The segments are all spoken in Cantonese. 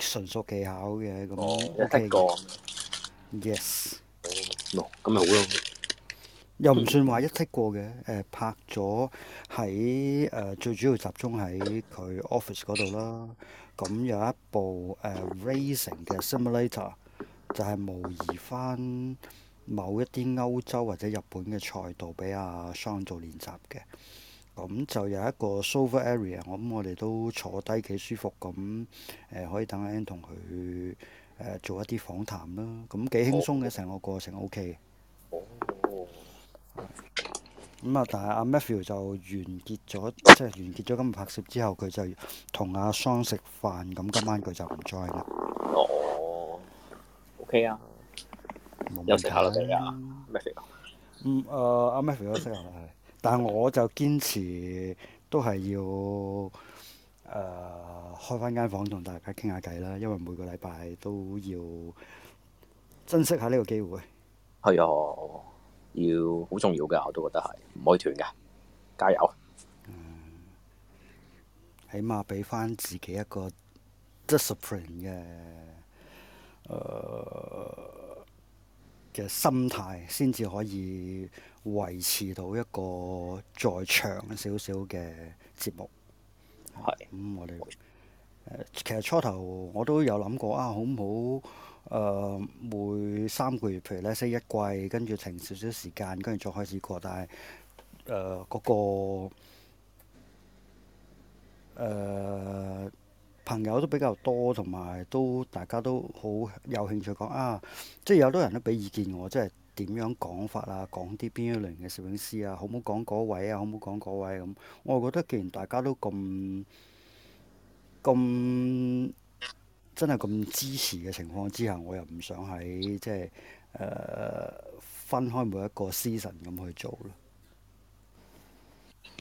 純屬技巧嘅咁、OK 哦、一踢過，yes，哦，咁咪好咯，又唔算話一剔過嘅，誒、呃、拍咗喺誒最主要集中喺佢 office 嗰度啦，咁有一部誒、呃、racing 嘅 simulator 就係模擬翻某一啲歐洲或者日本嘅賽道俾阿 Son 做練習嘅。咁就有一個 sofa area，咁我諗我哋都坐低幾舒服，咁誒可以等阿 En 同佢誒做一啲訪談啦。咁幾輕鬆嘅成個過程，O K。哦。咁啊，但係阿 Matthew 就完結咗，即係完結咗今日拍攝之後，佢就同阿桑食飯，咁今晚佢就唔在啦。哦。O K 啊。飲茶啦，係啊，Matthew。嗯，誒，阿 Matthew 休息啦，係。但我就堅持都係要誒、呃、開翻間房同大家傾下偈啦，因為每個禮拜都要珍惜下呢個機會。係啊，要好重要㗎，我都覺得係唔可以斷㗎，加油！嗯、起碼俾翻自己一個即係 discipline 嘅誒嘅心態，先至可以。維持到一個再長少少嘅節目，係咁是、嗯、我哋、呃、其實初頭我都有諗過啊，好唔好誒每三個月，譬如咧先一季，跟住停少少時間，跟住再開始過，但係誒嗰個、呃、朋友都比較多，同埋都大家都好有興趣講啊，即係有好多人都俾意見我，即係。點樣講法啊？講啲邊一輪嘅攝影師啊？好唔好講嗰位啊？好唔好講嗰位咁、啊？我又覺得，既然大家都咁咁 真係咁支持嘅情況之下，我又唔想喺即係誒、呃、分開每一個 season 咁去做咯。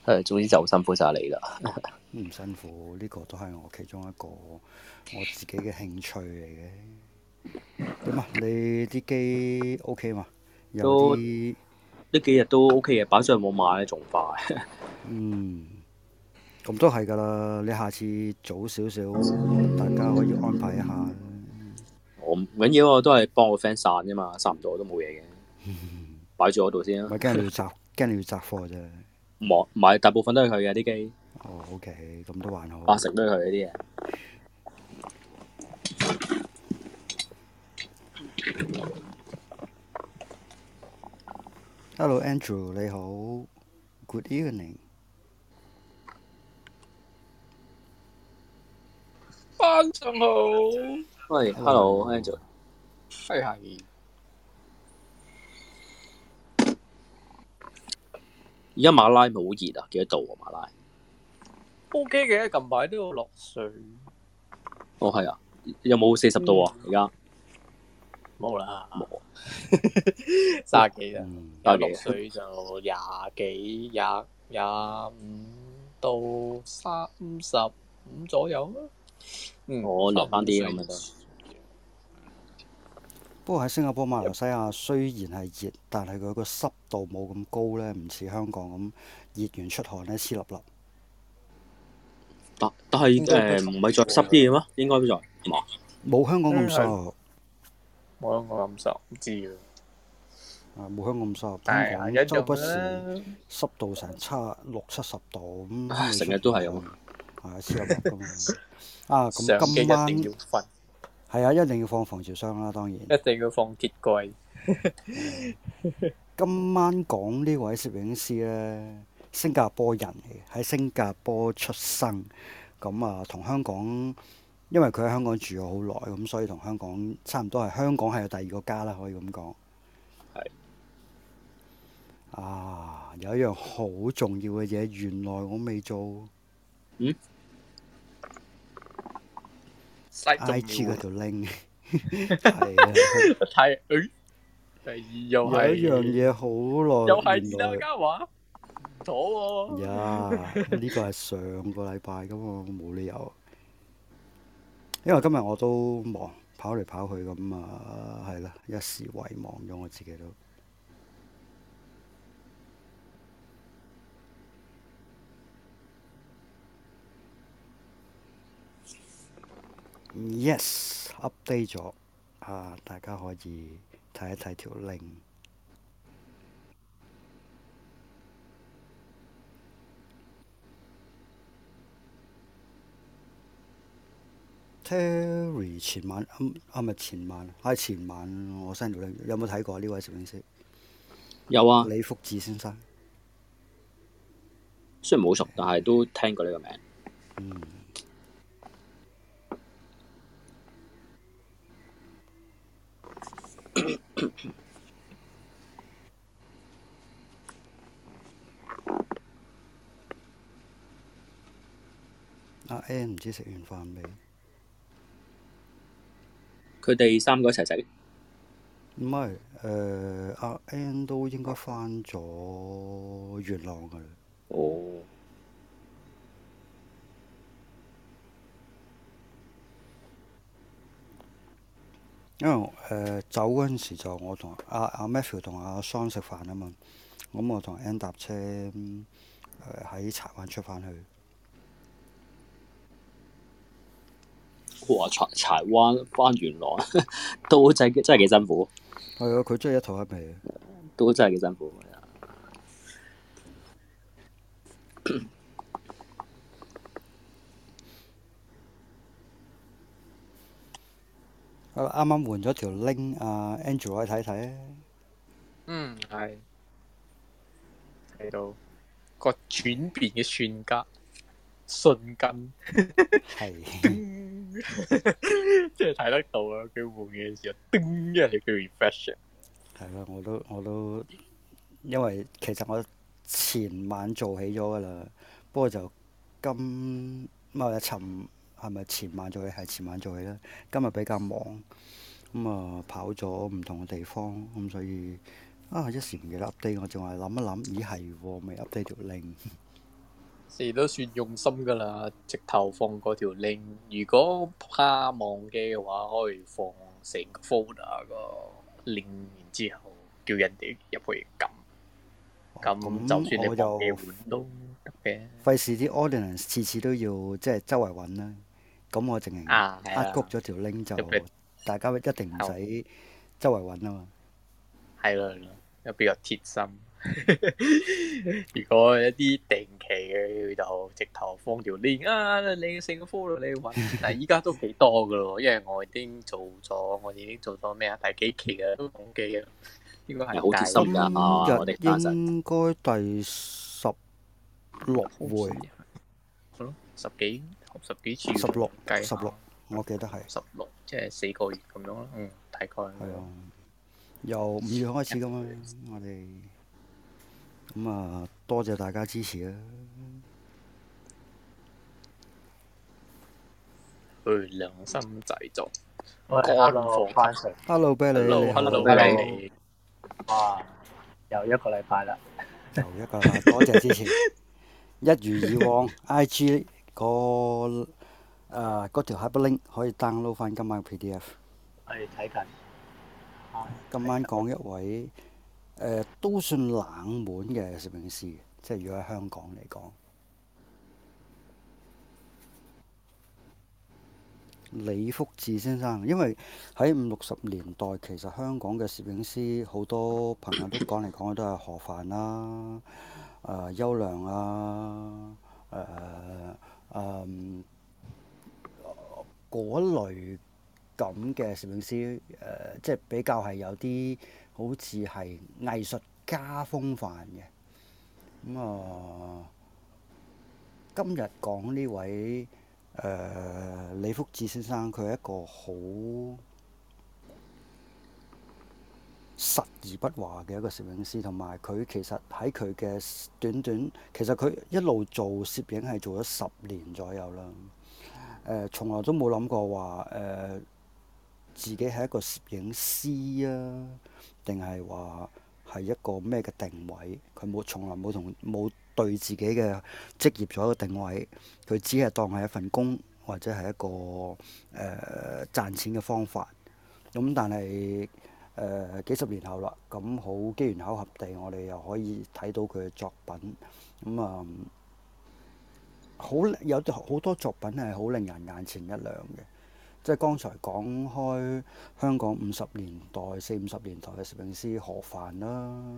誒，總之就好辛苦晒你啦。唔 辛苦，呢、這個都係我其中一個我自己嘅興趣嚟嘅。點啊？你啲機 OK 嘛？都呢幾日都 OK 嘅，擺上去冇買，仲快。 嗯，咁都係噶啦。你下次早少少，嗯、大家可以安排一下。嗯、我唔緊要，我都係幫我 friend 散啫嘛，散唔到我都冇嘢嘅。擺住我度先啦。我驚你要集，驚 你要集貨啫。唔係，大部分都係佢嘅啲機。哦、oh,，OK，咁都還好。八成都係佢啲嘢。 Hello Andrew，你好。Good evening。晚上好。喂，Hello Andrew。係係。而家馬拉冇好熱啊？幾多度啊？馬拉？O K 嘅，okay、近排都有落水。哦係啊，有冇四十度啊？而家、嗯？冇啦，冇。卅幾啦，廿六歲就廿幾、廿廿五到三十五左右咯。我落翻啲咁咪得。不過喺新加坡、馬來西亞雖然係熱，但係佢個濕度冇咁高咧，唔似香港咁熱完出汗咧黐粒粒。但但係誒唔係再濕啲嘅咩？應該唔在，冇香港咁濕。冇香港咁濕，唔知啊！啊，冇香港咁濕，香港周不時濕度成差六七十度咁，成日都係咁，係啊，濕啊嘛！啊，咁今晚係啊，一定要放防潮箱啦，當然一定要放鐵櫃。今晚講呢位攝影師咧，新加坡人嚟，喺新加坡出生，咁啊，同香港。因為佢喺香港住咗好耐，咁所以同香港差唔多，係香港係有第二個家啦，可以咁講。係。啊，有一樣好重要嘅嘢，原來我未做。嗯？細緻嗰條拎。係啊！提，第二又係。有一樣嘢好耐。又係大家話？唔錯喎！呀，呢個係上個禮拜嘅喎，我冇理由。因為今日我都忙跑嚟跑去咁、嗯、啊，係啦，一時遺忘咗我自己都。Yes，update 咗啊！大家可以睇一睇條 link。Harry 前晚啱啱咪前晚，喺、啊、前晚我 send 到你，有冇睇過呢、啊、位攝影師？有啊，李福智先生，雖然冇熟，但係都聽過你個名。嗯。阿 N 唔知食完飯未？佢哋三個一齊食，唔係，誒阿 N 都應該翻咗元朗噶啦。哦。因為，誒、呃、走嗰陣時就我同阿阿 Matthew 同阿桑食飯啊嘛，咁我同 N 搭車喺柴、呃、灣出翻去。過柴柴灣翻元朗都真真係幾辛苦。係啊，佢真係一頭一尾，都真係幾辛苦。啊，啱啱換咗條 link，阿 Andrew 去睇一睇啊。嗯，係睇到個轉變嘅瞬間，瞬間係。即係睇得到啊！佢換嘅時候，叮一下佢 refresh。係啦，我都我都，因為其實我前晚做起咗噶啦，不過就今唔係尋係咪前晚做起係前晚做起啦。今日比較忙，咁、嗯、啊跑咗唔同嘅地方，咁所以啊一時唔記得 update，我仲係諗一諗，咦係未 update 條 link。你都算用心噶啦，直頭放嗰條 link。如果怕忘記嘅話，可以放成個 folder 個 link，然之後叫人哋入去撳。咁、哦、就算你換都、啊、得嘅。費事啲 audience 次次都要即係周圍揾啦。咁我淨係呃谷咗條 link 就，大家一定唔使周圍揾啊嘛。係啦，係啦，又比較貼心。 如果一啲定期嘅就直頭放條鏈 啊，你升科咯，你搵。但係依家都幾多噶咯，因為我已經做咗，我已經做咗咩好啊？心日 第幾期啊？都唔記得嘅，應該係好貼心，我哋其實應該第十六回，十幾十幾次，十六計，十六，我記得係十六，16, 即係四個月咁樣咯，嗯，大概係啊，由五月開始咁樣啊， 我哋。咁啊，多謝大家支持啊！去良心製作。Hello，翻上。Hello，Billy。Hello，Billy。哇！又一個禮拜啦，又一個禮拜，多謝支持。一如以往，I G 嗰誒嗰條 hyperlink，可以 download 翻今晚嘅 PDF。可以睇近。今晚講一位。呃、都算冷門嘅攝影師，即係如果喺香港嚟講，李福志先生，因為喺五六十年代，其實香港嘅攝影師好多朋友都講嚟講去都係何藩啦、啊、啊、呃、邱良啊、誒啊嗰類咁嘅攝影師，呃、即係比較係有啲。好似係藝術家風範嘅咁啊！今日講呢位誒、呃、李福志先生，佢係一個好實而不華嘅一個攝影師，同埋佢其實喺佢嘅短短，其實佢一路做攝影係做咗十年左右啦。誒、呃，從來都冇諗過話誒、呃、自己係一個攝影師啊！定係話，係一個咩嘅定位？佢冇從來冇同冇對自己嘅職業做一個定位，佢只係當係一份工或者係一個誒賺、呃、錢嘅方法。咁、嗯、但係誒、呃、幾十年後啦，咁好機緣巧合地，我哋又可以睇到佢嘅作品。咁、嗯、啊，好有好多作品係好令人眼前一亮嘅。即係剛才講開香港五十年代、四五十年代嘅攝影師何藩啦、誒、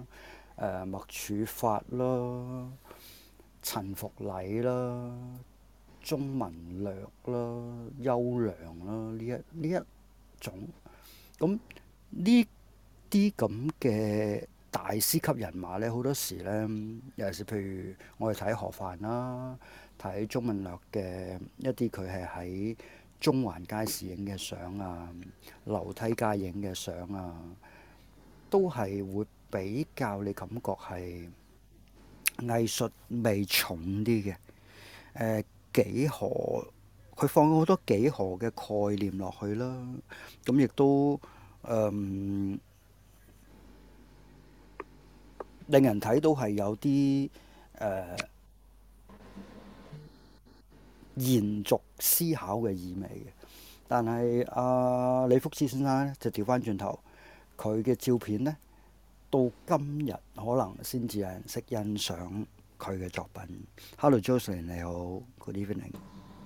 呃、麥柱法啦、陳復禮啦、鍾文略啦、邱良啦呢一呢一種，咁呢啲咁嘅大師級人馬咧，好多時咧，尤其係譬如我哋睇何藩啦，睇鍾文略嘅一啲，佢係喺中環街市影嘅相啊，樓梯街影嘅相啊，都係會比較你感覺係藝術味重啲嘅。誒、呃、幾何，佢放咗好多幾何嘅概念落去啦。咁亦都、嗯、令人睇到係有啲延續思考嘅意味嘅，但係阿、呃、李福次先生咧就調翻轉頭，佢嘅照片咧到今日可能先至有人識欣賞佢嘅作品。Hello Joseline 你好，Good evening。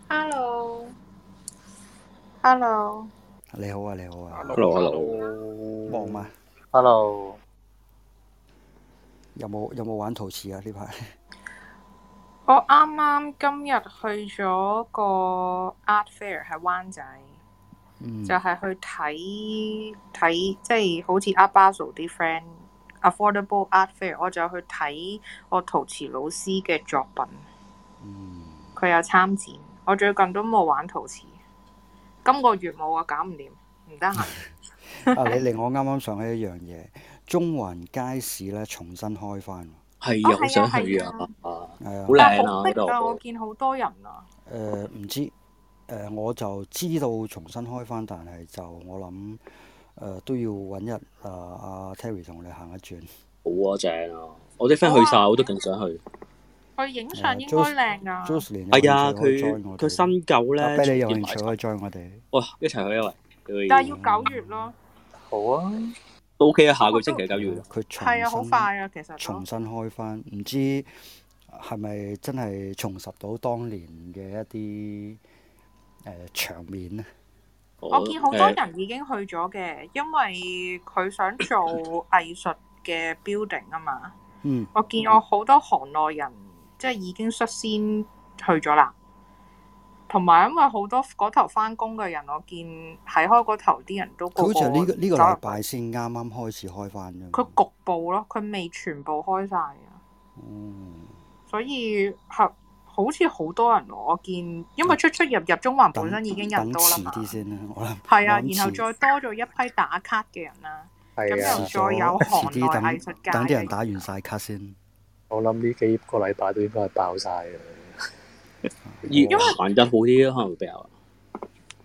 Hello，Hello。你好啊，你好啊。Hello，Hello。忙嗎？Hello。有冇有冇玩陶瓷啊？呢排？我啱啱今日去咗個 art fair 喺灣仔，嗯、就係去睇睇，即係好似 Art Basel 啲 friend Affordable Art Fair，我就去睇我陶瓷老師嘅作品。佢、嗯、有參展。我最近都冇玩陶瓷，今個月冇啊，我搞唔掂，唔得閒。 你令我啱啱想起一樣嘢，中環街市咧重新開翻。係好想去、哦、啊！啊，好靚啊！嗰度、啊嗯，我見好多人啊。誒、呃，唔知誒、呃，我就知道重新開翻，但係就我諗誒、呃、都要搵日阿阿 Terry 同你行一轉。呃、啊走一走好啊，正啊！我啲 friend 去晒，哇我都勁想去。去影相應該靚啊。Julia 係啊，佢佢新舊咧。你有興趣可以載我哋。哇！一齊去啊！但係要九月咯。嗯、好啊。OK 啊，下個星期就要。佢重新、啊好快啊、其實重新開翻，唔知係咪真係重拾到當年嘅一啲誒、呃、場面咧？我，我見好多人已經去咗嘅，嗯、因為佢想做藝術嘅 building 啊嘛。嗯，我見我好多行內人即係已經率先去咗啦。同埋，因為好多嗰頭返工嘅人，我見喺開嗰頭啲人都好似係呢個呢個禮拜先啱啱開始開翻啫。佢局部咯，佢未全部開晒啊。嗯。所以合好似好多人我見因為出出入入中環本身已經人多啦嘛。等遲啲先啦，我諗。係啊，我想 然後再多咗一批打卡嘅人啦。咁到又再有行內藝術界嚟打完晒卡先。我諗呢幾個禮拜都應該係爆晒嘅。因為環境好啲，可能會比較。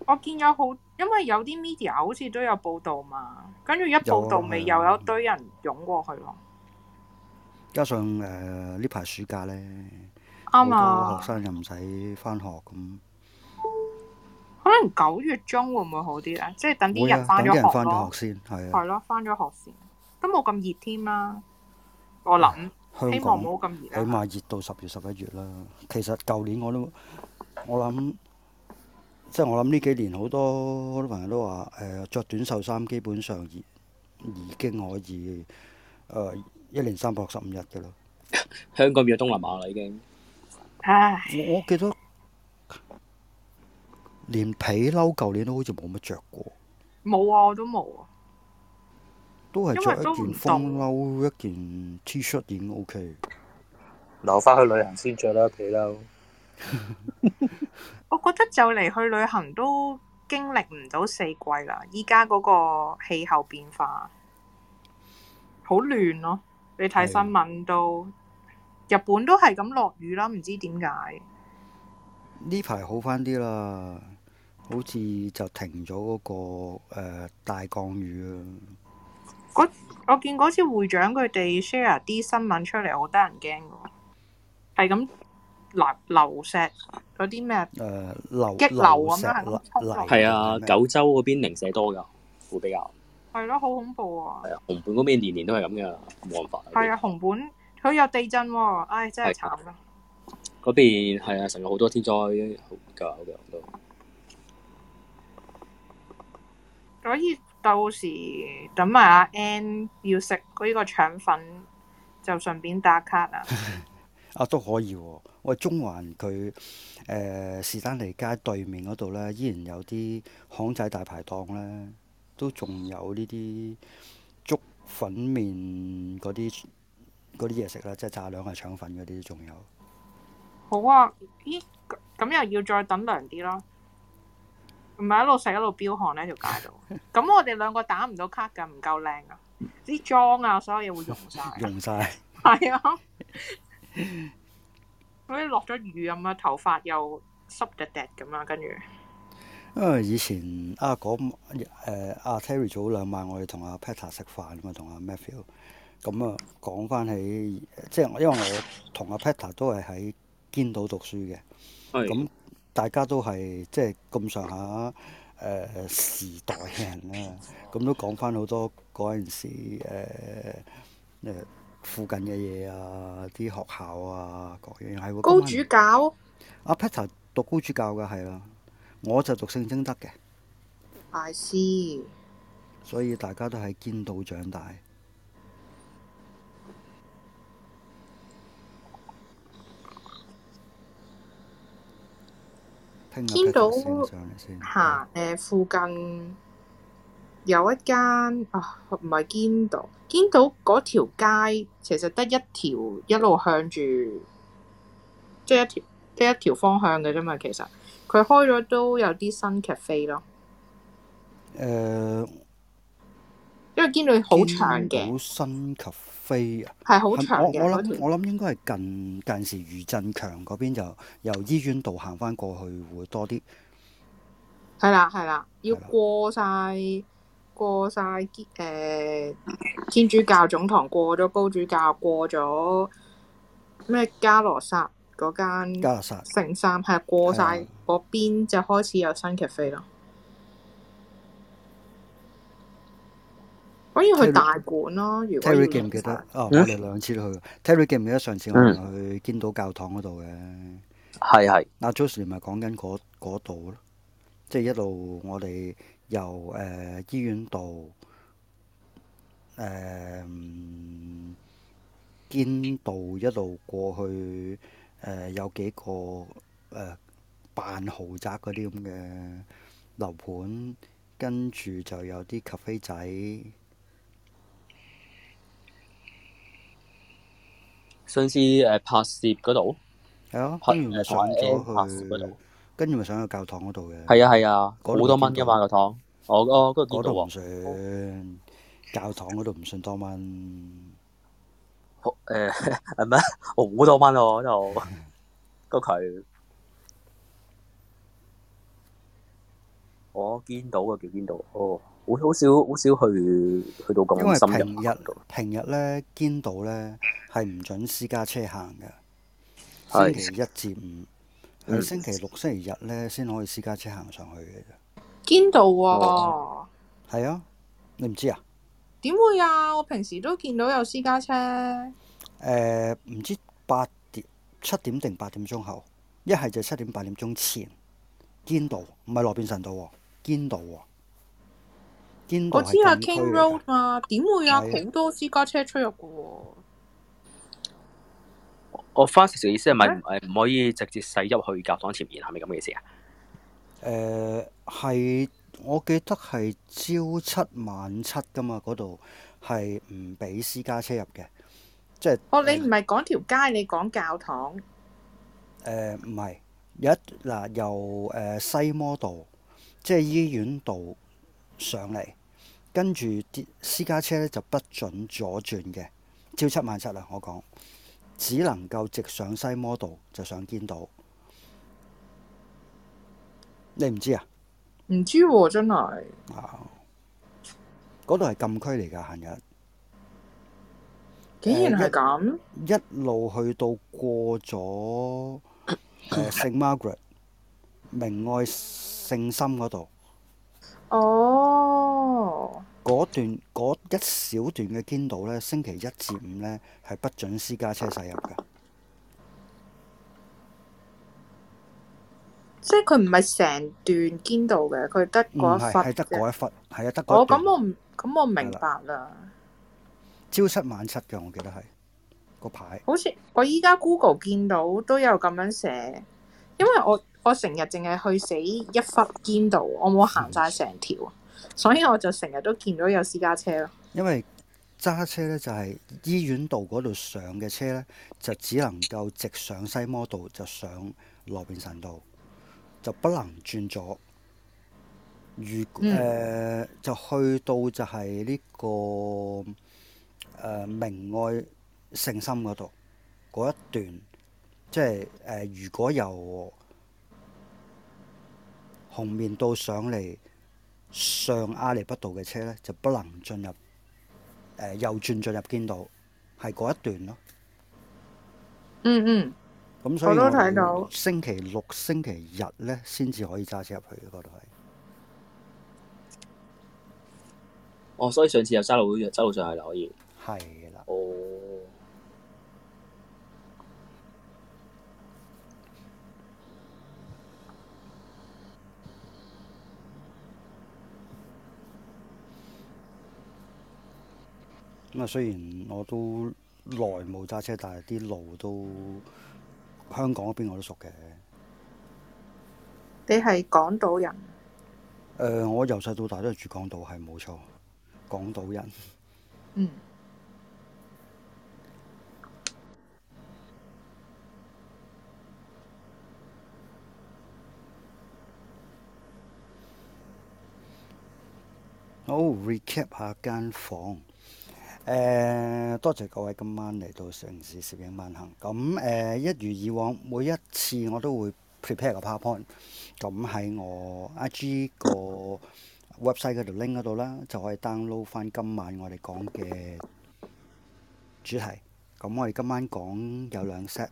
我見有好，因為有啲 media 好似都有報道嘛，跟住一報道咪又有一堆人湧過去咯。加上誒，呢排暑假咧，啱啊，學生又唔使翻學咁，可能九月中會唔會好啲咧？即係等啲人翻咗學先。係啊，係咯，翻咗學先，都冇咁熱添啦。我諗。香港，啊、起碼熱到十月十一月啦。其實舊年我都，我諗，即係我諗呢幾年好多好多朋友都話誒，著、呃、短袖衫基本上已已經可以誒一、呃、年三百六十五日㗎啦。 香港變咗東南亞啦，已經。唉。我我記得連皮褸舊年都好似冇乜着過。冇啊！我都冇啊。都係着一件風褸，一件 T 恤已經 OK。留翻去旅行先着啦，皮褸。我覺得就嚟去旅行都經歷唔到四季啦。依家嗰個氣候變化好亂咯。你睇新聞都，日本都係咁落雨啦，唔知點解。呢排好翻啲啦，好似就停咗嗰個誒大降雨啊。我我見嗰次會長佢哋 share 啲新聞出嚟，好得人驚㗎，係咁流流石嗰啲咩？誒，uh, 流激流啊流石，係啊，九州嗰邊零舍多㗎，會比較係咯，好恐怖啊！係啊，紅本嗰邊年年都係咁㗎，冇辦法。係啊，紅本佢有地震，啊，唉、哎，真係慘啦！嗰邊係啊，成日好多天災㗎，好多。嗰啲到時等埋阿 N 要食嗰依個腸粉，就順便打卡啦。 啊都可以喎。哦，我中環佢誒士丹利街對面嗰度咧，依然有啲巷仔大排檔咧，都仲有呢啲粥粉麵嗰啲啲嘢食啦，即係炸兩、係腸粉嗰啲，仲有。好啊，咦，咁又要再等涼啲咯。唔係一路食一路飚汗，呢條街度，咁我哋兩個打唔到卡噶唔夠靚啊！啲妝啊，所有嘢會溶晒。溶晒。係 是啊，好似落咗雨咁啊，頭髮又濕疊疊咁啊，跟住。因為啊！以前阿嗰誒阿 Terry 早兩晚，我哋同阿 Peta 食飯啊嘛，同阿 Matthew 咁啊，講翻起，即係因為我同阿 Peta 都係喺堅島讀書嘅，咁對。大家都係即係咁上下誒、呃、時代嘅人啦、啊，咁都講翻好多嗰陣時誒、呃呃、附近嘅嘢啊，啲學校啊各樣係高、啊、主教阿、啊、Peter 讀高主教嘅係啦，我就讀聖貞德嘅。I see. 所以大家都喺堅道長大。堅道，行誒、附近有一間啊，唔係堅道，堅道嗰條街其實得一條一路向住，即係一條即係一條方向嘅啫嘛。其實佢開咗都有啲新劇飛咯。誒、uh。因為見到好長嘅好新咖啡啊，係好長。我我諗我諗應該係近近時余振強嗰邊就由醫院度行翻過去會多啲。係啦係啦，要過晒過晒誒天主教總堂，過咗高主教，過咗咩加羅薩嗰間加羅薩聖三，係過晒嗰邊就開始有新咖啡咯。可以去大館咯。Terry 記唔記得？啊、哦，我哋兩次都去。Terry 記唔記得上次我哋去堅道教堂嗰度嘅？係係、嗯。阿 Joseph 咪講緊嗰度咯，即係一路我哋由誒、呃、醫院度誒堅道一路過去誒、呃，有幾個誒辦、呃、豪宅嗰啲咁嘅樓盤，跟住就有啲 cafe 仔。上次誒拍攝嗰度，係啊，拍完誒上咗去，跟住咪上去教堂嗰度嘅。係啊，係啊，好多蚊嘅嘛，教堂。我哦，嗰度見到教堂嗰度唔算多蚊。好誒，係咩？好多蚊喎，嗰度個渠。我見到啊，叫見到哦。我好少好少去去到咁深入。因為平日平日咧堅道咧係唔準私家車行嘅。是星期一至五，星期六、星期日咧先可以私家車行上去嘅啫。堅、嗯哦啊、道啊，係啊，你唔知啊？點會啊？我平時都見到有私家車。誒、呃，唔知八點、七點定八點鐘後，一係就七點八點鐘前。堅道唔係羅便臣道喎，堅道喎。我知啊，King Road 嘛，點會啊，好是多私家車出入嘅、啊。我翻食嘅意思係咪唔係唔可以直接駛入去教堂前面？係咪咁嘅意思啊？誒、呃，係我記得係朝七晚七㗎嘛，嗰度係唔俾私家車入嘅，即係。哦，你唔係講條街，你講教堂。誒唔係，一嗱由誒西摩道即係醫院道上嚟。跟住啲私家車咧就不准左轉嘅，朝七晚七啦，我講，只能夠直上西摩道就上堅道，你唔知啊？唔知、啊、真係，嗰度係禁區嚟噶，行人竟然係咁、呃，一路去到過咗聖 Margaret 明愛聖心嗰度，哦。Oh. 嗰段嗰一小段嘅堅道咧，星期一至五咧係不准私家車駛入嘅。即係佢唔係成段堅道嘅，佢得嗰一忽啫。唔係係得嗰一忽，係啊是，得嗰的。一哦、我咁我唔，咁我明白啦。朝七晚七嘅，我記得係、個牌。好似我依家 Google 見到都有咁樣寫，因為我我成日淨係去死一忽堅道。我冇行晒成條。所以我就成日都見到有私家車咯。因為揸車呢，就係醫院道嗰度上嘅車呢，就只能夠直上西摩道，就上羅便臣道，就不能轉左。如誒、嗯呃，就去到就係呢、這個誒明、呃、愛聖心嗰度嗰一段，即、就、係、是呃、如果由紅棉道上嚟。上亞厘畢道嘅車咧，就不能進入誒右轉進入堅道，係嗰一段咯。嗯嗯，咁所以我星期六、星期日咧，先至可以揸車入去嗰度係。哦，所以上次有揸路揸路上去啦，可以。係。咁啊，雖然我都耐冇揸車，但係啲路都香港嗰邊我都熟嘅。你係港島人？誒、呃，我由細到大都係住港島，係冇錯，港島人。嗯。好、oh，recap 下間房。誒、uh, 多謝各位今晚嚟到城市攝影漫行。咁誒、uh, 一如以往，每一次我都會 prepare 個 PowerPoint。咁喺我 IG 個 website 嗰條 link 嗰度啦，就可以 download 返今晚我哋講嘅主題。咁我哋今晚講有兩 set。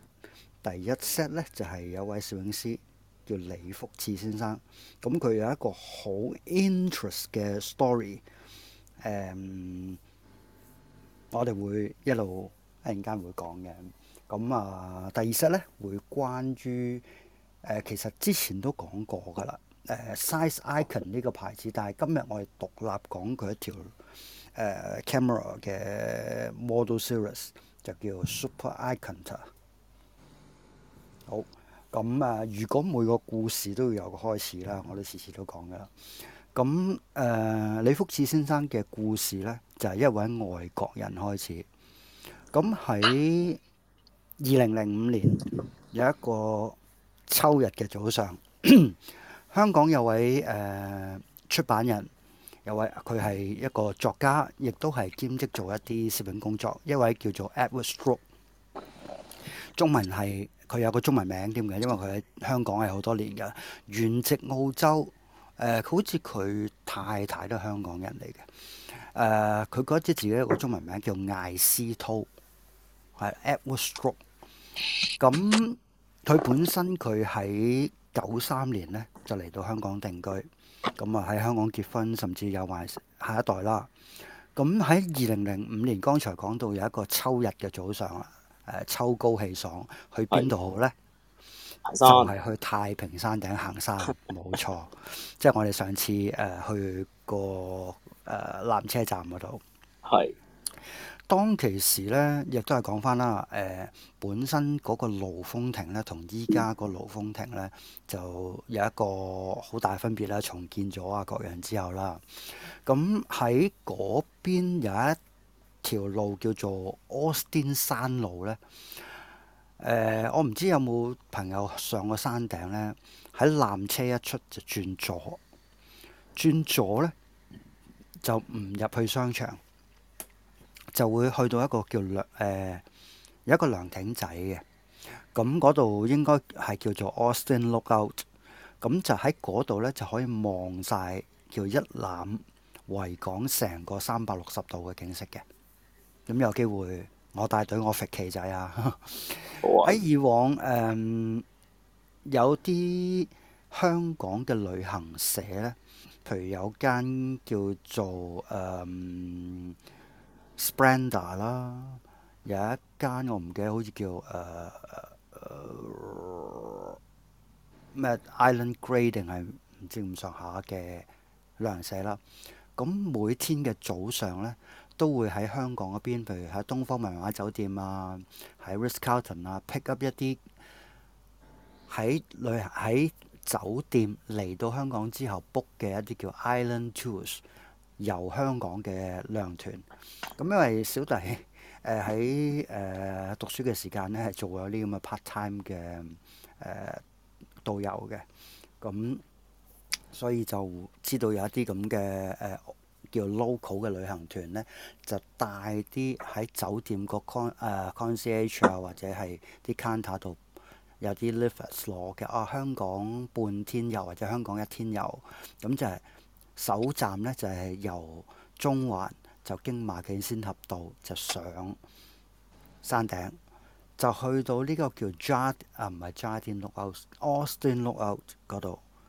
第一 set 呢，就係、是、有位攝影師叫李福智先生。咁佢有一個好 interest 嘅 story、um,。我哋會一路一陣間會講嘅，咁啊第二室咧會關於誒、呃，其實之前都講過噶啦，誒、呃、Size Icon 呢個牌子，但係今日我哋獨立講佢一條誒、呃、camera 嘅 model series 就叫 Super Icon。好，咁啊、呃，如果每個故事都要有個開始啦，我都時時都講噶啦。咁誒、呃、李福次先生嘅故事呢，就係、是、一位外國人開始。咁喺二零零五年有一個秋日嘅早上， 香港有位誒、呃、出版人，有位佢係一個作家，亦都係兼職做一啲攝影工作，一位叫做 Edward Stroop，中文係，佢有個中文名添嘅，因為佢喺香港係好多年嘅，原籍澳洲。誒佢、呃、好似佢太太都係香港人嚟嘅，誒佢覺得自己一個中文名叫艾思滔，係 Edward Stroke 咁、嗯、佢本身佢喺九三年咧就嚟到香港定居，咁啊喺香港結婚，甚至有埋下一代啦。咁喺二零零五年，剛才講到有一個秋日嘅早上，誒、呃、秋高氣爽，去邊度好咧？哎就係去太平山頂行山，冇錯。 即係我哋上次誒、呃、去個誒纜車站嗰度，係。 當其時咧，亦都係講翻啦。誒、呃，本身嗰個盧峰亭咧，同依家個盧峰亭咧，就有一個好大分別啦。重建咗啊，各樣之後啦。咁喺嗰邊有一條路叫做 Austin 山路咧。誒、呃，我唔知有冇朋友上過山頂呢？喺纜車一出就轉左，轉左呢就唔入去商場，就會去到一個叫涼誒、呃，一個涼亭仔嘅。咁嗰度應該係叫做 Austin Lookout，咁就喺嗰度呢就可以望晒，叫一覽維港成個三百六十度嘅景色嘅。咁有機會。我帶隊我肥旗仔啊！喺 以往誒、嗯、有啲香港嘅旅行社咧，譬如有間叫做誒、嗯、Splendor 啦，有一間我唔記得好似叫誒咩、呃呃、Island Grey 定係唔知咁上下嘅旅行社啦。咁每天嘅早上咧，都會喺香港嗰邊，譬如喺東方文華酒店啊，喺 Ritz-Carlton 啊，pick up 一啲喺旅喺酒店嚟到香港之後 book 嘅一啲叫 Island Tours 由香港嘅旅行團。咁、嗯、因為小弟誒喺誒讀書嘅時間咧，係做有啲咁嘅 part time 嘅誒、呃、導遊嘅，咁、嗯、所以就知道有一啲咁嘅誒。呃叫 local 嘅旅行團咧，就帶啲喺酒店個 con 誒、uh, concierge 啊，或者係啲 counter 度有啲 leaflet 攞嘅啊。香港半天遊或者香港一天遊，咁就係首站咧就係、是、由中環就經馬己仙峽道就上山頂，就去到呢個叫 Jard 啊，唔係 Jardine Lookout，Austin Lookout 嗰度。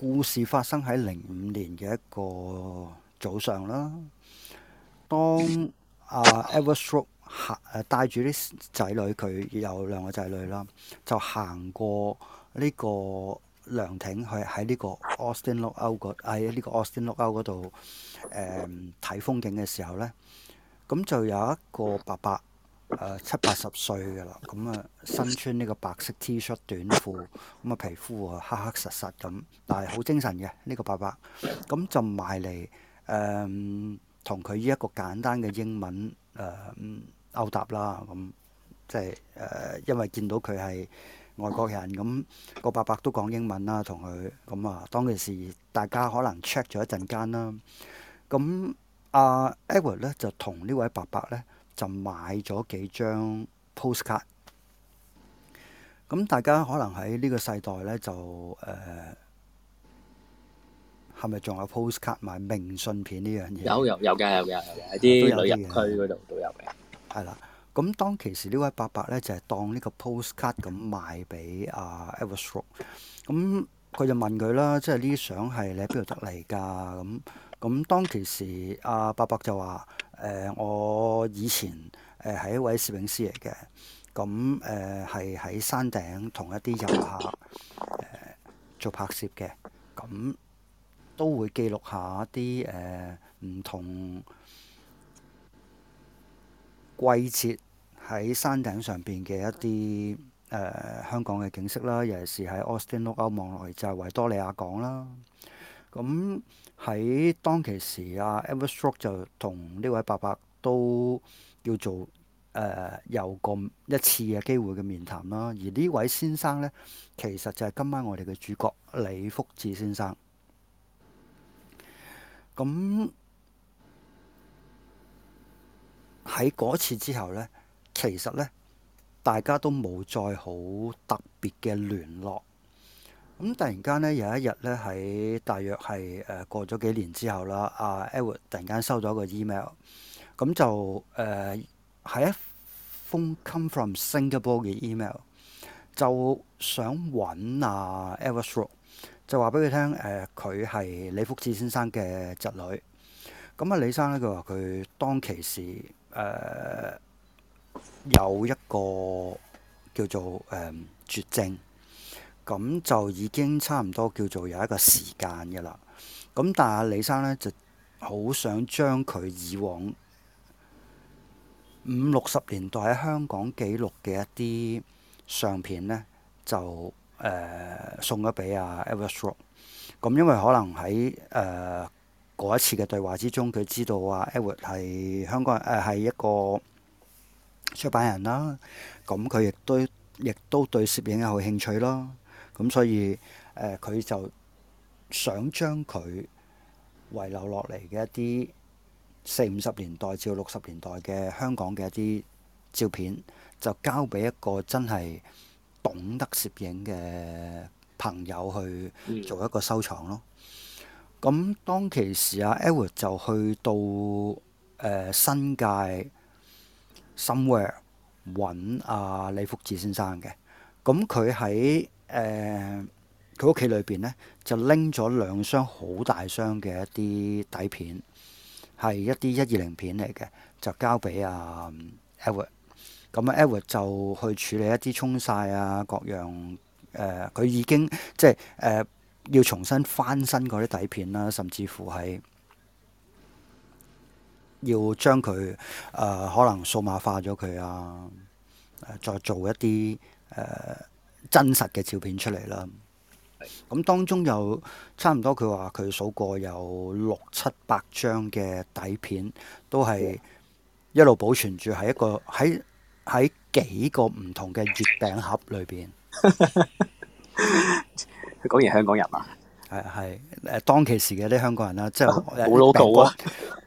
故事發生喺零五年嘅一個早上啦。當阿 Everest 行誒帶住啲仔女，佢有兩個仔女啦，就行過呢個涼亭去喺呢個 Austin Lookout 嗰喺呢個 Austin Lookout 嗰度睇、呃、風景嘅時候呢，咁就有一個伯伯。七八十歲噶啦，咁啊、uh,，身穿呢個白色 T 恤短褲，咁啊，皮膚啊黑黑實實咁，但係好精神嘅呢、這個伯伯，咁就埋嚟誒，同佢依一個簡單嘅英文誒、呃、勾搭啦，咁即係、呃、因為見到佢係外國人，咁、那個伯伯都講英文啦，同佢，咁啊，當其時大家可能 check 咗一陣間啦，咁阿、啊、Edward 咧就同呢位伯伯呢。就買咗幾張 postcard。咁大家可能喺呢個世代咧，就誒係咪仲有 postcard 買明信片呢樣嘢？有有有嘅有嘅有嘅，喺啲些旅遊區嗰度都有嘅。係啦，咁當其時呢位伯伯咧就係、是、當呢個 postcard 咁賣俾阿 Everest。咁、啊、佢就問佢啦，即係呢啲相係你喺邊度得嚟㗎？咁咁當其時阿、啊、伯伯就話。誒，我以前誒係一位攝影師嚟嘅，咁誒係喺山頂同一啲遊客做拍攝嘅，咁都會記錄下啲誒唔同季節喺山頂上邊嘅一啲誒香港嘅景色啦，尤其是喺 Austin Lookout 望落去就係維多利亞港啦，咁。喺當其時啊 e v e r s t r o k 就同呢位伯伯都要做誒、呃、有個一次嘅機會嘅面談啦。而呢位先生呢，其實就係今晚我哋嘅主角李福志先生。咁喺嗰次之後呢，其實咧大家都冇再好特別嘅聯絡。咁突然間咧，有一日咧，喺大約係誒過咗幾年之後啦，阿 Edward 突然間收咗個 email，咁就誒係、呃、一封 come from Singapore 嘅 email，就想揾啊 Edward Shaw，就話俾佢聽誒，佢、呃、係李福智先生嘅侄女。咁、嗯、啊，李生咧，佢話佢當其時誒、呃、有一個叫做誒、呃、絕症。咁就已經差唔多叫做有一個時間嘅啦。咁但係李生咧就好想將佢以往五六十年代喺香港記錄嘅一啲相片呢，就、呃、送咗俾阿 Edward。咁因為可能喺誒嗰一次嘅對話之中，佢知道啊 Edward 係香港人誒係、呃、一個出版人啦。咁佢亦都亦都對攝影有興趣囉。咁所以誒，佢、呃、就想將佢遺留落嚟嘅一啲四五十年代至六十年代嘅香港嘅一啲照片，就交俾一個真係懂得攝影嘅朋友去做一個收藏咯。咁、mm. 當其時啊，Edward 就去到誒、呃、新界 somewhere 揾阿、啊、李福治先生嘅，咁佢喺。誒佢屋企裏邊呢，就拎咗兩箱好大箱嘅一啲底片，係一啲一二零片嚟嘅，就交俾啊 Edward。咁啊 Edward，就去處理一啲沖晒啊各樣誒，佢、呃、已經即係、呃、要重新翻新嗰啲底片啦、啊，甚至乎係要將佢誒、呃、可能數碼化咗佢啊，再做一啲誒。呃真實嘅照片出嚟啦，咁當中有差唔多，佢話佢數過有六七百張嘅底片，都係一路保存住，喺一個喺喺幾個唔同嘅月餅盒裏邊。佢講 完香港人啊，係係誒，當其時嘅啲香港人啦，即係好老道啊，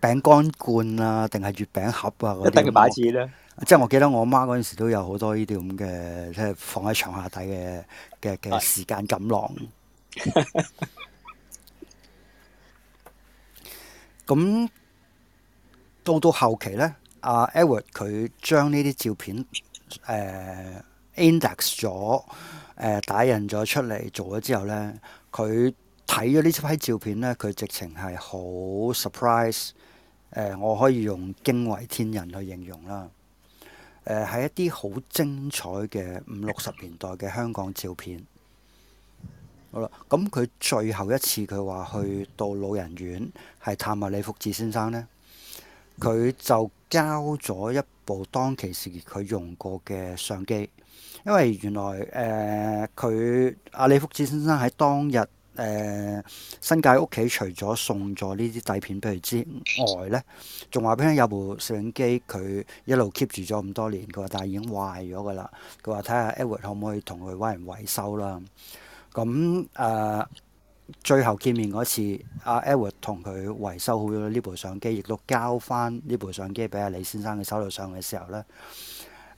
餅乾罐啊，定係月餅盒啊， 樣一定要擺設咧。即係我記得我阿媽嗰陣時都有好多呢啲咁嘅，即係放喺床下底嘅嘅嘅時間感浪。咁 到到後期呢，阿、啊、Edward 佢將呢啲照片誒、呃、index 咗，誒、呃、打印咗出嚟做咗之後呢，佢睇咗呢批照片呢，佢直情係好 surprise、呃。誒，我可以用驚為天人去形容啦。誒係一啲好精彩嘅五六十年代嘅香港照片。好啦，咁佢最後一次佢話去到老人院係探阿李福智先生咧，佢就交咗一部當其時佢用過嘅相機，因為原來誒佢、呃、阿李福智先生喺當日。誒、呃、新界屋企除咗送咗呢啲底片俾佢之外呢，仲話俾佢有部攝影機，佢一路 keep 住咗咁多年，佢話但係已經壞咗㗎喇，佢話睇下 Edward 可唔可以同佢揾人維修啦。咁誒、呃、最後見面嗰次，阿、啊、Edward 同佢維修好咗呢部相機，亦都交返呢部相機俾阿李先生嘅手度上嘅時候呢，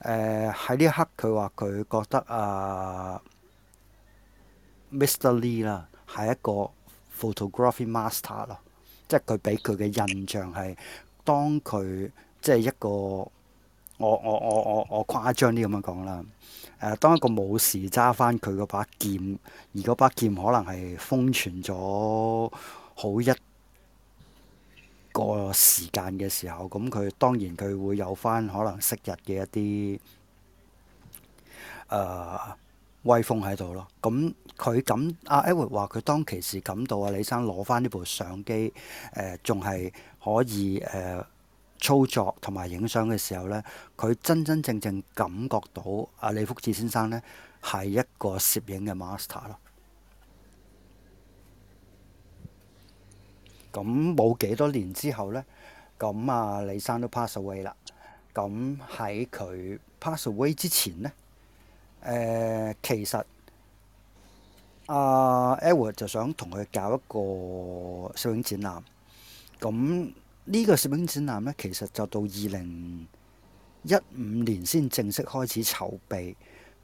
喺、呃、呢一刻佢話佢覺得啊、呃、Mr. Lee 啦。係一個 photography master 咯，即係佢俾佢嘅印象係，當佢即係一個，我我我我我誇張啲咁樣講啦，誒、呃，當一個武士揸翻佢嗰把劍，而嗰把劍可能係封存咗好一個時間嘅時候，咁佢當然佢會有翻可能昔日嘅一啲誒、呃威風喺度咯，咁佢感阿 Elwood 話佢當其時感到啊李生攞翻呢部相機，仲、呃、係可以誒、呃、操作同埋影相嘅時候呢，佢真真正正感覺到啊李福智先生呢，係一個攝影嘅 master 咯。咁冇幾多年之後呢，咁啊李生都 pass away 啦。咁喺佢 pass away 之前呢。誒、呃，其實阿、啊、Edward 就想同佢搞一個攝影展覽。咁呢個攝影展覽呢，其實就到二零一五年先正式開始籌備，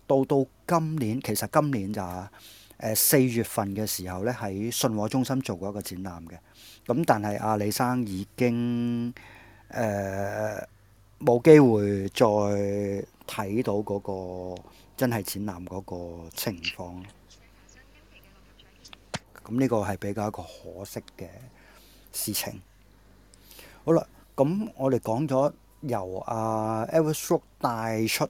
到到今年其實今年就誒、是、四、呃、月份嘅時候呢，喺信和中心做過一個展覽嘅。咁但係阿、啊、李生已經誒冇、呃、機會再睇到嗰、那個。真係展覽嗰個情況，咁呢個係比較一個可惜嘅事情。好啦，咁我哋講咗由阿 Ever Shot 帶出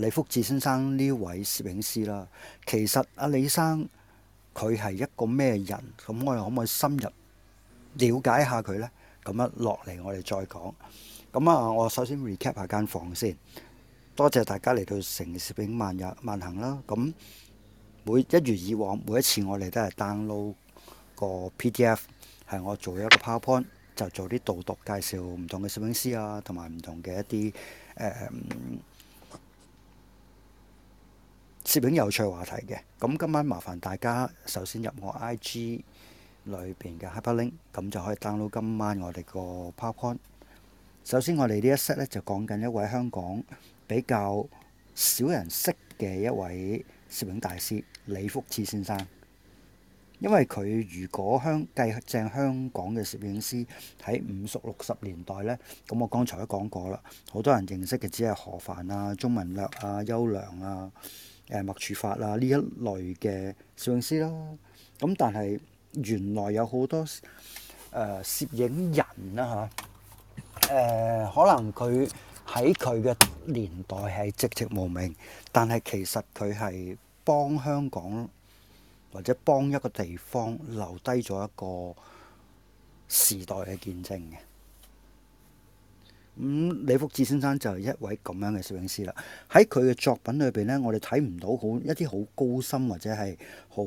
李福智先生呢位攝影師啦。其實阿、啊、李生佢係一個咩人？咁我哋可唔可以深入了解下佢呢？咁樣落嚟我哋再講。咁啊，我首先 recap 下間房先。多謝大家嚟到城市攝影漫日漫行啦。咁每一如以往，每一次我哋都係 download 個 PDF，係我做一個 PowerPoint，就做啲導讀介紹唔同嘅攝影師啊，同埋唔同嘅一啲誒、呃、攝影有趣話題嘅。咁今晚麻煩大家首先入我 IG 裏邊嘅 hyperlink，咁就可以 download 今晚我哋個 PowerPoint。首先我，我哋呢一 set 咧就講緊一位香港。比較少人識嘅一位攝影大師李福次先生，因為佢如果香計正香港嘅攝影師喺五、六十年代呢，咁我剛才都講過啦，好多人認識嘅只係何藩啊、鍾文略啊、邱良啊、誒麥柱法啊呢一類嘅攝影師啦。咁但係原來有好多誒、呃、攝影人啦嚇、呃，可能佢。喺佢嘅年代係寂寂無名，但係其實佢係幫香港或者幫一個地方留低咗一個時代嘅見證嘅。咁、嗯、李福志先生就係一位咁樣嘅攝影師啦。喺佢嘅作品裏邊呢，我哋睇唔到好一啲好高深或者係好。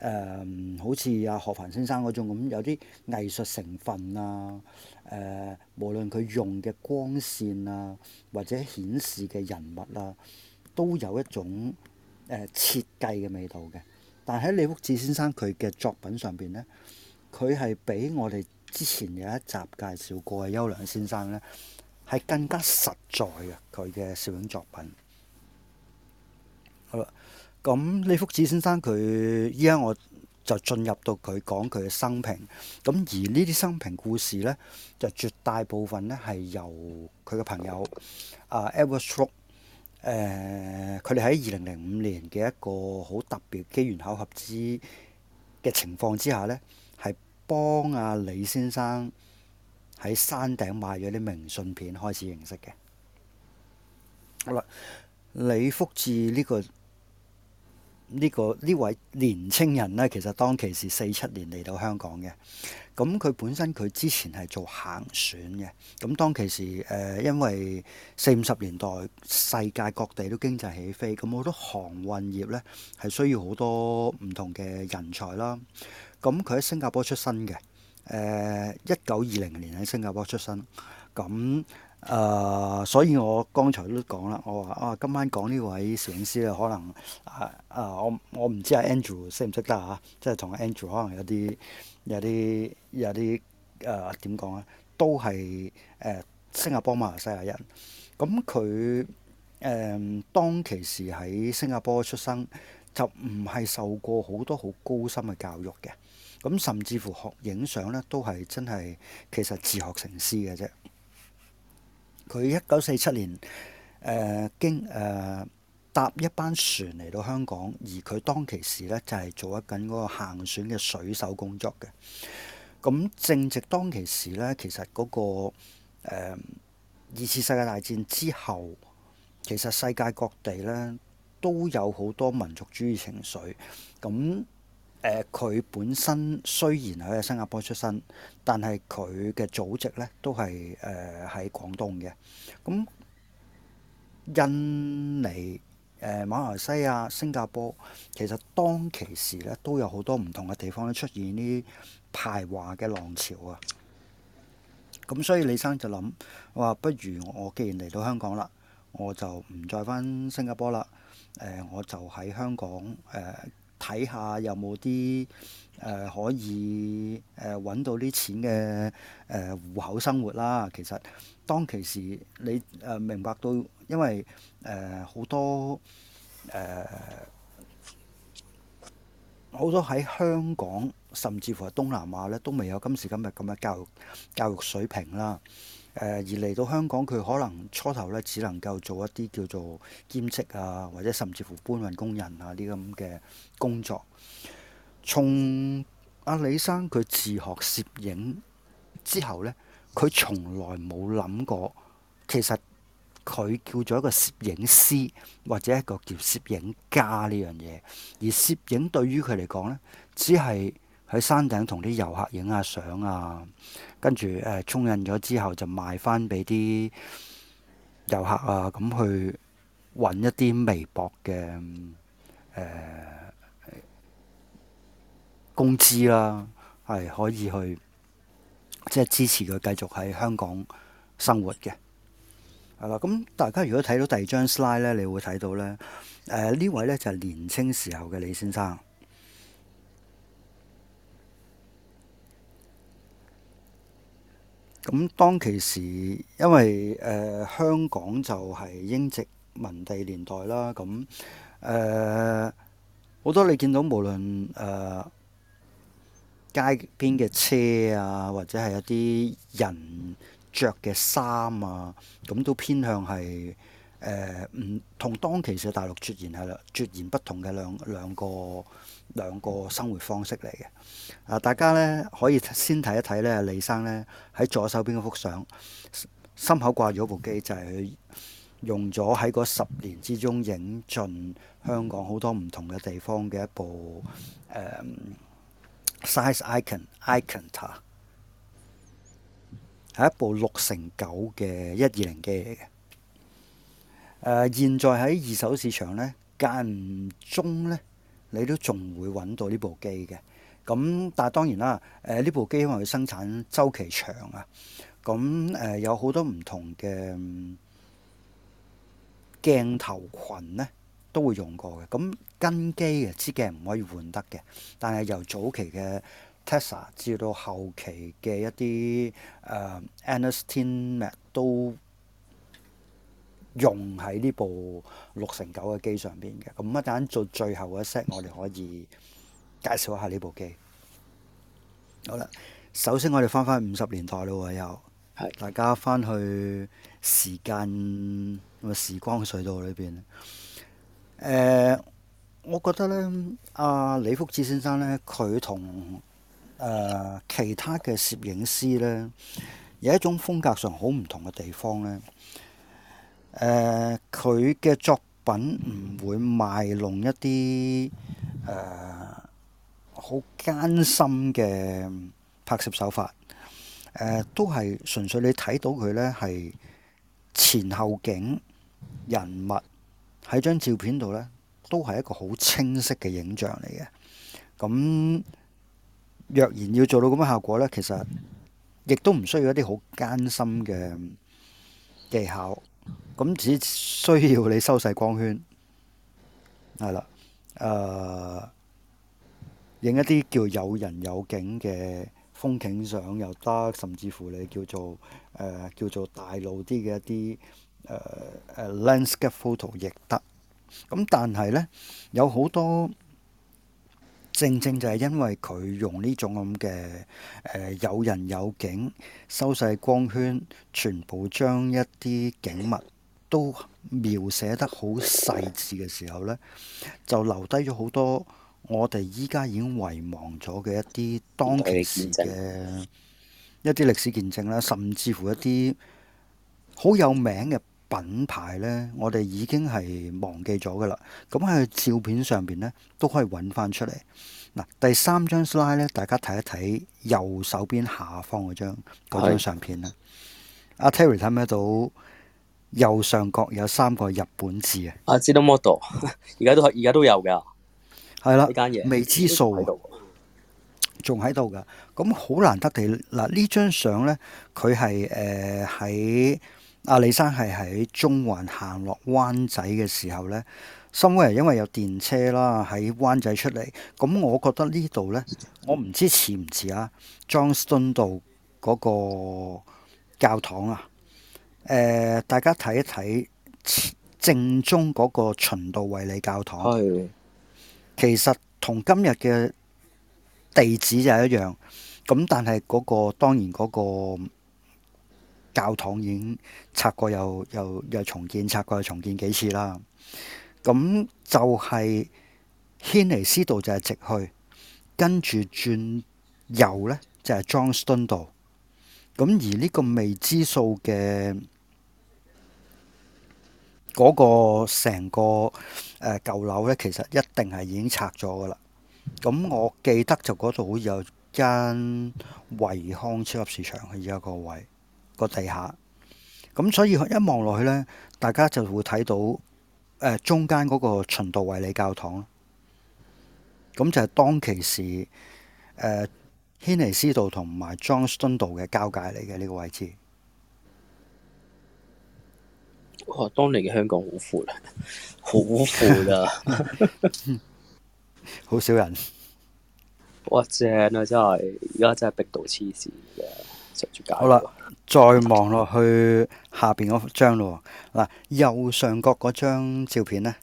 誒、嗯，好似阿何凡先生嗰種咁，有啲藝術成分啊！誒、呃，無論佢用嘅光線啊，或者顯示嘅人物啊，都有一種誒、呃、設計嘅味道嘅。但喺李福志先生佢嘅作品上邊呢，佢係比我哋之前有一集介紹過嘅優良先生呢，係更加實在嘅佢嘅攝影作品。好啦。咁李福智先生佢依家我就進入到佢講佢嘅生平，咁而呢啲生平故事咧，就絕大部分咧，係由佢嘅朋友啊，Edward 誒，佢哋喺二零零五年嘅一個好特別機緣巧合之嘅情況之下咧，係幫阿李先生喺山頂買咗啲明信片開始認識嘅。好啦，李福智呢、這個。呢、這個呢位年青人呢，其實當其時四七年嚟到香港嘅。咁佢本身佢之前係做行船嘅。咁當其時誒、呃，因為四五十年代世界各地都經濟起飛，咁好多航運業呢，係需要好多唔同嘅人才啦。咁佢喺新加坡出生嘅，誒一九二零年喺新加坡出生咁。誒、呃，所以我剛才都講啦，我話啊，今晚講呢位攝影師咧，可能誒誒、啊啊，我我唔知阿、啊、Andrew 識唔識得嚇，即係同阿 Andrew 可能有啲有啲有啲誒點講咧，都係誒、呃、新加坡馬來西亞人。咁佢誒當其時喺新加坡出生，就唔係受過好多好高深嘅教育嘅。咁甚至乎學影相呢，都係真係其實自學成師嘅啫。佢一九四七年，誒經誒搭一班船嚟到香港，而佢當其時呢，就係、是、做緊嗰個行船嘅水手工作嘅。咁正值當其時呢，其實嗰、嗰個、呃、二次世界大戰之後，其實世界各地呢，都有好多民族主義情緒。咁。佢、呃、本身雖然喺新加坡出身，但係佢嘅祖籍咧都係誒喺廣東嘅。咁、嗯、印尼、誒、呃、馬來西亞、新加坡，其實當其時咧都有好多唔同嘅地方都出現呢排華嘅浪潮啊。咁、嗯、所以李生就諗話：不如我既然嚟到香港啦，我就唔再返新加坡啦、呃。我就喺香港、呃睇下有冇啲誒可以誒揾，呃、到啲錢嘅誒戶口生活啦。其實當其時你誒、呃、明白到，因為誒好、呃、多誒好、呃、多喺香港，甚至乎喺東南亞咧，都未有今時今日咁嘅教育教育水平啦。誒而嚟到香港，佢可能初頭呢，只能夠做一啲叫做兼職啊，或者甚至乎搬運工人啊啲咁嘅工作。從阿李生佢自學攝影之後呢，佢從來冇諗過，其實佢叫做一個攝影師或者一個叫攝影家呢樣嘢。而攝影對於佢嚟講呢，只係，喺山頂同啲遊客影下相啊，跟住誒、呃、沖印咗之後就賣翻俾啲遊客啊，咁去揾一啲微薄嘅誒工資啦，係、啊、可以去即係支持佢繼續喺香港生活嘅。係啦，咁大家如果睇到第二張 slide 咧，你會睇到咧，誒、呃、呢位咧就係、是、年青時候嘅李先生。咁當其時，因為誒、呃、香港就係英殖民地年代啦，咁誒好多你見到無論誒、呃、街邊嘅車啊，或者係一啲人着嘅衫啊，咁都偏向係誒唔同當其時嘅大陸出現係啦，截然不同嘅兩兩個。兩個生活方式嚟嘅，啊大家咧可以先睇一睇咧，李生咧喺左手邊嗰幅相，心口掛住部機，就係佢用咗喺嗰十年之中影盡香港好多唔同嘅地方嘅一部誒 Super Ikonta 啊，係一部六乘九嘅一二零機嚟嘅，誒現在喺二手市場咧間唔中咧。你都仲會揾到呢部機嘅，咁但係當然啦，誒呢部機因為佢生產周期長啊，咁、嗯、誒有好多唔同嘅鏡頭群呢都會用過嘅。咁跟機嘅支鏡唔可以換得嘅，但係由早期嘅 Tessar 至到後期嘅一啲誒 Anastigmat 都。呃嗯用喺呢部六乘九嘅機上邊嘅，咁一陣做最後一 set，我哋可以介紹一下呢部機。好啦，首先我哋翻翻五十年代咯，又，係大家翻去時間、時光隧道裏邊。誒、呃，我覺得呢，阿、啊、李福智先生呢，佢同誒其他嘅攝影師呢，有一種風格上好唔同嘅地方呢。誒佢嘅作品唔會賣弄一啲誒好艱辛嘅拍攝手法，誒、呃、都係純粹你睇到佢咧係前後景人物喺張照片度咧，都係一個好清晰嘅影像嚟嘅。咁、嗯、若然要做到咁嘅效果呢，其實亦都唔需要一啲好艱辛嘅技巧。咁只需要你收細光圈，係啦，誒、呃，影一啲叫有人有景嘅風景相又得，甚至乎你叫做誒、呃、叫做大路啲嘅一啲誒誒 landscape photo 亦得。咁但係呢，有好多。正正就係因為佢用呢種咁嘅誒有人有景收細光圈，全部將一啲景物都描寫得好細緻嘅時候咧，就留低咗好多我哋依家已經遺忘咗嘅一啲當其時嘅一啲歷史見證啦，甚至乎一啲好有名嘅。品牌咧，我哋已經係忘記咗噶啦。咁喺照片上邊咧，都可以揾翻出嚟。嗱，第三張 slide 咧，大家睇一睇右手邊下方嗰張嗰張相片啦。阿是、啊、Terry 睇唔睇到右上角有三個日本字啊？阿 Studio Model 而家都而家都有噶，係啦 了，呢間嘢未知數仲喺度噶。咁好難得嘅嗱，張呢張相咧，佢係誒喺。呃阿李生係喺中環行落灣仔嘅時候呢，深威為因為有電車啦，喺灣仔出嚟。咁我覺得呢度呢，我唔知似唔似啊，Johnston 道嗰個教堂啊，誒、呃，大家睇一睇正中嗰個循道衛理教堂，是的 其實同今日嘅地址就一樣，咁但係嗰、嗰個當然嗰、嗰個。教堂已經拆過又，又又又重建，拆過又重建幾次啦。咁就係軒尼斯道就係直去，跟住轉右呢就係、是、Johnston 道。咁而呢個未知數嘅嗰個成個誒舊樓咧，其實一定係已經拆咗噶啦。咁我記得就嗰度好似有間惠康超級市場而家個位。個地下，咁所以一望落去咧，大家就會睇到誒、呃、中間嗰個循道衛理教堂。咁就係當其時誒，軒、呃、尼詩道同埋 Johnston 道嘅交界嚟嘅呢個位置。哇、哦！當年嘅香港好闊，好 闊啊！好少人。哇！正啊，真係而家真係逼到黐線嘅，食住搞好啦。 再望落去下邊嗰張咯，嗱，右上角嗰張照片呢。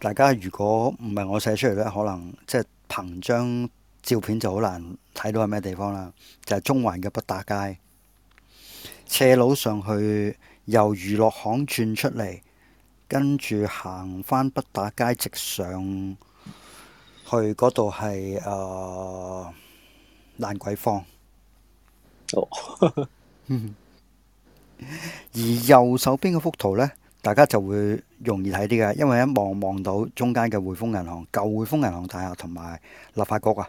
大家如果唔係我寫出嚟，呢，可能即係憑張照片就好難睇到係咩地方啦。就係中環嘅北打街，斜路上去由娛樂行轉出嚟，跟住行返北打街直上去嗰度係誒爛鬼坊。Oh. 嗯，而右手邊嗰幅圖呢，大家就會容易睇啲嘅，因為一望望到中間嘅匯豐銀行、舊匯豐銀行大廈同埋立法局啊。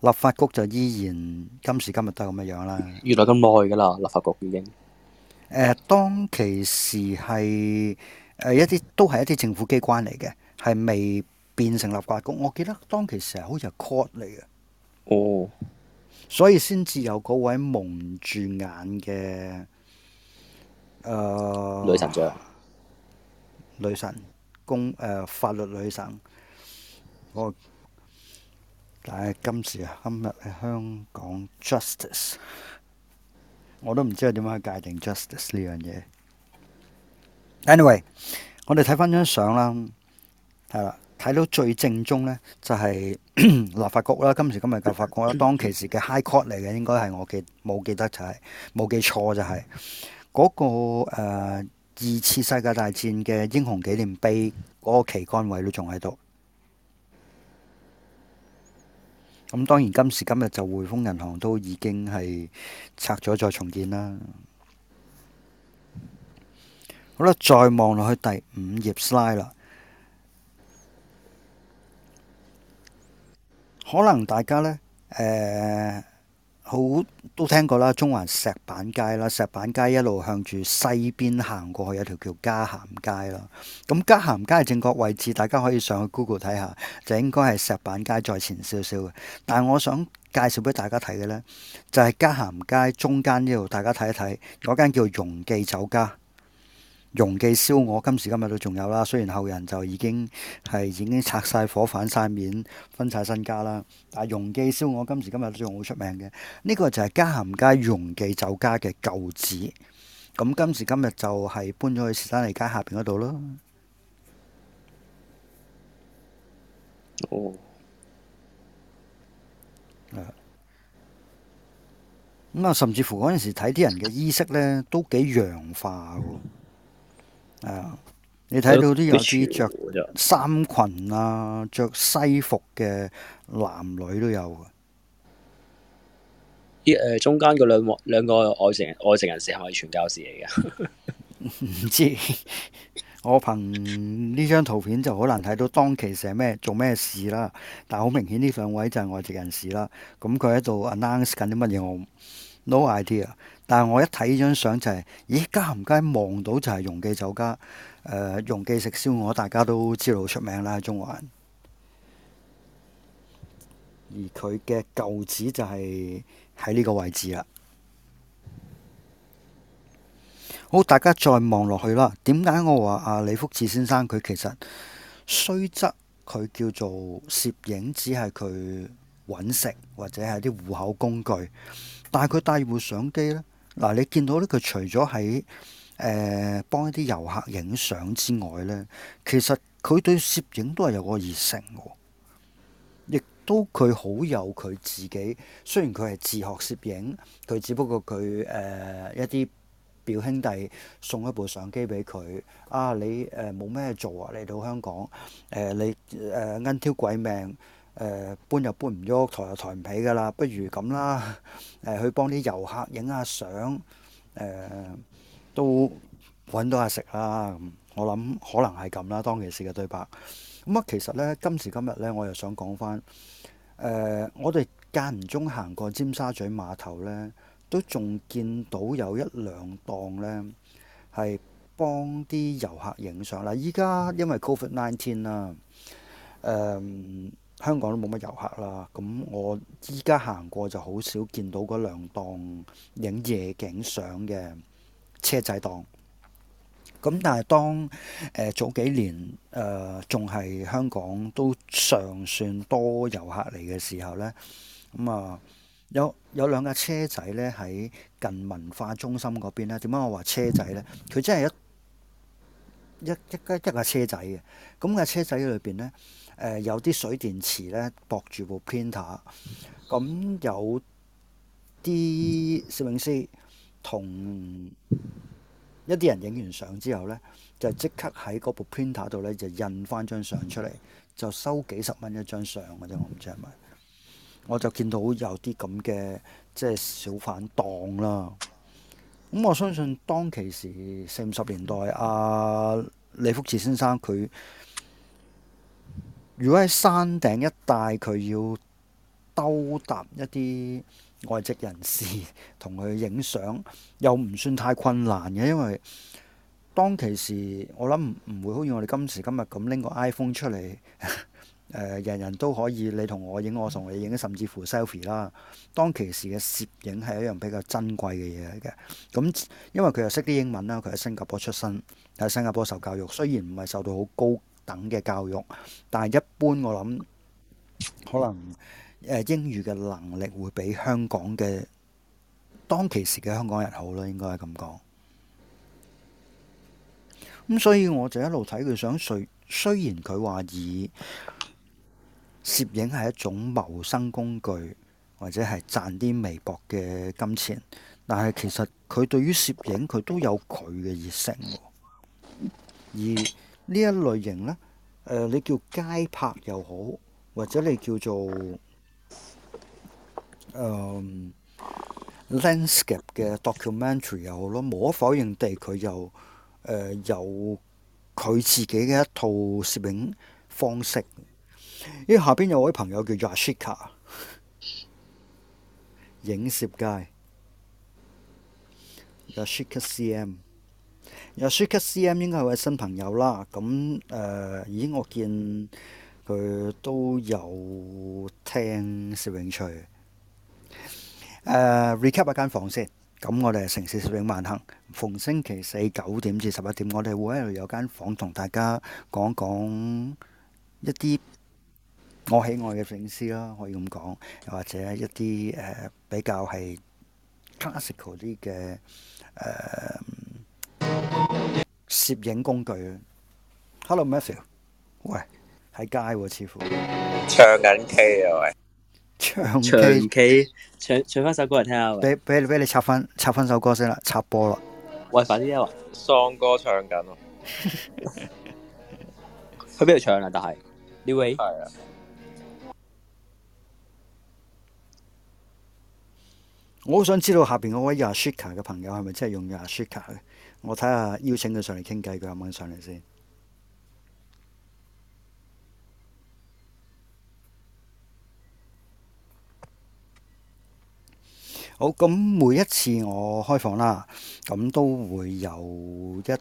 立法局就依然今時今日都係咁嘅樣啦。原來咁耐噶啦，立法局已經。誒，當其時係誒一啲都係一啲政府機關嚟嘅，係未變成立法局。我記得當其時好似係 court 嚟嘅。哦。所以先至有嗰位蒙住眼嘅、呃、女神女神公誒、呃、法律女神，但係今時今日喺香港 justice，我都唔知點樣去界定 justice 呢樣嘢。Anyway，我哋睇翻張相啦，係啦。睇到最正宗呢、就是，就係立法局啦，今時今日立法局啦，當其時嘅 high court 嚟嘅，應該係我記冇記得就係、是、冇記錯就係、是、嗰、那個、呃、二次世界大戰嘅英雄紀念碑嗰、那個旗杆位都仲喺度。咁當然今時今日就匯豐銀行都已經係拆咗再重建啦。好啦，再望落去第五頁 slide 啦。可能大家呢，誒，好都聽過啦，中環石板街啦，石板街一路向住西邊行過去，有條叫嘉咸街啦。咁嘉咸街係正確位置，大家可以上去 Google 睇下，就應該係石板街再前少少嘅。但係我想介紹俾大家睇嘅呢，就係嘉咸街中間呢度，大家睇一睇，嗰間叫容記酒家。容記燒鵝，今時今日都仲有啦。雖然後人就已經係已經拆晒火，反晒面，分晒身家啦。但容記燒鵝，今時今日都仲好出名嘅。呢個就係嘉咸街容記酒家嘅舊址，咁今時今日就係搬咗去士丹利街下邊嗰度咯。咁啊、哦嗯，甚至乎嗰陣時睇啲人嘅衣飾呢，都幾洋化噶。係啊，你睇、uh, 都到啲有啲着衫裙啊，着西服嘅男女都有嘅、嗯。誒、呃，中間個兩兩，兩個外籍 外籍人士係傳教士嚟嘅。唔、嗯、知，我憑呢張圖片就好難睇到當其時係咩做咩事啦。但係好明顯呢兩位就係外籍人士啦。咁佢喺度 announce 緊啲乜嘢我 no idea。但係我一睇呢張相就係、是，咦？加唔加望到就係容記酒家。呃、容記食燒鵝，大家都知道好出名啦、中環。而佢嘅舊址就係喺呢個位置啦。好，大家再望落去啦。點解我話阿李福智先生佢其實雖則佢叫做攝影，只係佢揾食或者係啲糊口工具，但係佢帶住部相機呢。嗱，你見到呢，佢除咗喺誒幫一啲遊客影相之外呢，其實佢對攝影都係有個熱誠喎，亦都佢好有佢自己。雖然佢係自學攝影，佢只不過佢誒、呃、一啲表兄弟送一部相機俾佢。啊，你誒冇咩做啊？嚟到香港，呃、你誒挑鬼命。呃呃、搬又搬唔喐，抬又抬唔起㗎啦，不如咁啦、呃，去幫啲遊客影下相、呃，都揾到下食啦。我諗可能係咁啦，當其時嘅對白。咁啊，其實呢，今時今日呢，我又想講翻、呃，我哋間唔中行過尖沙咀碼頭呢，都仲見到有一兩檔呢係幫啲遊客影相啦。依家因為 Covid Nineteen 啦，19，呃香港都冇乜遊客啦，咁我依家行過就好少見到嗰兩檔影夜景相嘅車仔檔。咁但係當誒、呃、早幾年誒仲係香港都尚算多遊客嚟嘅時候呢，咁啊、嗯、有有兩架車仔呢喺近文化中心嗰邊呢，點解我話車仔呢？佢真係一一一架車仔嘅，咁、嗰、架、個、車仔裏邊呢。誒、呃、有啲水電池咧，駁住部 printer，咁有啲攝影師同一啲人影完相之後咧，就即刻喺嗰部 printer 度咧就印翻張相出嚟，就收幾十蚊一張相嘅啫，我唔知係咪。我就見到有啲咁嘅即係小販檔啦。咁、嗯、我相信當其時四五十年代，阿、啊、李福池先生佢。如果喺山頂一帶，佢要兜搭一啲外籍人士同佢影相，又唔算太困難嘅，因為當其時我諗唔會好似我哋今時今日咁拎個 iPhone 出嚟、 呃，人人都可以你同我影我同你影，甚至乎 selfie 啦。當其時嘅攝影係一樣比較珍貴嘅嘢嚟嘅。咁因為佢又識啲英文啦，佢喺新加坡出身，喺新加坡受教育，雖然唔係受到好高等嘅教育，但係一般我諗，可能、呃、英語嘅能力會比香港嘅當其時嘅香港人好啦，應該係咁講。咁、嗯、所以我就一路睇佢想，睡，雖然佢話以攝影係一種謀生工具，或者係賺啲微薄嘅金錢，但係其實佢對於攝影佢都有佢嘅熱誠。而。呢一類型咧，誒你叫街拍又好，或者你叫做誒 landscape 嘅 documentary 又好咯，無可否認地，佢又誒有佢自己嘅一套攝影方式。依下邊有位朋友叫 Yashika，影攝界 Yashika CM。有 Recap C M 應該係位新朋友啦，咁誒，咦、呃，我見佢都有聽攝影趣。誒 Recap 一間房先，咁我哋係城市攝影萬幸，逢星期四九點至十一點，我哋會喺度有間房同大家講講一啲我喜愛嘅攝影師啦，可以咁講，又或者一啲誒、呃、比較係 classical 啲嘅誒。呃攝影工具啊！Hello，Matthew，喂，喺街喎，似乎唱緊 K 啊，喂，唱 K，唱唱翻首歌嚟聽下，俾俾俾你插翻插翻首歌先啦，插播啦。喂，快啲啊！喪歌唱緊咯，去邊度唱啊？但係呢位係啊，我好想知道下邊嗰位 Yashika 嘅朋友係咪真係用 Yashika 嘅？我睇下邀請佢上嚟傾偈，佢可唔可以上嚟先？好，咁每一次我開房啦，咁都會有一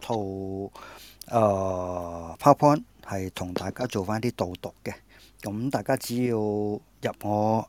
套誒、呃、PowerPoint 係同大家做翻啲導讀嘅。咁大家只要入我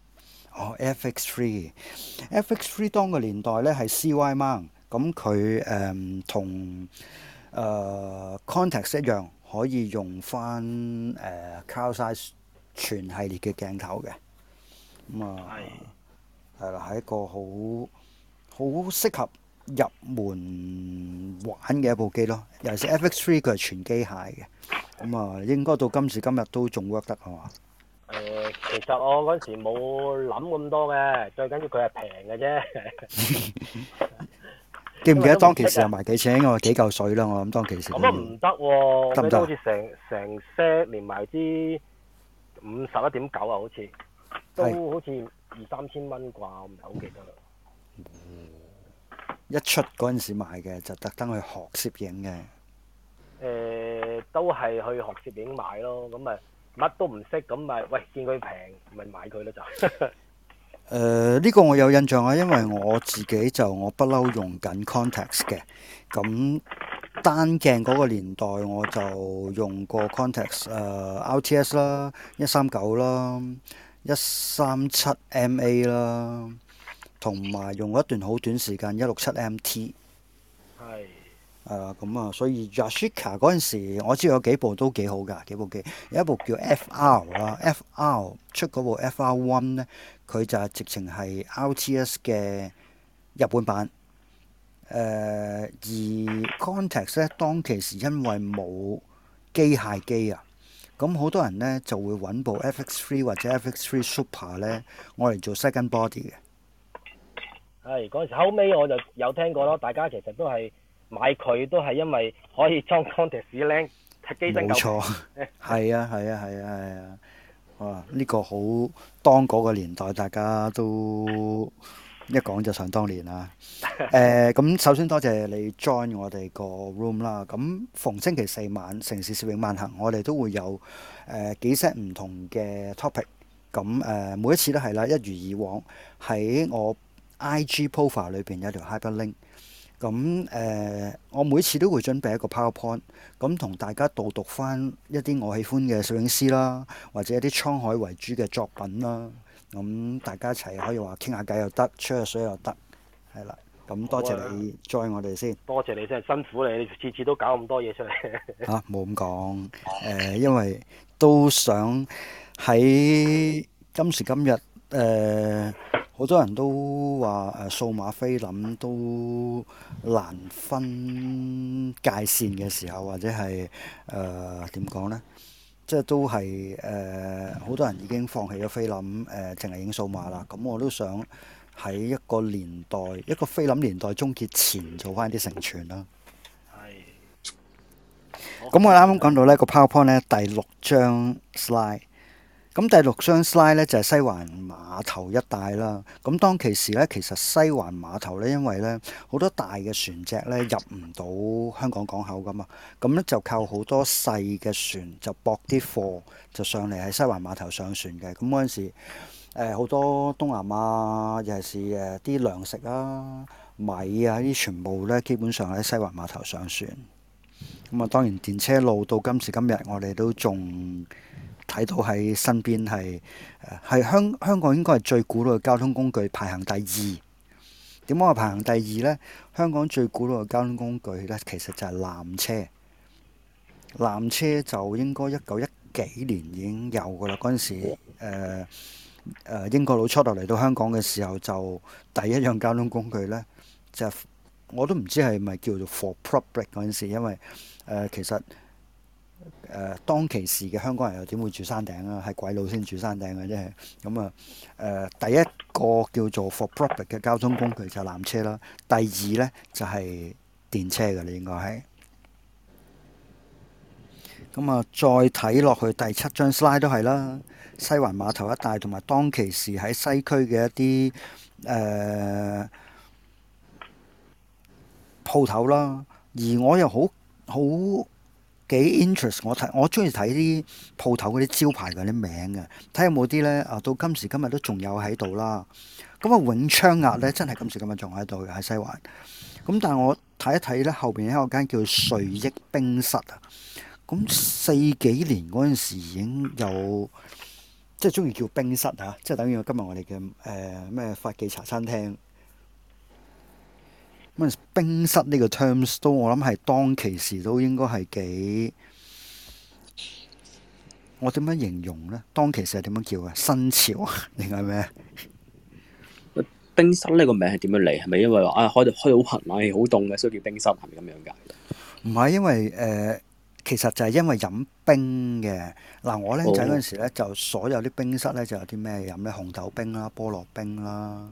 哦、oh，FX Three。FX Three 當個年代咧係 CY mount 咁佢誒、呃、同誒、呃、Contax 一樣，可以用翻誒 Carl Zeiss 全系列嘅鏡頭嘅，咁、嗯、啊，係啦，係一個好好適合入門玩嘅一部機咯，尤其是 FX Three，佢係全機械嘅，咁、嗯、啊應該到今時今日都仲 work 得係嘛。誒、呃，其實我嗰時冇諗咁多嘅，最緊要佢係平嘅啫。記唔記得當其時係賣幾錢啊？幾嚿水啦，我諗當其時。咁啊唔得喎，咁你都好似成成 set 連埋啲五十一點九啊，好似都好似二三千蚊啩，我唔係好記得啦、嗯。一出嗰陣時買嘅，就特登去學攝影嘅。誒、呃，都係去學攝影買咯，咁咪。乜都唔識，咁咪喂，見佢平，咪買佢咯就。誒 呢、呃，呢個我有印象啊，因為我自己就我不嬲用緊 Contax 嘅，咁單鏡嗰個年代我就用過 Contax 誒、呃、RTS 啦，一三九啦，一三七 MA 啦，同埋用一段好短時間一六七 MT。係。係咁啊，所以 Yashica 嗰陣時，我知道有幾部都幾好噶，幾部機，有一部叫 FR 啦，FR 出嗰部 FR One 咧，佢就直情係 RTS 嘅日本版。誒、呃，而 Contax 咧，當其時因為冇機械機啊，咁好多人呢就會揾部 FX Three 或者 FX Three Super 咧，我嚟做 Second Body 嘅。係嗰陣時後尾我就有聽過咯，大家其實都係。買佢都係因為可以裝 Contax lens，睇機身夠。冇錯，係 啊，係啊，係啊，係啊，哇、啊！呢、這個好當嗰個年代，大家都一講就想當年啦。誒、 呃，咁首先多謝你 join 我哋個 room 啦。咁逢星期四晚，城市攝影漫行，我哋都會有誒、呃、幾 set 唔同嘅 topic。咁、呃、誒，每一次都係啦，一如以往喺我 IG profile 裏邊有條 hyperlink。咁誒、呃，我每次都會準備一個 PowerPoint，咁、嗯、同大家導讀翻一啲我喜歡嘅攝影師啦，或者一啲滄海為主嘅作品啦。咁、嗯、大家一齊可以話傾下偈，聊聊又得，吹下水又得，係啦。咁多謝你 join 我哋先、啊。多謝你真係辛苦你，次次都搞咁多嘢出嚟。嚇、 啊，冇咁講誒，因為都想喺今時今日。誒，好、呃、多人都話誒，數、呃、碼菲林都難分界線嘅時候，或者係誒點講呢？即係都係誒，好、呃、多人已經放棄咗菲林，誒、呃，淨係影數碼啦。咁、嗯、我都想喺一個年代，一個菲林年代終結前，做翻啲成全啦。係。咁、okay. 嗯、我啱啱講到、這個、呢個 PowerPoint 呢第六張 Slide。咁第六張 slide 呢，就係、是、西環碼頭一帶啦。咁當其時呢，其實西環碼頭呢，因為呢好多大嘅船隻呢入唔到香港港口噶嘛，咁呢就靠好多細嘅船就駁啲貨就上嚟喺西環碼頭上船嘅。咁嗰陣時，好、呃、多東南亞、啊、尤其是誒啲糧食啊、米啊，呢全部呢基本上喺西環碼頭上船。咁啊，當然電車路到今時今日，我哋都仲睇到喺身邊係誒香，香港應該係最古老嘅交通工具，排行第二。點解話排行第二呢？香港最古老嘅交通工具呢，其實就係纜車。纜車就應該一九一幾年已經有㗎喇。嗰陣時誒、呃呃、英國佬初頭嚟到香港嘅時候，就第一樣交通工具呢，就係、我都唔知係咪叫做 for public 嗰陣時，因為誒、呃、其實。誒、呃、當其時嘅香港人又點會住山頂啊？係鬼佬先住山頂嘅啫。咁啊誒，第一個叫做 for public 嘅交通工具就纜車啦。第二呢就係、是、電車嘅，你應該係。咁、嗯、啊，再睇落去第七張 slide 都係啦，西環碼頭一帶同埋當其時喺西區嘅一啲誒鋪頭啦。而我又好好。幾 interest 我睇我中意睇啲鋪頭嗰啲招牌嗰啲名嘅，睇有冇啲呢？啊到今時今日都仲有喺度啦。咁啊永昌額呢，真係今時今日仲喺度嘅喺西環。咁但係我睇一睇呢，後邊有一間叫瑞益冰室啊。咁四幾年嗰陣時已經有即係中意叫冰室啊，即係等於今日我哋嘅誒咩發記茶餐廳。咁冰室呢個 terms 都我諗係當其時都應該係幾，我點樣形容呢？當其時係點樣叫啊？新潮啊？定係咩？冰室呢個名係點樣嚟？係咪因為話啊開到開到好寒冷、好凍嘅，所以叫冰室係咪咁樣㗎？唔係，因為誒、呃，其實就係因為飲冰嘅嗱，我呢就嗰陣時咧就所有啲冰室呢，就有啲咩飲咧，紅豆冰啦、菠蘿冰啦。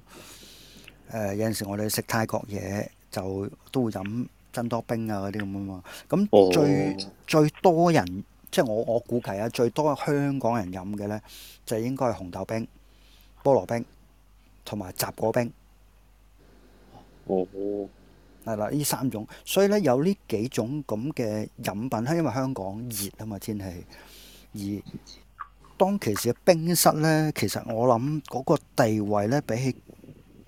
誒、呃、有陣時我哋食泰國嘢，就都會飲珍多冰啊嗰啲咁啊嘛。咁最、oh. 最多人，即係我我估計啊，最多香港人飲嘅呢，就應該係紅豆冰、菠蘿冰同埋雜果冰。哦、oh.，係啦，呢三種，所以呢，有呢幾種咁嘅飲品咧，因為香港熱啊嘛天氣，而當其時嘅冰室呢，其實我諗嗰個地位呢，比起～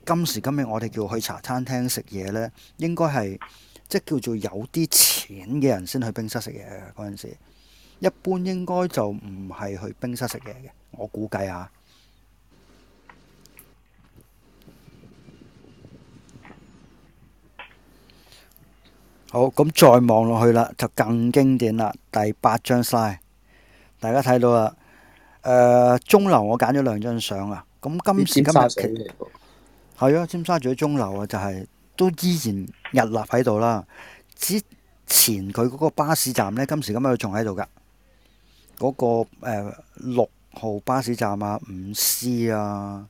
今時今日我哋叫去茶餐廳食嘢呢，應該係即係叫做有啲錢嘅人先去冰室食嘢嗰陣時，一般應該就唔係去冰室食嘢嘅。我估計啊，好，咁再望落去啦，就更經典啦。第八張 slide，大家睇到啦，誒、呃，鐘樓我揀咗兩張相啊。咁今時今日。今係啊，尖沙咀鐘樓啊，就係都依然屹立喺度啦。之前佢嗰個巴士站呢，今時今日仲喺度㗎。嗰、嗰個六號巴士站啊，五 C 啊，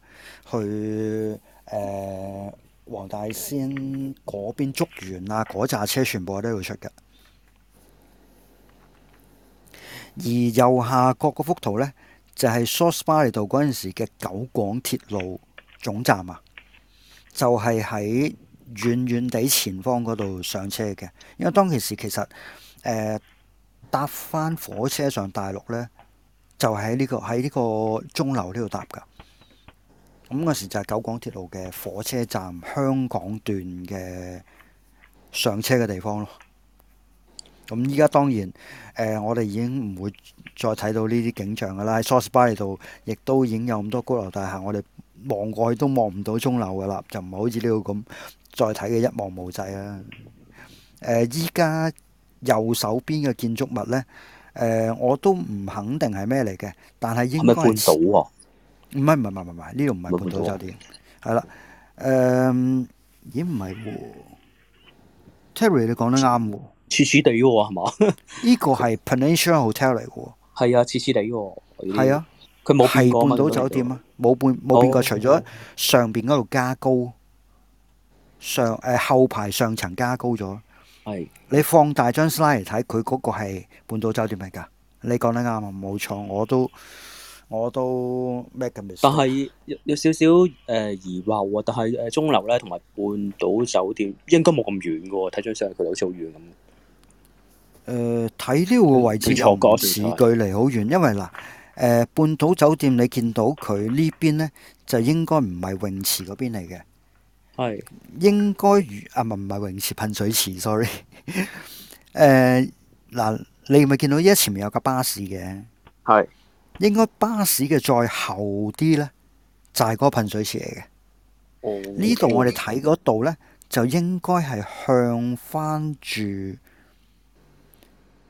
去誒黃、呃、大仙嗰邊竹園啊，嗰扎車全部都要出㗎。而右下角嗰幅圖呢，就係梳士巴利道嗰陣時嘅九廣鐵路總站啊。就係喺遠遠地前方嗰度上車嘅因為當其時其實、呃、搭翻火車上大陸呢，就喺、是、呢、這個喺呢個鐘樓呢度搭噶。咁嗰時就係九廣鐵路嘅火車站香港段嘅上車嘅地方咯。咁依家當然、呃、我哋已經唔會再睇到呢啲景象噶啦，喺梳士巴利度亦都已經有咁多高樓大廈，我哋。望過去都望唔到鐘樓噶啦，就唔係好似呢度咁再睇嘅一望無際啦。誒、呃，依家右手邊嘅建築物咧，誒、呃，我都唔肯定係咩嚟嘅，但係應該係半島喎。唔係唔係唔係唔係，呢度唔係半島酒店。係啦，誒、呃，咦？唔係喎，Terry，你講得啱喎，黐黐地喎、哦，係嘛？呢 個係 Peninsula Hotel 嚟嘅，係啊，黐黐地喎、哦，係、嗯、啊。 係半島酒店啊，冇半冇變過，除咗上邊嗰度加高，上誒後排上層加高咗。係你放大張 slide 嚟睇，佢嗰個係半島酒店嚟噶。你講得啱啊，冇錯，我都我都咩咁嘅。但係有有少少誒疑惑啊！但係誒中樓咧，同埋半島酒店應該冇咁遠噶喎，睇張相佢好似好遠咁。誒，睇呢個位置又唔似距離好遠，因為嗱。呃、半島酒店你，你見到佢呢邊呢，就應該唔係泳池嗰邊嚟嘅。係是應該如啊，唔係泳池噴水池，sorry。誒 嗱、呃，你係咪見到依家前面有架巴士嘅？係是應該巴士嘅再後啲呢，就係、是、嗰個噴水池嚟嘅。呢度、嗯、我哋睇嗰度呢，就應該係向返住，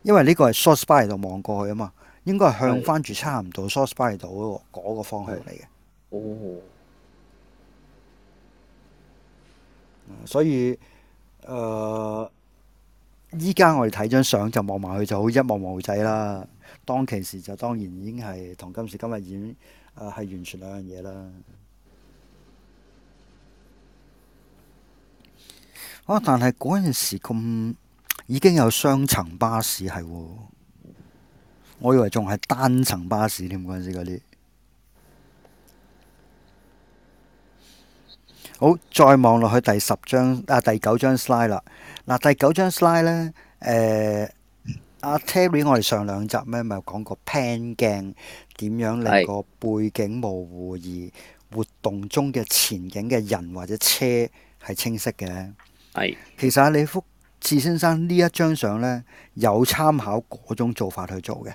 因為呢個係 source bar 度望過去啊嘛。應該係向翻住差唔多梳士巴利道嗰個方向嚟嘅。哦，所以誒，依、呃、家我哋睇張相就望埋去就好一望無際啦。當其時就當然已經係同今時今日已經誒係完全兩樣嘢啦。啊！但係嗰陣時咁已經有雙層巴士係喎。我以為仲係單層巴士添嗰陣時嗰啲好再望落去第十張啊第九張 slide 啦嗱、啊、第九張 slide 咧誒阿 Terry，我哋上兩集咩？咪講過 pan 鏡點樣令個背景模糊而活動中嘅前景嘅人或者車係清晰嘅係 其實啊，李福智先生呢一張相咧有參考嗰種做法去做嘅。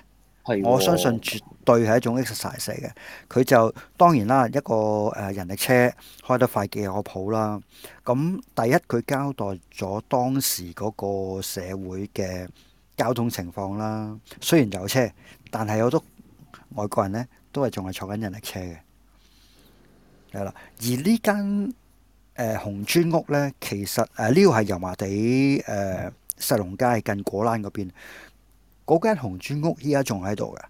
我相信絕對係一種 exercise 嚟嘅，佢就當然啦，一個誒人力車開得快嘅有個譜啦。咁第一佢交代咗當時嗰個社會嘅交通情況啦。雖然有車，但係好多外國人呢都係仲係坐緊人力車嘅。係啦，而呢間誒紅磚屋呢，其實誒呢個係油麻地誒石龍街近果欄嗰邊。嗰間紅磚屋依家仲喺度嘅，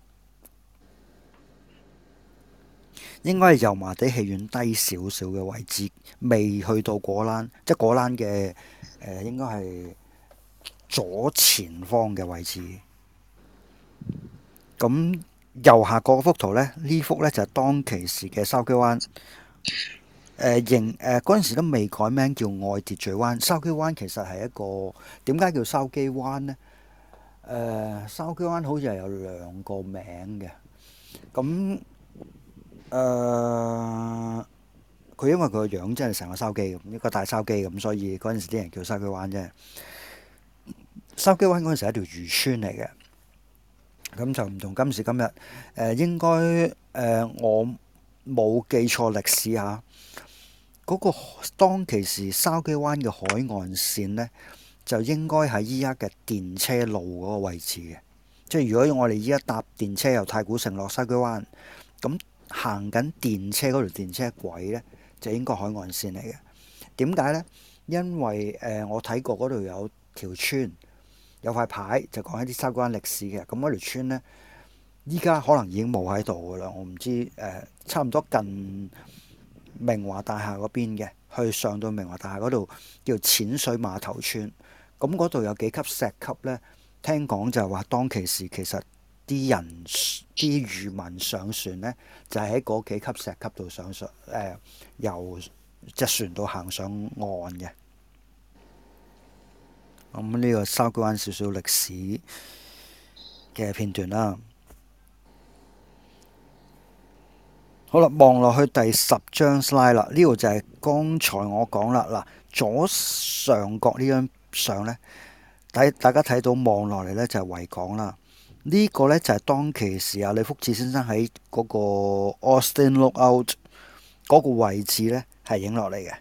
應該係油麻地戲院低少少嘅位置，未去到果欄，即係果欄嘅，誒，應該係左前方嘅位置。咁右下角嗰幅圖呢，呢幅呢就係當其時嘅筲箕灣，誒，仍，誒嗰陣時都未改名叫愛秩序灣，筲箕灣其實係一個，點解叫筲箕灣呢？誒筲箕灣好似係有兩個名嘅，咁誒佢因為佢個樣真係成個筲箕咁，一個大筲箕咁，所以嗰陣時啲人叫筲箕灣啫。筲箕灣嗰陣時係一條漁村嚟嘅，咁就唔同今時今日。誒、呃、應該、呃、我冇記錯歷史嚇，嗰、啊那個當其時筲箕灣嘅海岸線呢，就應該喺依家嘅電車路嗰個位置嘅，即係如果我哋依家搭電車由太古城落筲箕灣，咁行緊電車嗰條電車軌咧，就應該海岸線嚟嘅。點解呢？因為、呃、我睇過嗰度有條村，有塊牌就講一啲筲箕灣歷史嘅。咁嗰條村呢，依家可能已經冇喺度噶啦。我唔知誒、呃，差唔多近明華大廈嗰邊嘅，去上到明華大廈嗰度叫淺水碼頭村。咁嗰度有幾級石級呢？聽講就係話當其時，其實啲人，啲漁民上船呢，就喺，是，嗰幾級石級度上船，誒、呃，由隻船度行上岸嘅。咁呢個相關少少歷史嘅片段啦。好啦，望落去第十張 slide 啦，呢度就係剛才我講啦，嗱，左上角呢張。上咧，大大家睇到望落嚟咧就係維港啦。呢、這個咧就係當其時啊，李福智先生喺嗰個 Austin Lookout 嗰個位置咧係影落嚟嘅。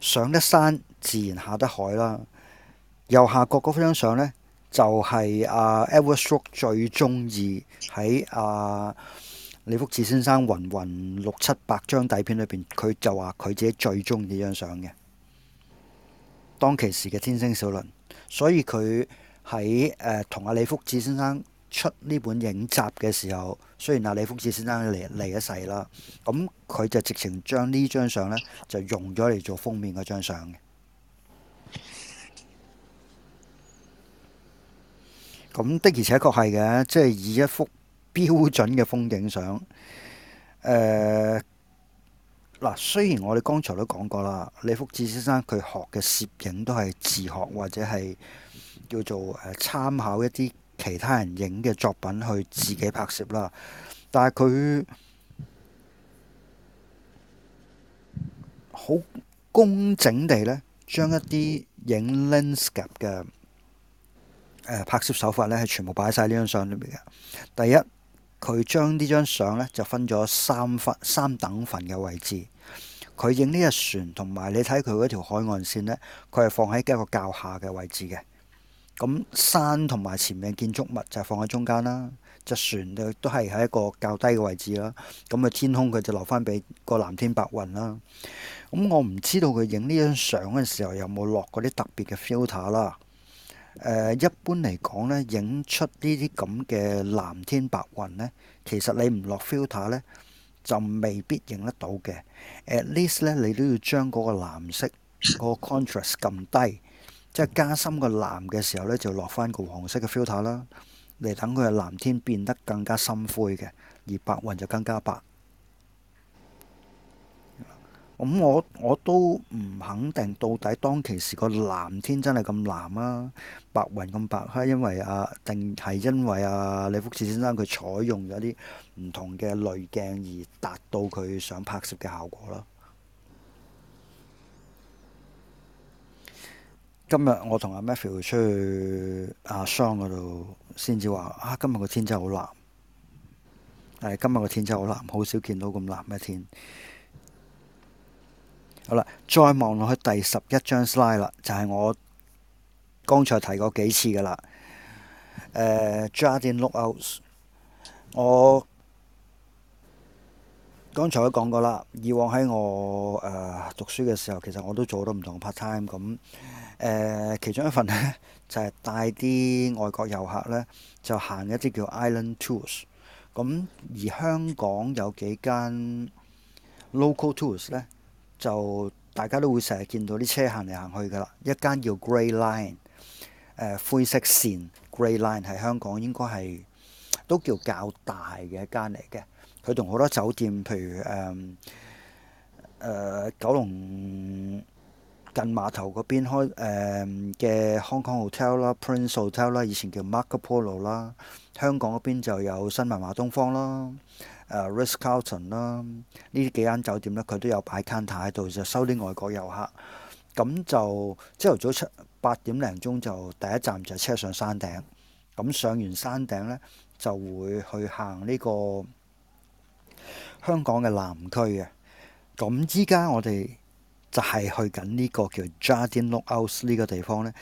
上得山自然下得海啦。右下角嗰張相咧就係、是、阿 Edward Stokes 最中意喺阿李福智先生芸芸六七百張底片裏邊，佢就話佢自己最中意呢張相嘅。當其時嘅天星小輪，所以佢喺誒同阿李福智先生出呢本影集嘅時候，雖然阿李福智先生嚟離咗世啦，咁佢就直情將呢張相呢就用咗嚟做封面嗰張相嘅。咁的而且確係嘅，即係以一幅標準嘅風景相，誒、呃。嗱，雖然我哋剛才都講過啦，李福志先生佢學嘅攝影都係自學或者係叫做誒、參考一啲其他人影嘅作品去自己拍攝啦，但係佢好工整地呢，將一啲影 landscape 嘅拍攝手法呢，係全部擺晒呢張相裏面嘅。第一，佢將呢張相呢，就分咗三份、三等份嘅位置。佢影呢隻船同埋你睇佢嗰條海岸線呢，佢係放喺一個較下嘅位置嘅。咁山同埋前面建築物就放喺中間啦，隻船就都係喺一個較低嘅位置啦。咁嘅天空佢就留翻俾個藍天白雲啦。咁我唔知道佢影呢張相嘅時候有冇落嗰啲特別嘅 filter 啦、呃。一般嚟講呢，影出呢啲咁嘅藍天白雲呢，其實你唔落 filter 咧，就未必認得到嘅，at least 咧，你都要將嗰個藍色個 contrast 撳低，即係加深個藍嘅時候咧，就落翻個黃色嘅 filter 啦，嚟等佢嘅藍天變得更加深灰嘅，而白雲就更加白。咁、嗯、我我都唔肯定到底當其時個藍天真係咁藍啊，白雲咁白啦，因為，啊、因為啊，定係因為啊李福士先生佢採用咗啲唔同嘅濾鏡而達到佢想拍攝嘅效果啦。今日我同阿 Matthew 出去阿 Son 嗰度，先至話啊，今日個天真係好藍，但係，今日個天真係好藍，好少見到咁藍嘅天。好啦，再望落去第十一張 slide 啦，就係、是、我剛才提過幾次嘅啦。誒、呃、Jarden Lookouts，我剛才都講過啦。以往喺我誒、呃、讀書嘅時候，其實我都做到唔同 part time 咁。誒，其中一份呢，就係帶啲外國遊客呢，就行一啲叫 island tours。咁而香港有幾間 local tours 呢？就大家都會成日見到啲車行嚟行去㗎啦，一間叫 Grey Line，誒、呃、灰色線，Grey Line 係香港應該係都叫較大嘅一間嚟嘅。佢同好多酒店，譬如誒誒、呃呃、九龍近碼頭嗰邊開嘅、呃、Hong Kong Hotel 啦、Prince Hotel 啦，以前叫 Marco Polo 啦，香港嗰邊就有新文華東方啦。誒、uh, Ritz Carlton 啦，呢啲幾間酒店咧，佢都有擺 counter 喺度，就收啲外國遊客。咁就朝頭早七八點零鐘就第一站就車上山頂。咁上完山頂呢，就會去行呢個香港嘅南區嘅。咁依家我哋就係去緊呢個叫 Jardine Lookout 呢個地方。呢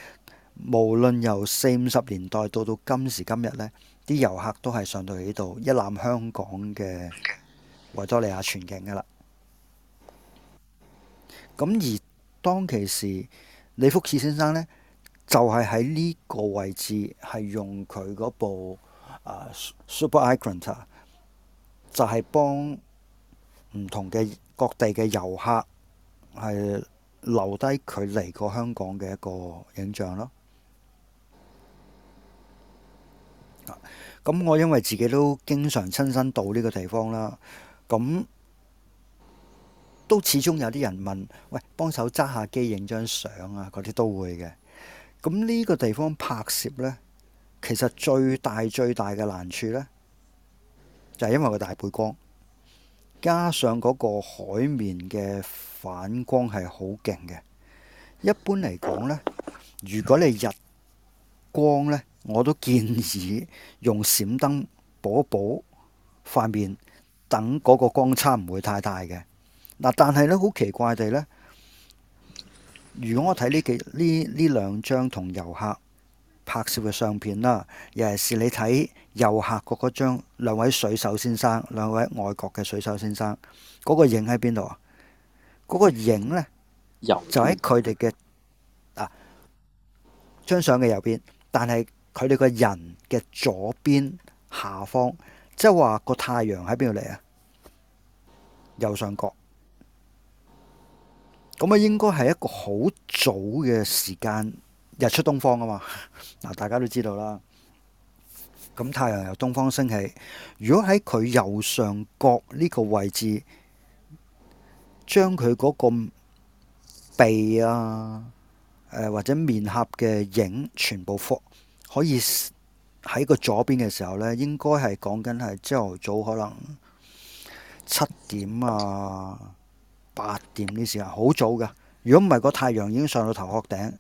無論由四五十年代到到今時今日呢。啲遊客都係上到去呢度一覽香港嘅維多利亞全景噶啦。咁而當其時，李福士先生呢，就係喺呢個位置係用佢嗰部 Super Ikonta 啊，就係幫唔同嘅各地嘅遊客係留低佢嚟過香港嘅一個影像咯。咁我因為自己都經常親身到呢個地方啦，咁都始終有啲人問，喂，幫手揸下機影張相啊，嗰啲都會嘅。咁呢個地方拍攝呢，其實最大最大嘅難處呢，就係因為個大背光，加上嗰個海面嘅反光係好勁嘅。一般嚟講呢，如果你日光呢……我都建議用閃燈補一補塊面，等嗰個光差唔會太大嘅。嗱，但係咧，好奇怪地呢，如果我睇呢幾呢呢兩張同遊客拍攝嘅相片啦，尤其是你睇遊客嗰嗰張兩位水手先生，兩位外國嘅水手先生，嗰個影喺邊度啊？嗰個影呢，邊就喺佢哋嘅啊張相嘅右邊，但係。佢哋個人嘅左邊下方，即係話個太陽喺邊度嚟啊？右上角，咁啊應該係一個好早嘅時間，日出東方啊嘛！嗱，大家都知道啦。咁太陽由東方升起，如果喺佢右上角呢個位置，將佢嗰個鼻啊，呃、或者面頰嘅影全部覆。可以喺個左邊嘅時候呢，應該係講緊係朝頭早可能七點啊、八點呢時間，好早㗎。如果唔係，個太陽已經上到頭殼頂，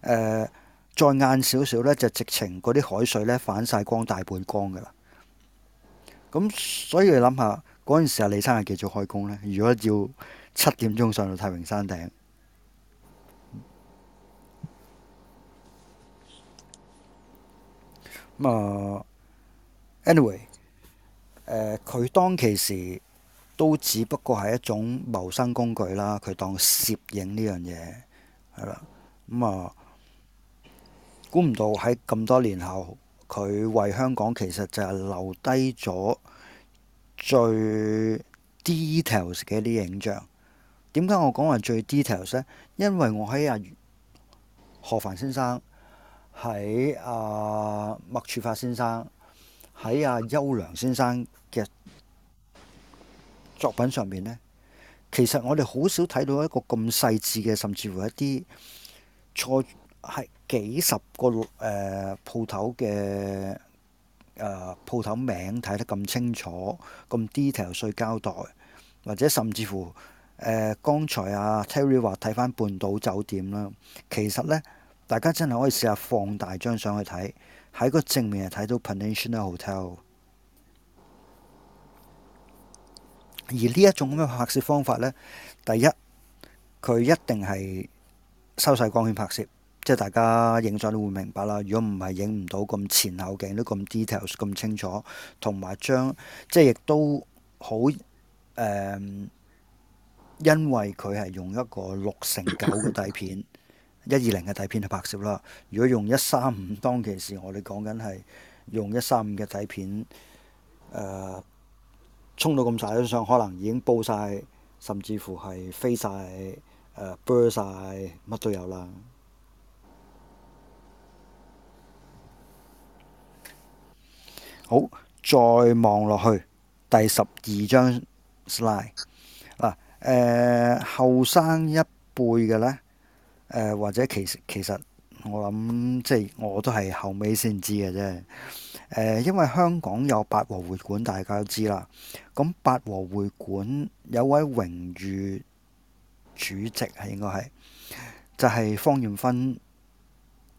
呃、再晏少少呢，就直情嗰啲海水呢反晒光，大半光㗎啦。咁所以想想你諗下，嗰陣時啊，你真係幾早開工呢？如果要七點鐘上到太平山頂。咁啊、uh,，anyway，誒、呃、佢當其時都只不過係一種謀生工具啦。佢當攝影呢樣嘢係啦，咁啊，估、嗯、唔、呃、到喺咁多年後，佢為香港其實就係留低咗最 details 嘅一啲影像。點解我講話最 details 咧？因為我喺阿、啊、何凡先生，喺啊，麥柱發先生，喺阿優良先生嘅作品上面呢，其實我哋好少睇到一個咁細緻嘅，甚至乎一啲在係幾十個誒鋪頭嘅誒鋪頭名睇得咁清楚、咁 detail 碎交代，或者甚至乎誒剛、呃、才阿、啊、Terry 話睇翻半島酒店啦，其實呢。大家真係可以試下放大張相去睇，喺個正面係睇到 Peninsula Hotel。而呢一種咁嘅拍攝方法呢，第一佢一定係收晒光圈拍攝，即係大家影相都會明白啦。如果唔係影唔到咁前後鏡都咁 details 咁清楚，同埋將即係亦都好、呃、因為佢係用一個六乘九嘅底片。 一二零嘅底片去拍攝啦。如果用一三五當其時，我哋講緊係用一三五嘅底片，誒、呃，沖到咁晒張相，可能已經爆晒，甚至乎係飛晒、誒 bur 晒，乜都有啦。好，再望落去第十二張 slide。嗱、啊，誒、呃，後生一輩嘅呢。誒、呃、或者其實其實我諗即係我都係後尾先知嘅啫。誒、呃、因為香港有八和會館，大家都知啦。咁八和會館有位榮譽主席係應該係就係、是、方艷芬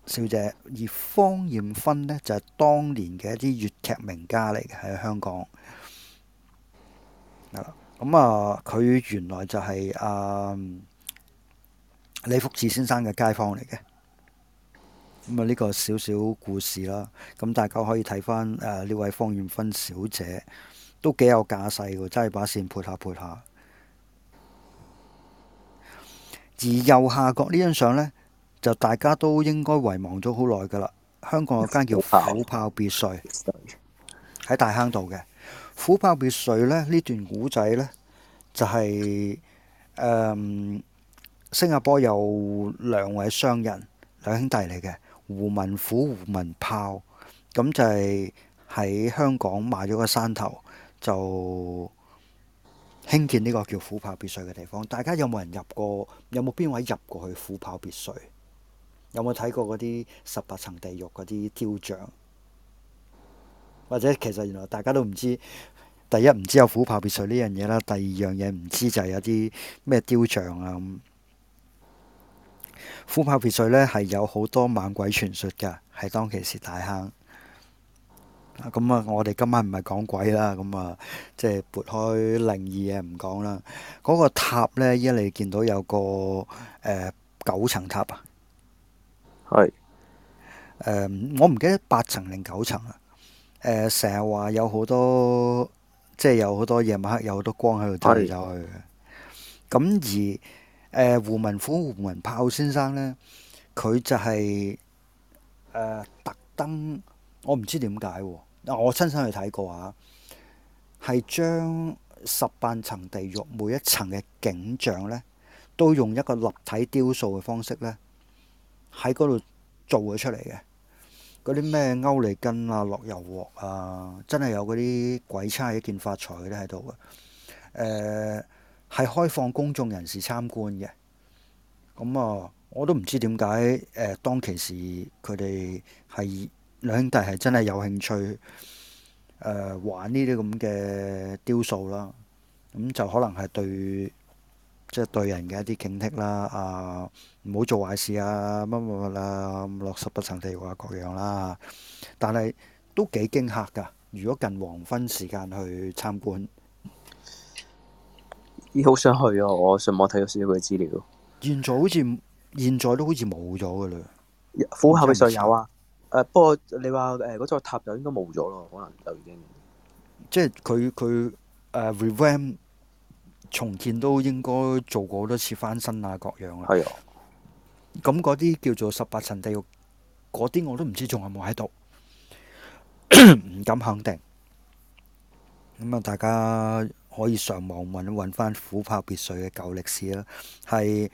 小姐，而方艷芬呢，就係、是、當年嘅一啲粵劇名家嚟嘅喺香港，咁啊，佢、嗯嗯呃、原來就係、是、啊～、呃李福智先生嘅街坊嚟嘅，咁啊呢個少少故事啦，咁大家可以睇返誒呢位方豔芬小姐，都幾有架勢嘅，真係把線撥下撥下。而右下角呢張相呢，就大家都應該遺忘咗好耐嘅啦。香港有間叫虎豹別墅，喺大坑度嘅虎豹別墅咧，呢段古仔呢，就係、是嗯新加坡有兩位商人，兩兄弟嚟嘅，胡文虎、胡文豹，咁就係喺香港買咗個山頭，就興建呢個叫虎豹別墅嘅地方。大家有冇人入過？有冇邊位入過去虎豹別墅？有冇睇過嗰啲十八層地獄嗰啲雕像？或者其實原來大家都唔知，第一唔知有虎豹別墅呢樣嘢啦，第二樣嘢唔知就係有啲咩雕像啊。虎豹別墅呢係有好多猛鬼傳說嘅，係當其時大坑咁啊，我哋今晚唔係講鬼啦，咁啊，即係撥開靈異嘢唔講啦。嗰個塔呢，依家，你見到有個、呃、九層塔啊，係是、呃、我唔記得八層定九層啊。成日話有好多，即、就、係、是、有好多夜晚黑有好多光喺度走嚟走去嘅。咁是而呃、胡文虎、胡文豹先生呢，佢就係、是呃、特登，我唔知點解喎，我親身去睇過啊，係將十八層地獄每一層嘅景象呢，都用一個立體雕塑嘅方式呢，喺嗰度做咗出嚟嘅。嗰啲咩勾脷根啊、落油鑊啊，真係有嗰啲鬼差一件發財啲喺度嘅。呃係開放公眾人士參觀嘅，咁啊，我都唔知點解誒，當其時佢哋係兩兄弟係真係有興趣誒、呃、玩呢啲咁嘅雕塑啦，咁、嗯、就可能係對即係對人嘅一啲警惕啦，啊唔好做壞事啊，乜乜乜啦，咁落十八層地獄話、啊、各樣啦，但係都幾驚嚇㗎。如果近黃昏時間去參觀。咦，好、欸、想去啊、哦！我上網睇咗少少佢資料。現在好似，現在都好似冇咗㗎喇。府後邊尚有啊、誒、呃，不過你話誒嗰座塔就應該冇咗咯，可能就已經。即係佢佢誒，revamp 重建都應該做過好多次翻新啊，各樣啊。係啊、哦。咁嗰啲叫做十八層地獄，嗰啲我都唔知仲有冇喺度，唔 敢肯定。咁啊，大家。可以上網揾揾翻虎豹別墅嘅舊歷史啦，係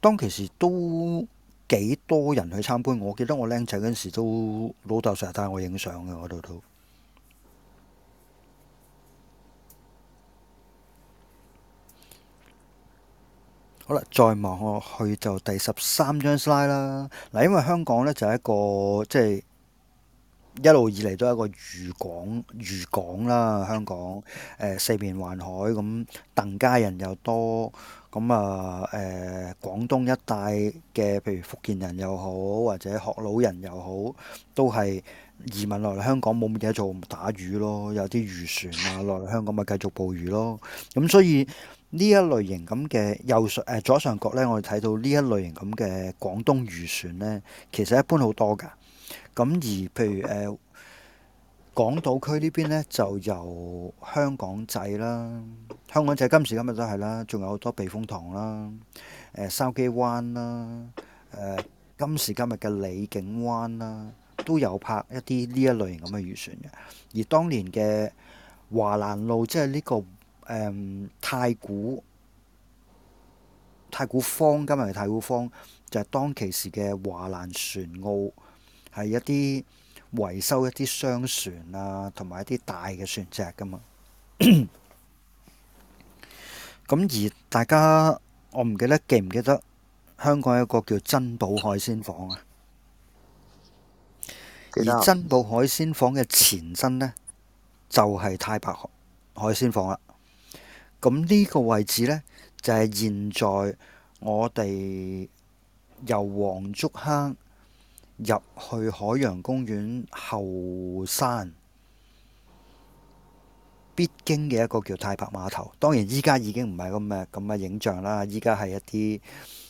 當其時都幾多人去參觀，我記得我僆仔嗰陣時都老豆成日帶我影相嘅嗰度都。好啦，再望落去就第十三張 slide 啦。嗱，因為香港呢就係一個即係。就是一路以嚟都係一個漁港，漁港啦，香港誒、呃、四面環海，咁、嗯、疍家人又多，咁啊誒廣東一帶嘅，譬如福建人又好，或者學佬人又好，都係移民落嚟香港冇乜嘢做，打魚咯，有啲漁船啊，落嚟香港咪繼續捕魚咯。咁、嗯、所以呢一類型咁嘅右上誒、呃、左上角咧，我哋睇到呢一類型咁嘅廣東漁船咧，其實一般好多㗎。咁而譬如誒、呃、港島區呢邊呢，就由香港仔啦，香港仔今時今日都係啦，仲有好多避風塘啦，誒筲箕灣啦，誒、呃、今時今日嘅麗景灣啦，都有拍一啲呢一類型咁嘅漁船嘅。而當年嘅華蘭路，即係呢個誒、呃、太古太古坊，今日嘅太古坊就係、是、當其時嘅華蘭船澳。係一啲維修一啲商船啊，同埋一啲大嘅船隻噶嘛。咁 而大家我唔記得記唔記得香港有一個叫珍寶海鮮舫啊？記得。珍、啊、寶海鮮舫嘅前身呢，就係、是、太白海鮮舫啦。咁、嗯、呢、這個位置呢，就係、是、現在我哋由黃竹坑。入去海洋公園後山必經嘅一個叫太白碼頭，當然依家已經唔係咁嘅咁嘅影像啦。依家係一啲誒、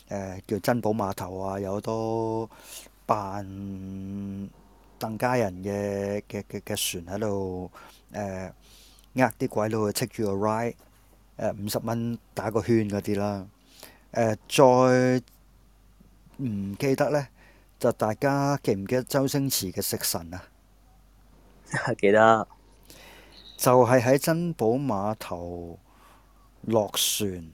呃、叫珍寶碼頭啊，有好多扮疍家人嘅嘅嘅嘅船喺度呃，啲鬼佬去 check 住個 ride，誒五十蚊打個圈嗰啲啦。呃、再唔記得呢。就大家記唔記得周星馳嘅食神啊？記得，就係喺珍寶碼頭落船，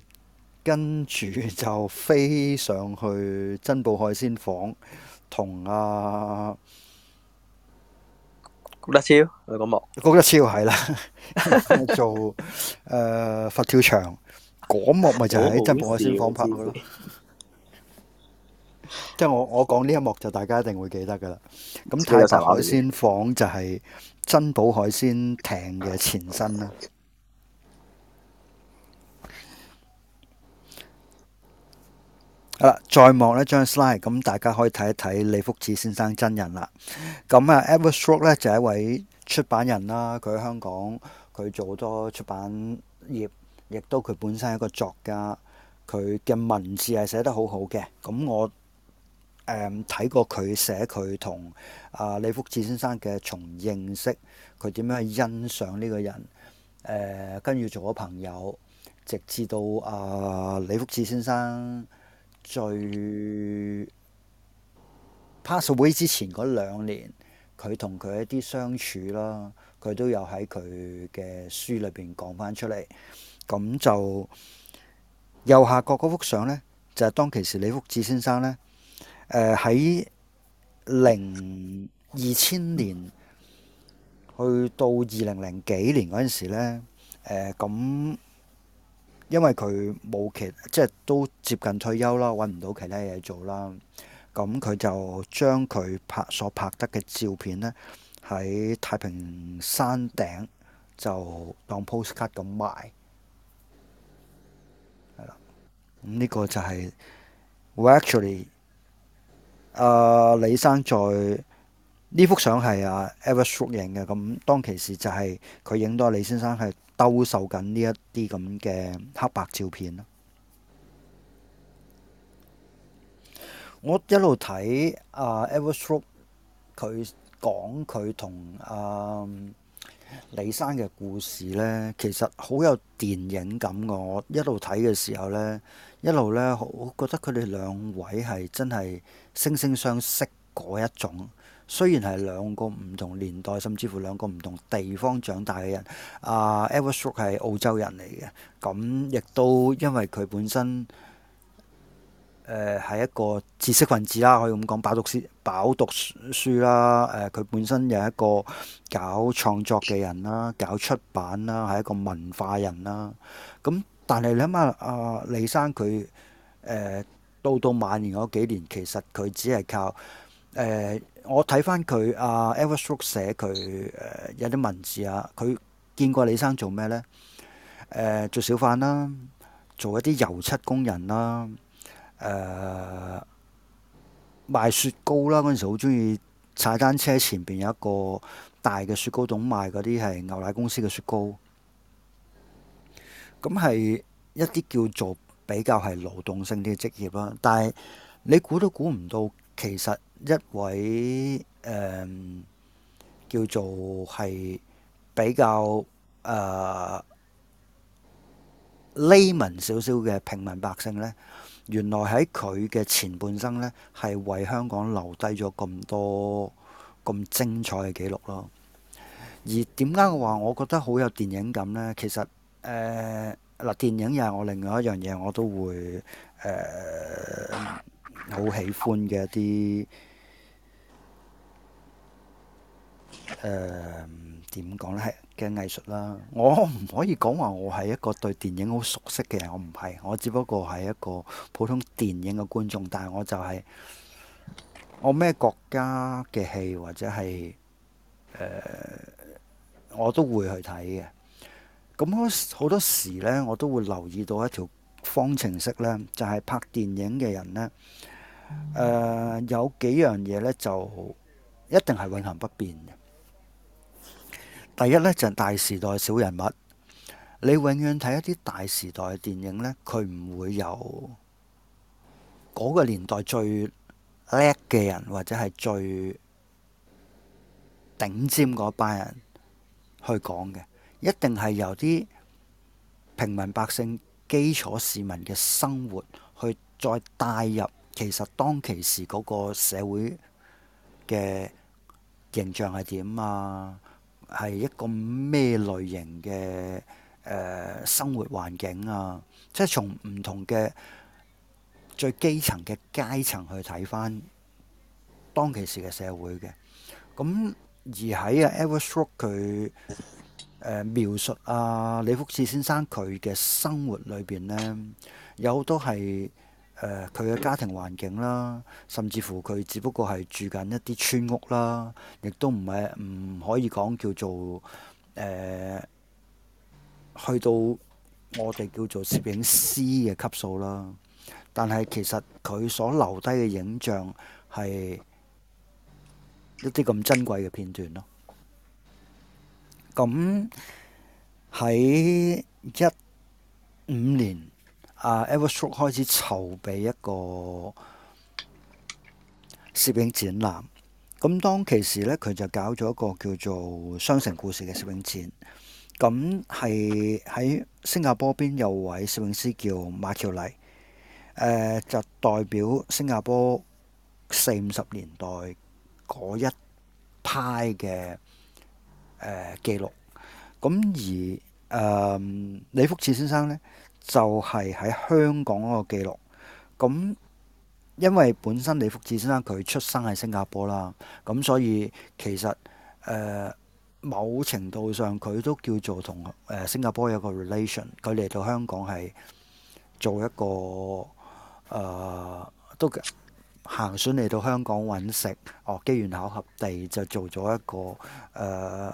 跟住就飛上去珍寶海鮮舫，同阿谷德超嗰幕，谷、嗯、德超係啦， 做誒佛跳牆，嗰 幕咪就喺珍寶海鮮舫拍嘅即係我我講呢一幕就大家一定會記得噶啦。咁太白海鮮舫就係珍寶海鮮艇嘅前身啦。好啦，再望呢張 slide，咁大家可以睇一睇李福智先生真人啦。咁啊，Edward Shaw 咧就係、一位出版人啦，佢喺香港，佢做好多出版業，亦都佢本身係一個作家，佢嘅文字係寫得好好嘅。咁我。睇過佢寫佢同阿李福智先生嘅從認識，佢點樣去欣賞呢個人？跟、呃、住做咗朋友，直至到阿、呃、李福智先生最 pass away 之前嗰兩年，佢同佢一啲相處啦，佢都有喺佢嘅書裏邊講翻出嚟。咁就右下角嗰幅相呢，就係、是、當其時李福智先生呢。誒，喺零二千年去到二零零幾年嗰陣時咧，誒、呃、咁，因為佢冇其即係都接近退休啦，搵唔到其他嘢做啦，咁佢就將佢拍所拍得嘅照片咧，喺太平山頂就當 postcard 咁賣，係啦，咁、嗯、呢、呢個就係、是、actually。啊、呃，李生在呢幅相係阿 Evershot 影嘅，咁當其時就係佢影到李先生係兜售緊呢一啲咁嘅黑白照片啦。我一路睇阿 Evershot，佢講佢同阿李生嘅故事呢，其實好有電影感嘅。我一路睇嘅時候呢。一路呢，我覺得佢哋兩位係真係惺惺相惜嗰一種。雖然係兩個唔同年代，甚至乎兩個唔同地方長大嘅人。阿 Evershaw 係澳洲人嚟嘅，咁亦都因為佢本身誒係、呃、一個知識分子啦，可以咁講飽，飽讀書飽讀書啦。佢、呃、本身又一個搞創作嘅人啦，搞出版啦，係一個文化人啦。咁但係你諗下，阿、啊、李生佢誒、呃、到到晚年嗰幾年，其實佢只係靠誒、呃。我睇翻佢阿、啊、Evershock 寫佢誒、呃、有啲文字啊，佢見過李生做咩呢？誒、呃，做小販啦，做一啲油漆工人啦，誒、呃、賣雪糕啦。嗰陣時好中意踩單車，前邊有一個大嘅雪糕桶賣嗰啲係牛奶公司嘅雪糕。咁係一啲叫做比較係勞動性啲嘅職業啦，但係你估都估唔到，其實一位誒、嗯、叫做係比較誒 layman 少少嘅平民百姓呢，原來喺佢嘅前半生呢，係為香港留低咗咁多咁精彩嘅記錄咯。而點解我話我覺得好有電影感呢，其實誒，嗱、呃，電影又係我另外一樣嘢，我都會誒好、呃、喜歡嘅一啲誒點講呢，嘅藝術啦。我唔可以講話我係一個對電影好熟悉嘅人，我唔係，我只不過係一個普通電影嘅觀眾。但係我就係、是、我咩國家嘅戲或者係誒、呃、我都會去睇嘅。咁好多時呢，我都會留意到一條方程式呢就係、是、拍電影嘅人呢，誒、呃、有幾樣嘢呢，就一定係永恆不變嘅。第一呢，就是、大時代小人物，你永遠睇一啲大時代嘅電影呢，佢唔會有嗰個年代最叻嘅人或者係最頂尖嗰班人去講嘅。一定係由啲平民百姓、基礎市民嘅生活去再帶入，其實當其時嗰個社會嘅形象係點啊？係一個咩類型嘅誒生活環境啊？即係從唔同嘅最基層嘅階層去睇返當其時嘅社會嘅。咁而喺《Ever Shot》佢誒、呃、描述啊，李福士先生佢嘅生活裏邊呢，有好多係誒佢嘅家庭環境啦，甚至乎佢只不過係住緊一啲村屋啦，亦都唔係唔可以講叫做誒、呃、去到我哋叫做攝影師嘅級數啦。但係其實佢所留低嘅影像係一啲咁珍貴嘅片段咯。咁喺一五年，阿、uh, Everest s 開始籌備一個攝影展覽。咁當其時呢佢就搞咗一個叫做《雙城故事》嘅攝影展。咁係喺新加坡邊有位攝影師叫馬喬麗，誒、呃、就代表新加坡四五十年代嗰一派嘅。誒記錄，咁而誒李福智先生呢，就係喺香港嗰個記錄。咁因為本身李福智先生佢出生喺新加坡啦，咁所以其實誒某程度上佢都叫做同誒新加坡有個 relation。佢嚟到香港係做一個誒，都行船嚟到香港揾食，哦，機緣巧合地就做咗一個誒。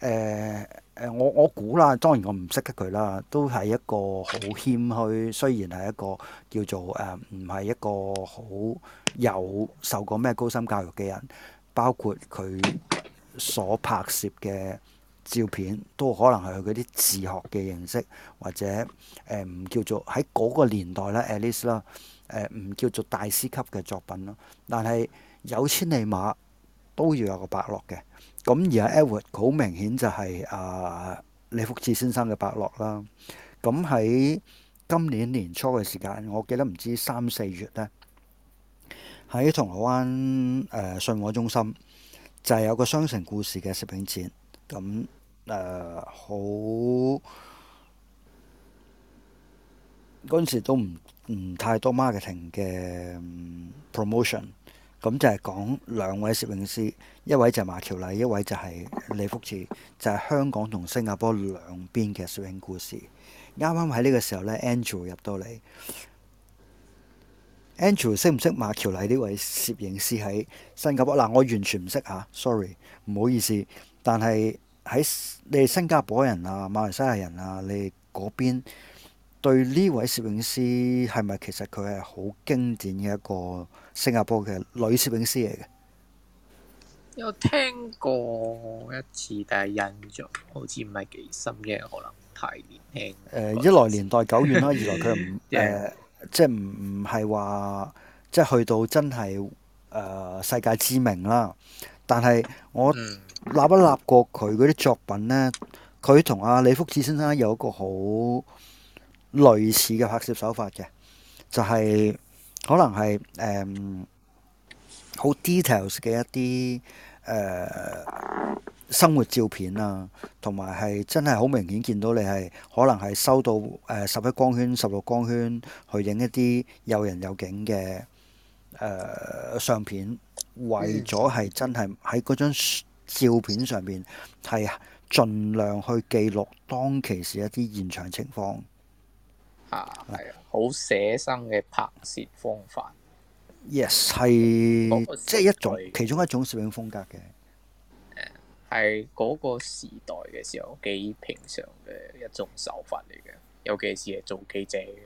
誒誒、呃，我我估啦，當然我唔識得佢啦，都係一個好謙虛。雖然係一個叫做誒，唔、呃、係一個好有受過咩高深教育嘅人，包括佢所拍攝嘅照片，都可能係佢啲自學嘅形式，或者誒唔、呃、叫做喺嗰個年代咧，at least 啦，誒、呃、唔叫做大師級嘅作品咯。但係有千里馬，都要有個伯樂嘅。咁而家 Edward 好明顯就係、是、啊李福智先生嘅伯樂啦。咁、啊、喺、啊、今年年初嘅時間，我記得唔知三四月呢，喺銅鑼灣誒、呃、信和中心就係、是、有個《雙城故事》嘅攝影展。咁誒好，嗰陣時都唔唔太多 marketing 嘅 promotion。咁就係講兩位攝影師，一位就係馬喬麗，一位就係李福池。就係、是、香港同新加坡兩邊嘅攝影故事。啱啱喺呢個時候呢 Angie 入到嚟，Angie 識唔識馬喬麗呢位攝影師喺新加坡？嗱，我完全唔識嚇，sorry，唔好意思。但係喺你哋新加坡人啊、馬來西亞人啊，你嗰邊對呢位攝影師係咪其實佢係好經典嘅一個？新加坡嘅女攝影師嚟嘅，有聽過一次，但係印象好似唔係幾深嘅，可能太年輕。誒、呃，一， 一來年代久遠啦，二來佢唔誒，即係唔唔係話即係去到真係誒、呃、世界知名啦。但係我立一立，立過佢嗰啲作品呢？佢同阿李福智先生有一個好類似嘅拍攝手法嘅，就係、是。可能係誒好、um, details 嘅一啲誒、uh, 生活照片啊，同埋係真係好明顯見到你係可能係收到誒十一光圈、十六光圈去影一啲有人有景嘅誒、uh, 相片，為咗係真係喺張照片上邊係盡量去記錄當其時一啲現場情況。啊，係好寫生嘅拍攝方法，yes 係是，即係一種其中一種攝影風格嘅，誒係嗰個時代嘅時候幾平常嘅一種手法嚟嘅，尤其是係做記者嘅。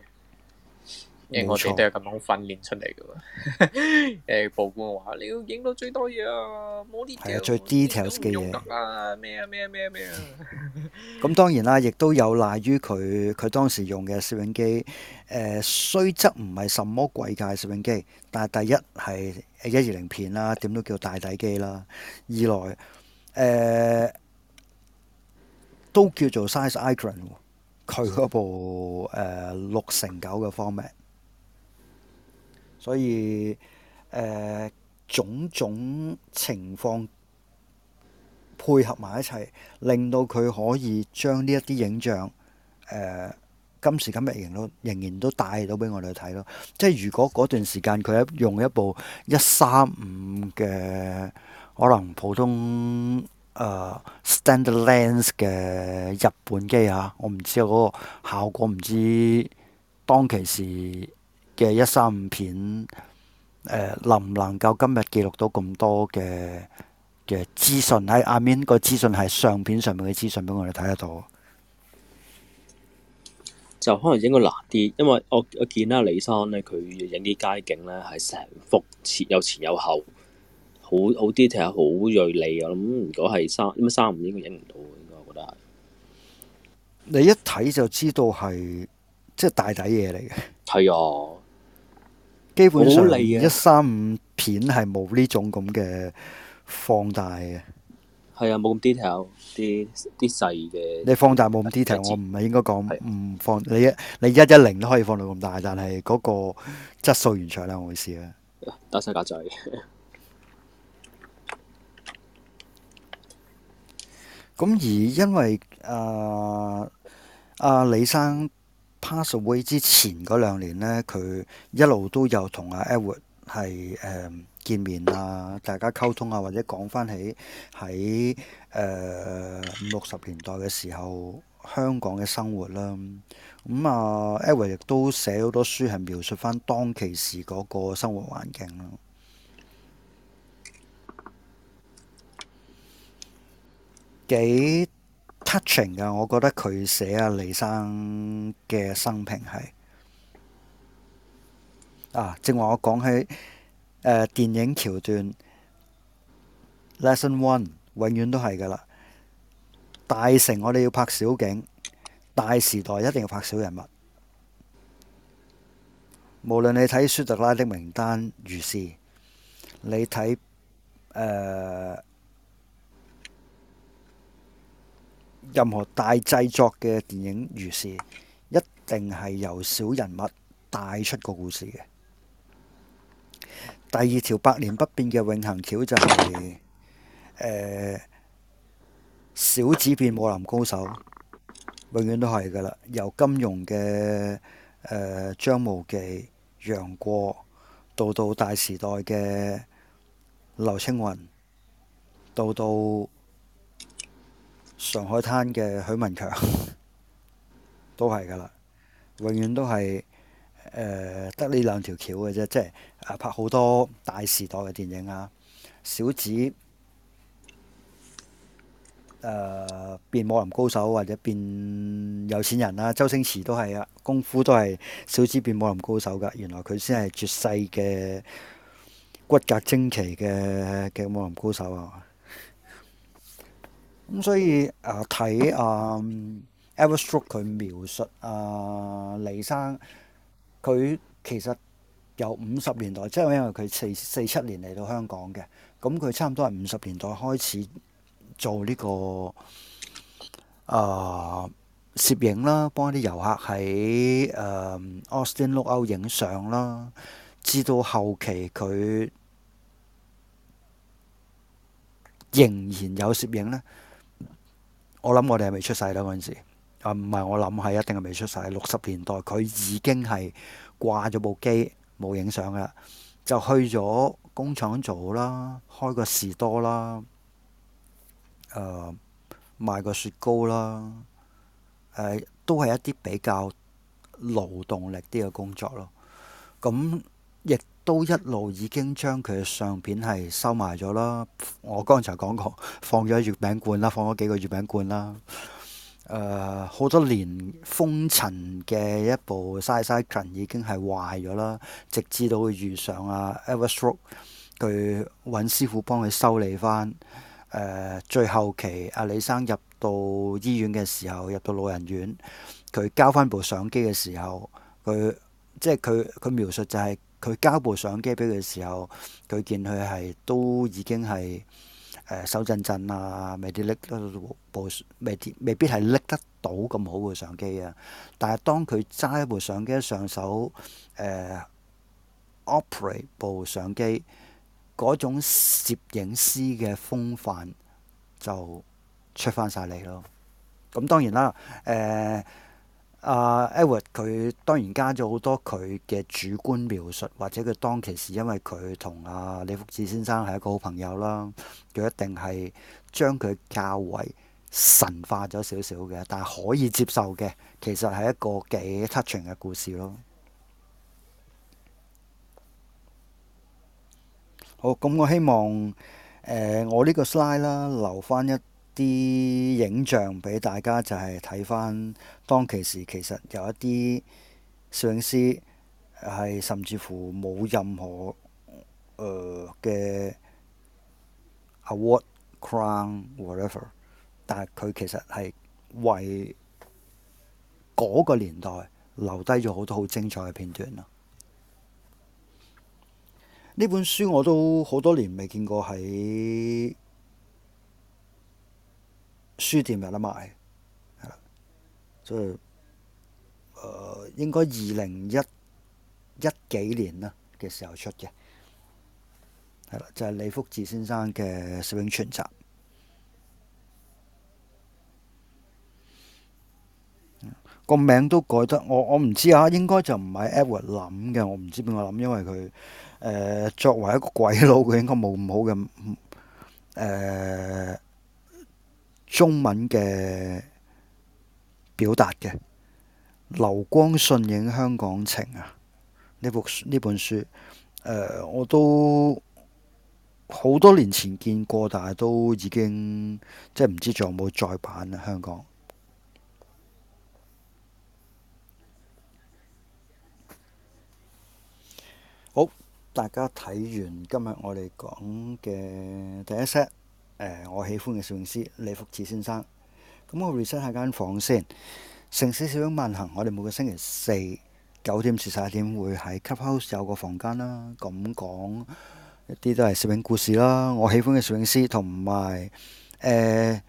我哋都係咁樣訓練出嚟嘅。誒、 哎，曝光嘅話，你要影到最多嘢啊，冇啲 details 嘅嘢咩啊咩咩咩啊。咁 當然啦，亦都有賴於佢佢當時用嘅攝影機。誒、呃，雖則唔係什麼貴價攝影機，但係第一係一二零片啦，點都叫大底機啦。二來，誒、呃，都叫做 size icon，佢嗰部誒六乘九嘅 format。呃所以誒、呃，種種情況配合埋一齊，令到佢可以將呢一啲影像誒、呃、今時今日仍都仍然都帶到俾我哋睇咯。即係如果嗰段時間佢喺用一部一三五嘅可能普通誒、呃、standard lens 嘅日本機吓、啊，我唔知嗰個效果唔知當其時，嘅一三五片，誒、呃、能唔能夠今日記錄到咁多嘅嘅資訊？喺阿 Min 個資訊係相片上面嘅資訊，俾我哋睇得到。就可能影個難啲，因為我我見阿李生咧，佢影啲街景咧係成幅前有前有後，好好啲睇，好銳利嘅。咁如果係三三五應該影唔到，應該我覺得。你一睇就知道係即係大底嘢嚟嘅，係啊！基本上一三五片係冇呢種咁嘅放大嘅，係啊冇咁 detail 啲啲細嘅。你放大冇咁 detail，我唔係應該講唔放的你一你一一零都可以放到咁大，但係嗰個質素完全係兩回事啦。打晒格仔。咁而因為誒阿、呃呃、李生。Pass away 之前嗰兩年呢，佢一路都有同阿 Edward 係、呃、見面啊，大家溝通啊，或者講翻起喺誒五六十年代嘅時候香港嘅生活啦。咁、嗯、啊、嗯、Edward 亦都寫好多書，係描述翻當其時嗰個生活環境咯。嘅 Touching 噶，Touch ing，我覺得佢寫阿、啊、李生嘅生平係啊，正話我講起誒、呃、電影橋段。Lesson one 永遠都係噶啦，大城我哋要拍小景，大時代一定要拍小人物。無論你睇舒特拉的名單如是，你睇誒。呃任何大製作嘅電影，如是一定係由小人物帶出個故事嘅。第二條百年不變嘅永恆橋就係、是呃、小子變武林高手，永遠都係㗎喇。由金庸嘅誒張無忌、楊過，到到大時代嘅劉青雲，到到。上海灘嘅許文強 都係㗎喇，永遠都係得呢兩條橋嘅啫，即係拍好多大時代嘅電影啊，小子誒、呃、變武林高手或者變有錢人啊，周星馳都係啊，功夫都係小子變武林高手㗎，原來佢先係絕世嘅骨骼精奇嘅嘅武林高手啊！咁所以啊，睇啊，Everest 佢描述啊，李生佢其實由五十年代，即係因為佢四四七年嚟到香港嘅，咁佢差唔多係五十年代開始做呢、這個啊攝影啦，幫啲遊客喺誒 Austin Lookout 影相啦，至到後期佢仍然有攝影咧。我諗我哋係未出世啦嗰陣時，啊唔係我諗係一定係未出世。六十年代佢已經係掛咗部機冇影相㗎啦，就去咗工廠做啦，開個士多啦，誒、呃、賣個雪糕啦，誒、呃、都係一啲比較勞動力啲嘅工作咯。咁亦都一路已經將佢嘅相片係收埋咗啦。我剛才講過放咗月餅罐啦，放咗幾個月餅罐啦。誒、呃，好多年封塵嘅一部 Shyshyken 已經係壞咗啦。直至到佢遇上啊。e v e r s r o k 佢揾師傅幫佢修理翻。誒、呃，最後期阿李生入到醫院嘅時候，入到老人院，佢交返部相機嘅時候，佢即係佢佢描述就係、是。佢交部相機俾佢嘅時候，佢見佢係都已經係、呃、手震震啊，未必拎部，未必未必係拎得到咁好部相機啊。但係當佢揸一部相機上手、呃、operate 一部相機，嗰種攝影師嘅風範就出翻晒嚟咯。咁、嗯、當然啦，誒、呃。阿、uh, Edward 佢當然加咗好多佢嘅主觀描述，或者佢當其時因為佢同阿李福治先生係一個好朋友啦，佢一定係將佢較為神化咗少少嘅，但係可以接受嘅，其實係一個幾 touching 嘅故事咯。好，咁我希望誒、呃、我呢個 slide 啦留翻一，啲影像俾大家就係睇翻當其時，其實有一啲攝影師係甚至乎冇任何嘅、呃、award crown whatever，但係佢其實係為嗰個年代留低咗好多好精彩嘅片段咯。呢本書我都好多年未見過喺。書店有得賣，係啦，所以誒應該二零一一幾年啦嘅時候出嘅，係啦，就係李福志先生嘅《攝影全集》，個名都改得，我我唔知啊，應該就唔係 Edward 諗嘅，我唔知邊個諗，因為佢誒作為一個鬼佬，佢應該冇咁好嘅誒。中文嘅表達嘅《流光瞬影香港情》啊，呢部呢本書，呃，我都好多年前見過，但係都已經即係唔知仲有冇再版啊？香港好，大家睇完今日我哋講嘅第一 set。誒、呃，我喜歡嘅攝影師李福智先生。咁、嗯、我 reset 下間房先。城市攝影漫行，我哋每個星期四九點至十點會喺 Clubhouse 有個房間啦。咁講一啲都係攝影故事啦。我喜歡嘅攝影師同埋誒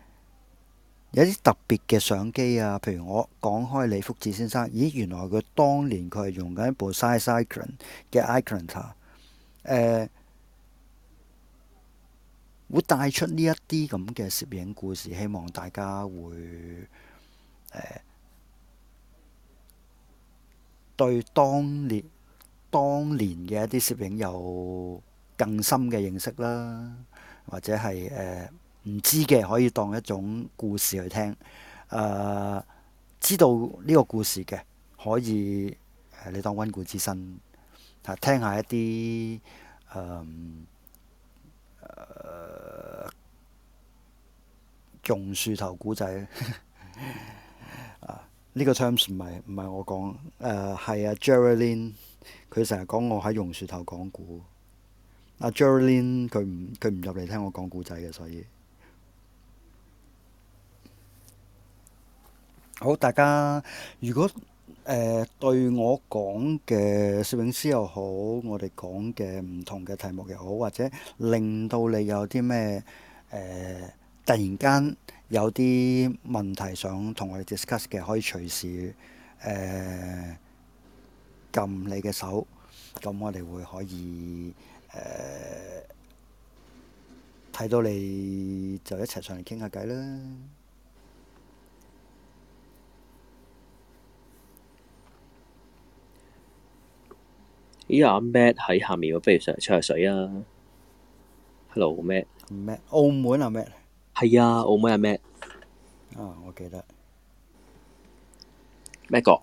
有啲、呃、特別嘅相機啊。譬如我講開李福智先生，咦，原來佢當年佢係用緊一部 Zeiss Ikon 嘅 icon 會帶出呢一啲咁嘅攝影故事，希望大家會誒、呃、對當年當年嘅一啲攝影有更深嘅認識啦，或者係誒唔知嘅可以當一種故事去聽，誒、呃、知道呢個故事嘅可以、呃、你當溫故知新，係聽一下一啲誒。呃誒，uh, 榕樹頭古仔呢個 terms 唔係唔係我講誒，係、uh, 啊 Jerrilyn 佢成日講我喺榕樹頭講古，阿 Jerrilyn 佢唔佢唔入嚟聽我講古仔嘅，所以好大家如果。誒、呃、對我講嘅攝影師又好，我哋講嘅唔同嘅題目又好，或者令到你有啲咩誒，突然間有啲問題想同我哋 discuss 嘅，可以隨時誒撳、呃、你嘅手，咁我哋會可以誒睇、呃、到你就一齊上嚟傾下偈啦。咦阿 Matt 喺下面喎，不如上嚟吹下水啊！Hello，Matt。Matt，澳門啊，Matt。係啊，澳門啊，Matt。啊，我記得。Matt 哥，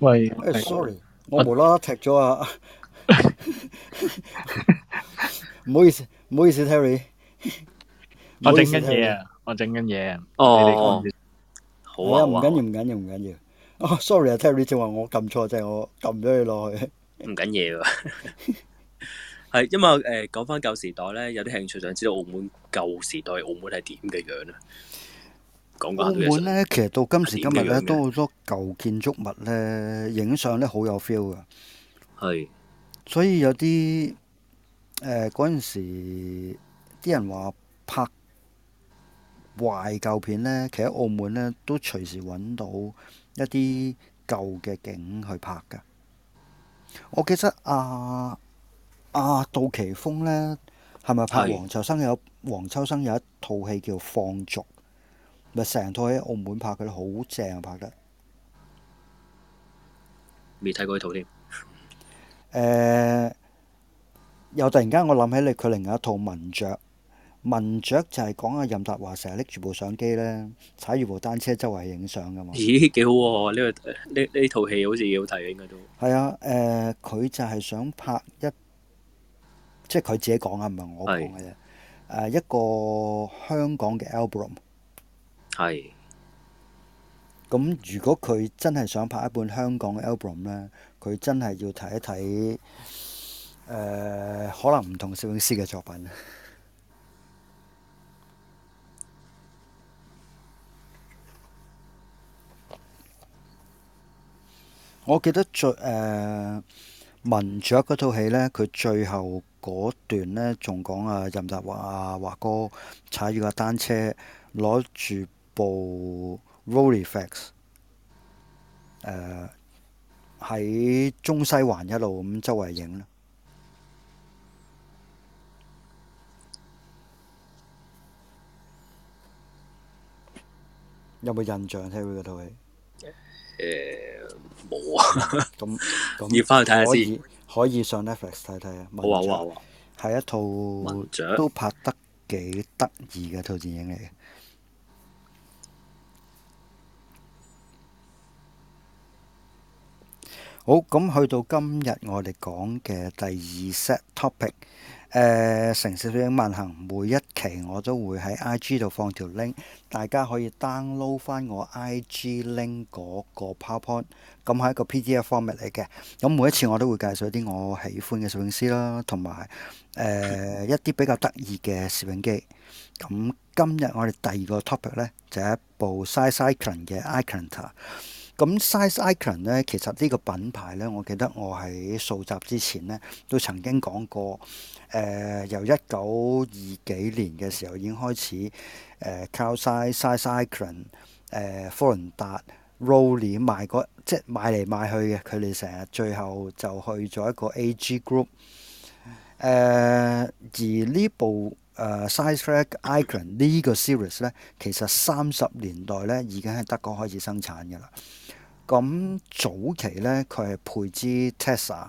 喂，誒，sorry，我無啦啦踢咗啊！唔好意思，唔好意思，Terry。我整緊嘢啊！我整緊嘢啊！哦，好啊，唔緊要，唔緊要，唔緊要。哦，sorry 啊，Terry 正話我撳錯，即係我撳咗佢落去，唔緊要啊。係，因為誒，講翻舊時代咧，有啲興趣想知道澳門舊時代澳門係點嘅樣啊。講講下澳門咧，其實到今時今日咧，都好多舊建築物咧，影相咧好有 feel 噶。係，所以有啲誒嗰陣時。啲人話拍懷舊片呢，其實澳門呢都隨時揾到一啲舊嘅景去拍噶。我記得啊，啊杜琪峰呢，係咪拍黃秋生有黃是秋生有一套戲叫《放逐》，咪成套喺澳門拍嘅，好正拍得。未睇過呢套添。又突然間我諗起你佢另外一套《文雀》。文雀就係講阿任達華成日拎住部相機呢，踩住部單車周圍影相噶嘛？咦，幾好喎！呢個呢呢套戲好似幾好睇嘅，應該都係啊！誒、呃，佢就係想拍一，即係佢自己講啊，唔係我講嘅啫。一個香港嘅 album 係。咁是如果佢真係想拍一本香港嘅 album 呢，佢真係要睇一睇、呃、可能唔同攝影師嘅作品。我記得最誒《文雀》嗰套戲咧，佢最後嗰段咧，仲講啊任達華啊華哥踩住架單車，攞住部 RollieFax 誒喺中西環一路咁周圍影啦。有冇印象睇佢嗰套戲？誒冇啊，咁咁、嗯，要、嗯、翻、嗯、 去睇下先，可以上 Netflix 睇睇啊。我係、啊啊、一套章都拍得幾得意嘅套電影嚟嘅。好，咁去到今日我哋講嘅第二 set topic。誒、呃、城市攝影漫行每一期我都會喺 IG 度放條 link，大家可以 download 翻我 IG link 嗰個 PowerPoint，咁係一個 PDF format 嚟嘅。咁每一次我都會介紹一啲我喜歡嘅攝影師啦，同埋誒一啲比較得意嘅攝影機。咁今日我哋第二個 topic 呢，就係一部 Zeiss Ikon 嘅 Ikonta 咁 Size Icon 咧，其實呢個品牌咧，我記得我喺數集之前咧都曾經講過。誒、呃，由一九二幾年嘅時候已經開始誒，靠、呃、Size Size Icon 誒、呃，福倫達 Rollei 賣過即係賣嚟賣去嘅。佢哋成日最後就去咗一個 A.G. Group、呃。誒，而呢部誒、呃、Size Track Icon 呢個 series 咧，其實三十年代咧已經喺德國開始生產㗎啦。咁早期呢、呃，佢係配支 Tessa，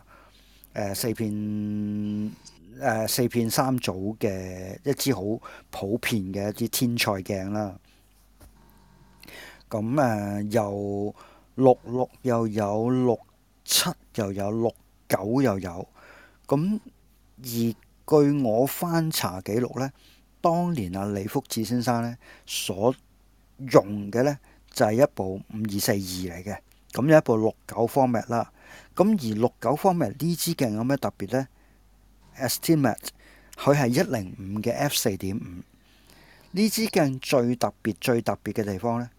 四片誒、呃、四片三組嘅一支好普遍嘅一支天才鏡啦。咁誒又六六又有六七又有六九又有，咁而據我翻查記錄呢，當年阿李福智先生呢所用嘅呢，就係、是、一部五二四二嚟嘅。咁有一部六九 format 啦，咁而六九 format 呢支鏡有咩特別呢？Estimate 佢係一零五嘅 f 四點五，呢支鏡最特別最特別嘅地方呢，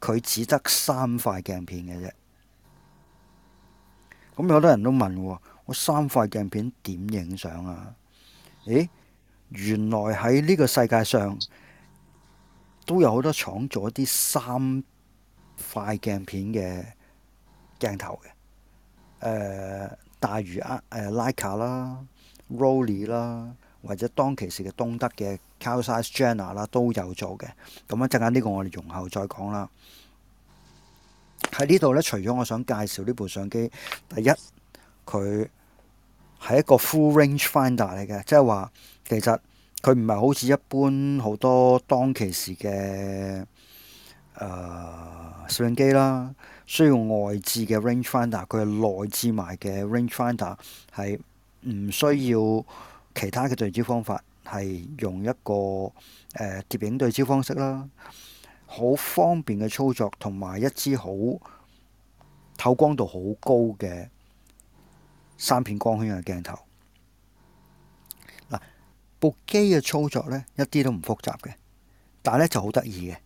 佢只得三塊鏡片嘅啫。咁有好多人都問我：我三塊鏡片點影相啊？誒，原來喺呢個世界上都有好多廠做一啲三塊鏡片嘅。鏡頭嘅，誒、呃、大魚 Leica 啦、啊、Leica, Rollei 啦，或者當其時嘅東德嘅 Carl Zeiss Jena 啦都有做嘅。咁一陣間呢個我哋容後再講啦。喺呢度咧，除咗我想介紹呢部相機，第一佢係一個 full range finder 嚟嘅，即係話其實佢唔係好似一般好多當其時嘅誒相機啦。需要外置嘅 range finder，佢係內置埋嘅 range finder，係唔需要其他嘅對焦方法，係用一個誒疊、呃、影對焦方式啦，好方便嘅操作，同埋一支好透光度好高嘅三片光圈嘅鏡頭。嗱，部機嘅操作呢，一啲都唔複雜嘅，但係呢就好得意嘅，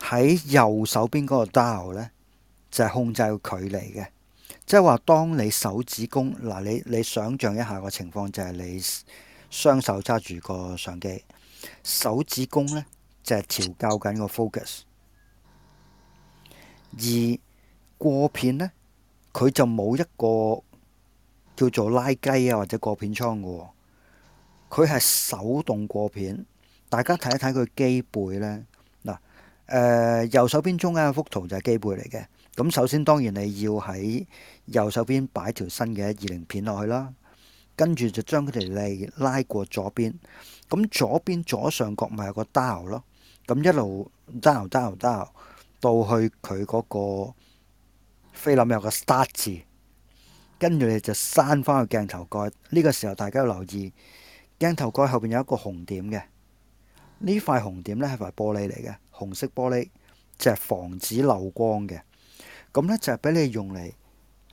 喺右手邊嗰個 dial 呢。就係控制個距離嘅，即係話當你手指公，嗱，你你想象一下個情況，就係、是、你雙手揸住個相機，手指公呢，就係、是、調校緊個 focus。而過片呢，佢就冇一個叫做拉雞啊或者過片窗嘅喎，佢係手動過片。大家睇一睇佢機背呢，嗱、呃、誒，右手邊中間嗰幅圖就係機背嚟嘅。咁首先，當然你要喺右手邊擺條新嘅二零片落去啦，跟住就將佢條脷拉過左邊。咁左邊左上角咪有個 dial 咯，咁一路 dial dial dial 到去佢嗰個菲林有個 start 字，跟住你就閂返個鏡頭蓋。呢、呢個時候大家要留意鏡頭蓋後邊有一個紅點嘅，呢塊紅點呢係塊玻璃嚟嘅，紅色玻璃就係、是、防止漏光嘅。咁呢就係俾你用嚟，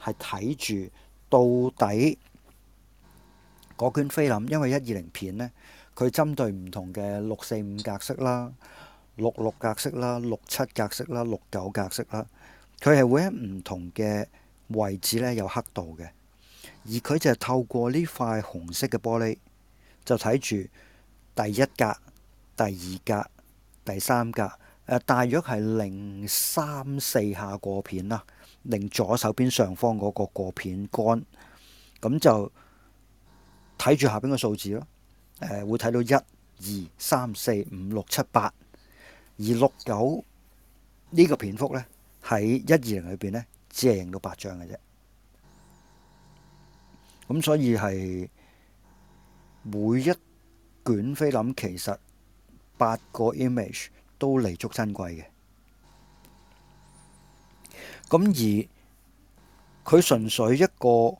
係睇住到底個卷菲林，因為一二零片呢，佢針對唔同嘅六四五格式啦、六六格式啦、六七格式啦、六九格式啦，佢係會喺唔同嘅位置呢有黑度嘅，而佢就係透過呢塊紅色嘅玻璃，就睇住第一格、第二格、第三格。大約係零三四下過片啦，零左手邊上方嗰個過片杆，咁就睇住下邊個數字咯。誒，會睇到一、二、三、四、五、六、七、八，而六九呢個片幅呢，喺一二零裏邊呢，只係到八張嘅啫。咁所以係每一卷菲林其實八個 image。都彌足珍貴嘅，咁而佢純粹一個、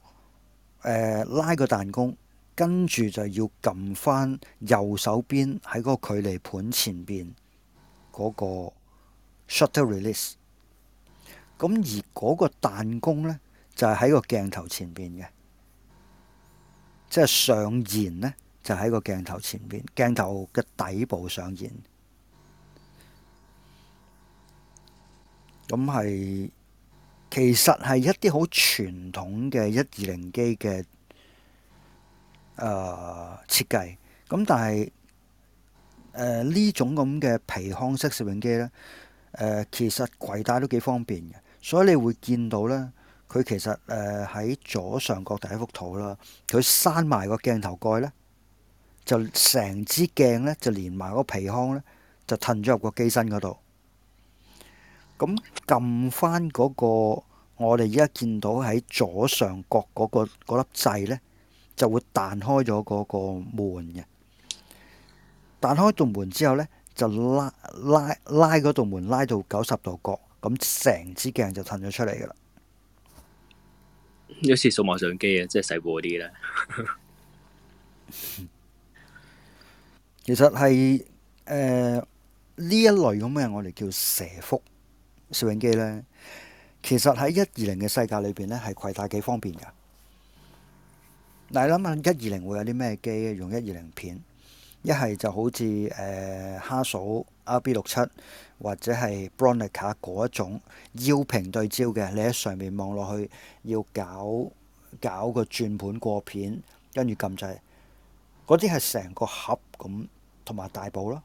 呃、拉個彈弓，跟住就要撳翻右手邊喺嗰個距離盤前邊嗰、那個 shutter release。咁而嗰個彈弓呢，就係、是、喺個鏡頭前邊嘅，即係上弦呢，就喺、是、個鏡頭前邊，鏡頭嘅底部上弦。咁係，其實係一啲好傳統嘅一二零機嘅誒、呃、設計，咁但係誒呢種咁嘅皮腔式攝影機呢，呃、其實攜帶都幾方便嘅，所以你會見到呢，佢其實誒喺、呃、左上角第一幅圖啦，佢閂埋個鏡頭蓋呢，就成支鏡呢，就連埋個皮腔呢，就褪咗入個機身嗰度。咁撳翻嗰個，我哋而家見到喺左上角嗰、那個粒掣、那個、呢，就會彈開咗嗰個門嘅。彈開道門之後呢，就拉拉拉嗰道門拉到九十度角，咁成支鏡就褪咗出嚟嘅啦。有似數碼相機啊，即係細部啲呢， 其實係呢、呃、一類咁嘅，我哋叫蛇腹。攝影機呢，其實喺一二零嘅世界裏邊呢，係攜帶幾方便噶。但係，諗下一二零會有啲咩機用一二零片？一係就好似誒哈數 R B 六七或者係 Bronica 嗰一種腰平對焦嘅，你喺上面望落去要搞搞個轉盤過片，跟住撳掣。嗰啲係成個盒咁，同埋大部咯。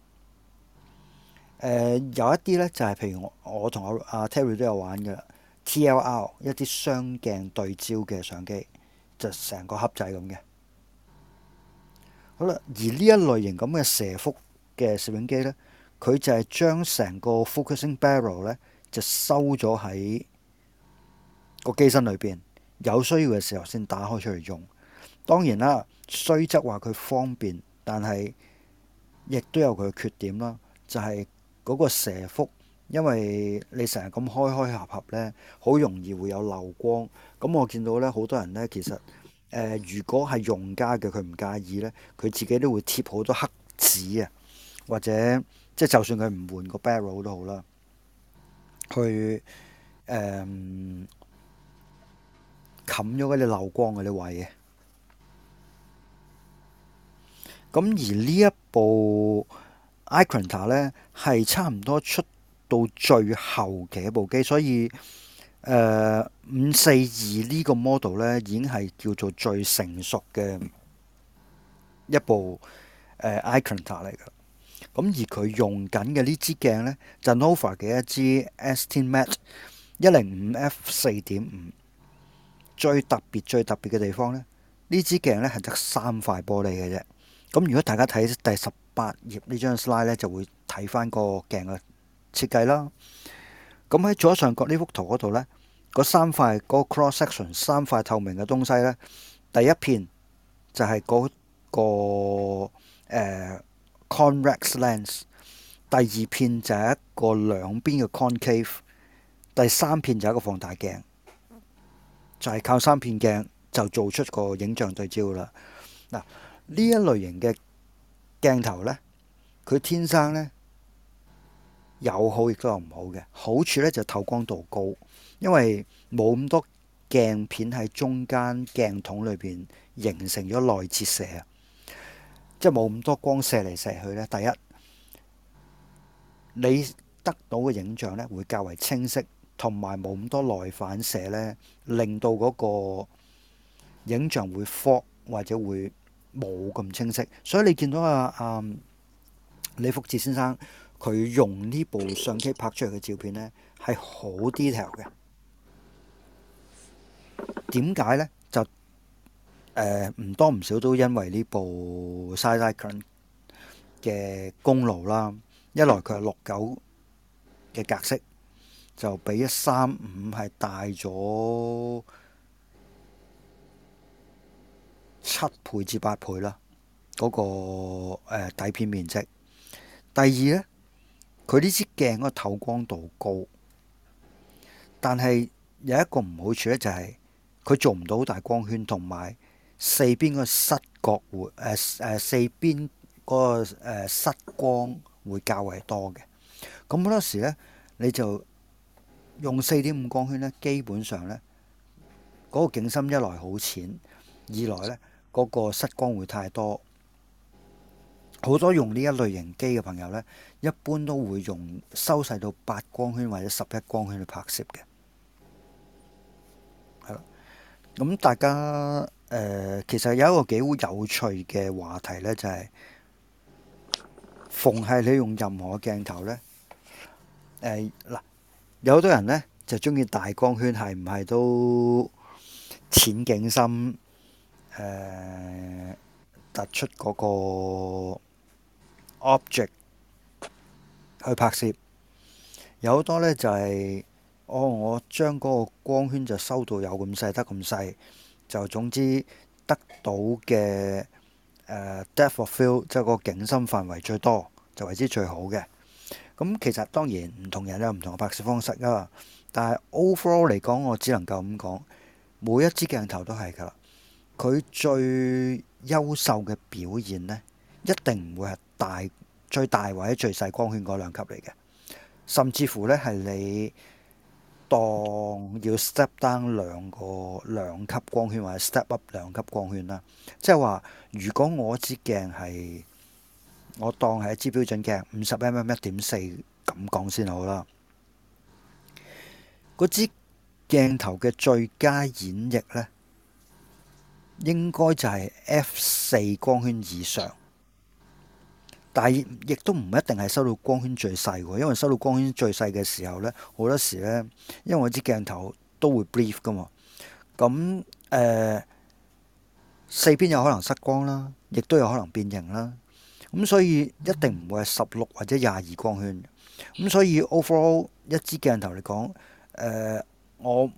誒、呃、有一啲呢，就係、是、譬如我同阿 Terry 都有玩嘅 TLR 一啲雙鏡對焦嘅相機，就成個盒仔咁嘅。好啦，而呢一類型咁嘅蛇腹嘅攝影機呢，佢就係將成個 focusing barrel 呢，就收咗喺個機身裏邊，有需要嘅時候先打開出嚟用。當然啦，雖則話佢方便，但係亦都有佢嘅缺點啦，就係、是。嗰個蛇腹，因為你成日咁開開合合呢，好容易會有漏光。咁我見到呢，好多人呢，其實、呃、如果係用家嘅，佢唔介意呢，佢自己都會貼好多黑紙啊，或者即係、就是、就算佢唔換個 barrel 都好啦，去呃冚咗嗰啲漏光嗰啲位嘅。咁而呢一部。Ikonta 咧，係差唔多出到最後嘅一部機，所以誒五四二呢個 model 咧已經係叫做最成熟嘅一部誒、呃、Ikonta 嚟嘅。咁而佢用緊嘅呢支鏡咧就係、Nova 嘅一支 S10 Mate 一零五 F 四點五。最特別最特別嘅地方咧，呢支鏡咧係得三塊玻璃嘅啫。咁如果大家睇第十。八頁呢張 slide 咧就會睇翻個鏡嘅設計啦。咁喺左上角呢幅圖嗰度呢，嗰三塊嗰、那個、cross section 三塊透明嘅東西呢，第一片就係嗰、那個、呃、convex lens，第二片就係一個兩邊嘅 concave，第三片就係一個放大鏡，就係、是、靠三片鏡就做出個影像對焦啦。嗱，呢一類型嘅鏡頭呢，佢天生呢有好亦都有唔好嘅。好處呢就透光度高，因為冇咁多鏡片喺中間鏡筒裏邊形成咗內折射啊，即係冇咁多光射嚟射去呢，第一，你得到嘅影像呢會較為清晰，同埋冇咁多內反射呢令到嗰個影像會 fog，或者會。冇咁清晰，所以你見到啊，啊，李福智先生佢用呢部相機拍出嚟嘅照片呢，係好 detail 嘅。點解呢？就呃、唔多唔少都因為呢部 Zeiss Ikon 嘅功勞啦。一來佢係六九嘅格式，就比一三五係大咗。七倍至八倍啦，嗰、嗰個底片面積。第二呢，佢呢支鏡嗰個透光度高，但係有一個唔好處呢，就係佢做唔到好大光圈，同埋四邊個失角會誒誒、呃、四邊嗰個誒失光會較為多嘅。咁好多時呢，你就用四點五光圈呢，基本上呢，嗰、嗰個景深一來好淺，二來呢。嗰個室光會太多，好多用呢一類型機嘅朋友呢，一般都會用收細到八光圈或者十一光圈去拍攝嘅，咁大家誒、呃，其實有一個幾好有趣嘅話題呢，就係、是，逢係你用任何鏡頭呢，呃、有好多人呢就中意大光圈，係唔係都淺景深？誒、uh, 突出嗰個 object 去拍攝有好多咧，就係、是、哦，我將嗰個光圈就收到有咁細得咁細，就總之得到嘅誒、uh, depth of field，即係個景深範圍最多就為之最好嘅。咁其實當然唔同人有唔同嘅拍攝方式啊，但係 overall 嚟講，我只能夠咁講，每一支鏡頭都係㗎啦。佢最優秀嘅表現呢，一定唔會係大最大或者最細光圈嗰兩級嚟嘅，甚至乎呢係你當要 step down 兩個兩級光圈或者 step up 兩級光圈啦。即係話，如果我支鏡係我當係一支標準鏡，五十 mm 一點四咁講先好啦。嗰支鏡頭嘅最佳演繹呢，應該就係 F 四光圈以上，但係亦都唔一定係收到光圈最細喎，因為收到光圈最細嘅時候呢，好多時呢，因為我支鏡頭都會 brief 㗎嘛，咁、呃、四邊有可能失光啦，亦都有可能變形啦，咁所以一定唔會係十六或者廿二光圈，咁所以 overall 一支鏡頭嚟講、呃，我。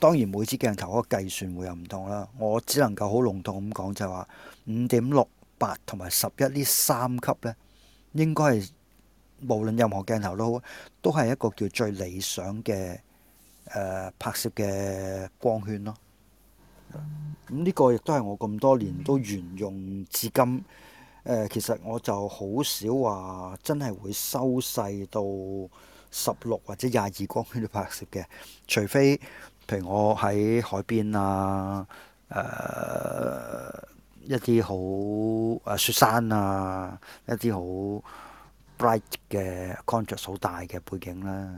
當然每支鏡頭嗰個計算會又唔同啦。我只能夠好籠統咁講，就係話五點六八同埋十一呢三級呢，應該係無論任何鏡頭都好，都係一個叫最理想嘅誒、呃、拍攝嘅光圈咯。咁、嗯、呢、呢個亦都係我咁多年都沿用至今、呃。其實我就好少話真係會收細到十六或者廿二光圈度拍攝嘅，除非。譬如我喺海邊啊，誒、呃、一啲好誒雪山啊，一啲好 bright 嘅 contrast 好大嘅背景啦、啊。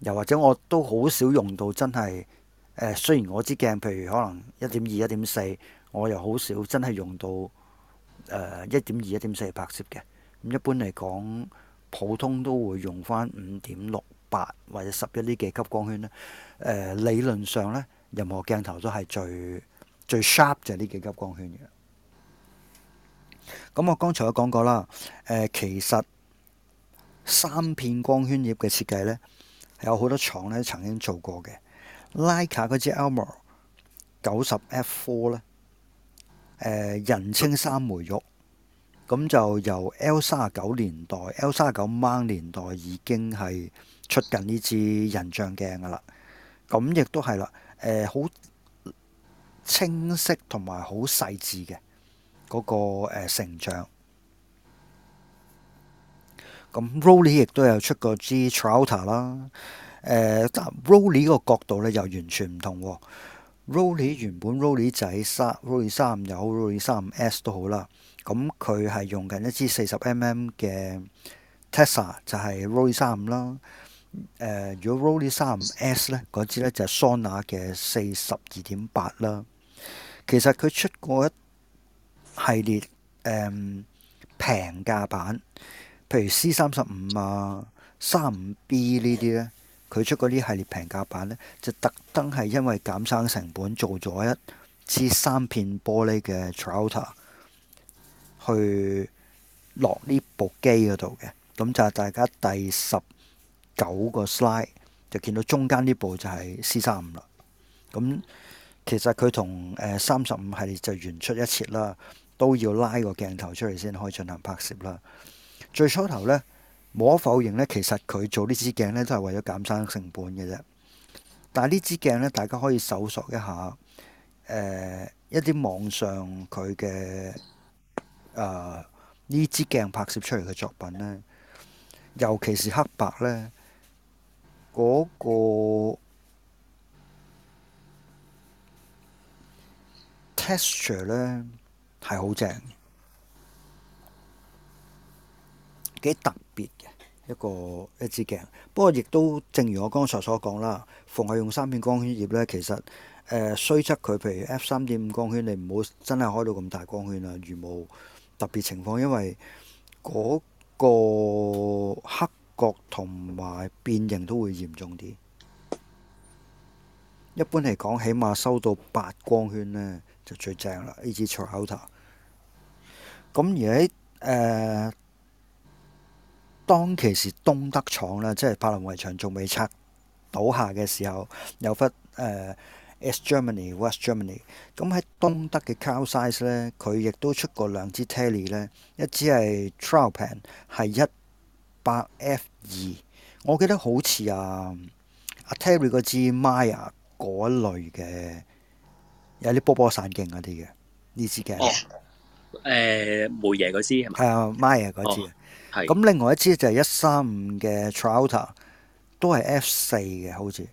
又或者我都好少用到真係誒、呃，雖然我支鏡譬如可能一點二、一點四，我又好少真係用到誒一點二、一點四嚟拍攝嘅。咁一般嚟講，普通都會用翻五點六八或者十一呢幾級光圈啦、啊。呃、理論上咧，任何鏡頭都係最最 sharp 就係呢幾級光圈嘅。咁我剛才我講過啦、呃，其實三片光圈葉嘅設計呢，有好多廠咧曾經做過嘅。n 尼卡嗰支 Elmar 九十 f four 咧、呃，人稱三枚玉，咁就由 L 三十九年代、L 三十九 mount 年代已經係出緊呢支人像鏡㗎喇。咁亦都係啦，誒、呃、好清晰同埋好細緻嘅嗰、那個、呃、成像。咁 Rollie 亦都有出過支 Triotar 呃、Triotar 啦，誒但 Rollie 個角度咧又完全唔同喎。Rollie 原本 Rollie 仔三 Rollie 三又好、mm、a, Rollie 三 S 都好啦，咁佢係用緊一支四十 mm 嘅 Tessa 就係 Rollie 三五啦。如果 Rollei 三五 S 咧，uh，嗰支咧就係 Sonnar 嘅四十二點八啦。其實佢出過一系列誒平價版，譬如 C 三十五啊，三五 B 呢啲咧，佢出嗰啲系列平價版咧，就特登係因為減省成本做咗一支三片玻璃嘅 Triotar 去落呢部機嗰度嘅。咁就係大家第十。九個 slide 就見到中間呢部就係 C 三五啦。咁、嗯、其實佢同誒三十五係就延出一截啦，都要拉個鏡頭出嚟先可以進行拍攝啦。最初頭呢，無可否認呢，其實佢做支鏡呢支鏡呢都係為咗減省成本嘅啫。但係呢支鏡呢，大家可以搜索一下誒、呃、一啲網上佢嘅啊呢支鏡拍攝出嚟嘅作品呢，尤其是黑白呢。嗰個 texture 呢係好正，幾特別嘅一個一支鏡。不過亦都正如我剛才所講啦，逢係用三片光圈葉呢，其實誒雖則佢，譬如 F 三點五光圈，你唔好真係開到咁大光圈啊，如無特別情況，因為嗰個黑。角同埋變形都會嚴重啲。一般嚟講，起碼收到八光圈呢就最正啦。呢支 Triotar。咁而喺誒、呃、當其時東德廠呢，即係柏林圍牆仲未拆倒下嘅時候，有忽誒 East Germany、West Germany。咁喺東德嘅 Carl Zeiss 呢，佢亦都出過兩支 Tele 呢，一支係 Trioplan 係一八 F 二，我記得好似啊 a、啊、Terry 嗰支 Maya 嗰一類嘅，有啲波波散鏡嗰啲嘅呢支鏡。誒、哦呃、梅耶嗰支係咪？係啊，Maya 嗰支。咁另外一支就係一三五嘅 Trouter，都係 F 四嘅好似。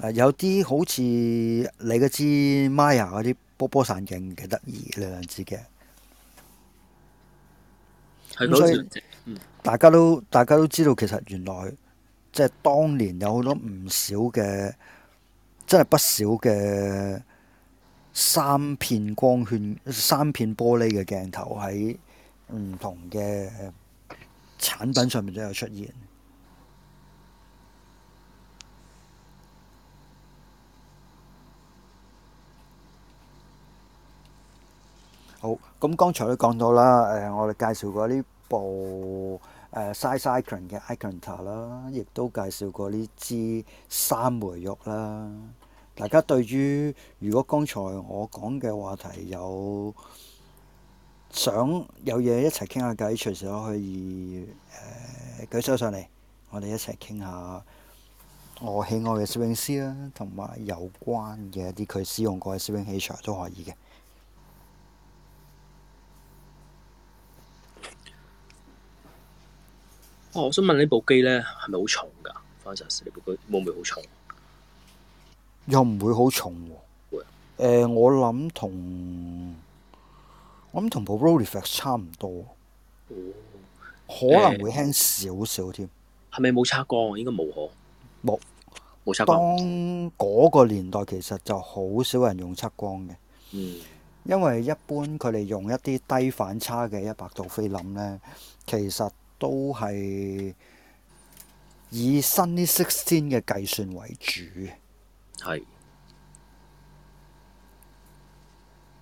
誒有啲好似你嗰支 Maya 嗰啲波波散鏡嘅得意兩支鏡。咁所大家都大家都知道，其實原來即係當年有好多唔少嘅，即係不少嘅三片光圈、三片玻璃嘅鏡頭喺唔同嘅產品上面都有出現。好，咁剛才都講到啦，誒、呃，我哋介紹過呢部。誒、uh, size icon 嘅 icon 塔啦，亦都介紹過呢支三枚玉啦。大家對於如果剛才我講嘅話題有想有嘢一齊傾下偈，隨時都可以誒、呃、舉手上嚟，我哋一齊傾下我喜愛嘅攝影師啦，同埋有關嘅一啲佢使用過嘅攝影器材都可以嘅。哦、我想問呢部機咧，係咪好重㗎 Fantasy 部機會唔會好重？又唔會好重喎、啊。誒、啊呃，我諗同我諗同部 Rolleiflex 差唔多，哦呃，可能會輕少少添。係咪冇測光？應該冇可冇冇測光。當嗰個年代其實就好少人用測光嘅。嗯，因為一般佢哋用一啲低反差嘅一百度菲林咧，其實。都係以 Sunny 16嘅計算為主，係。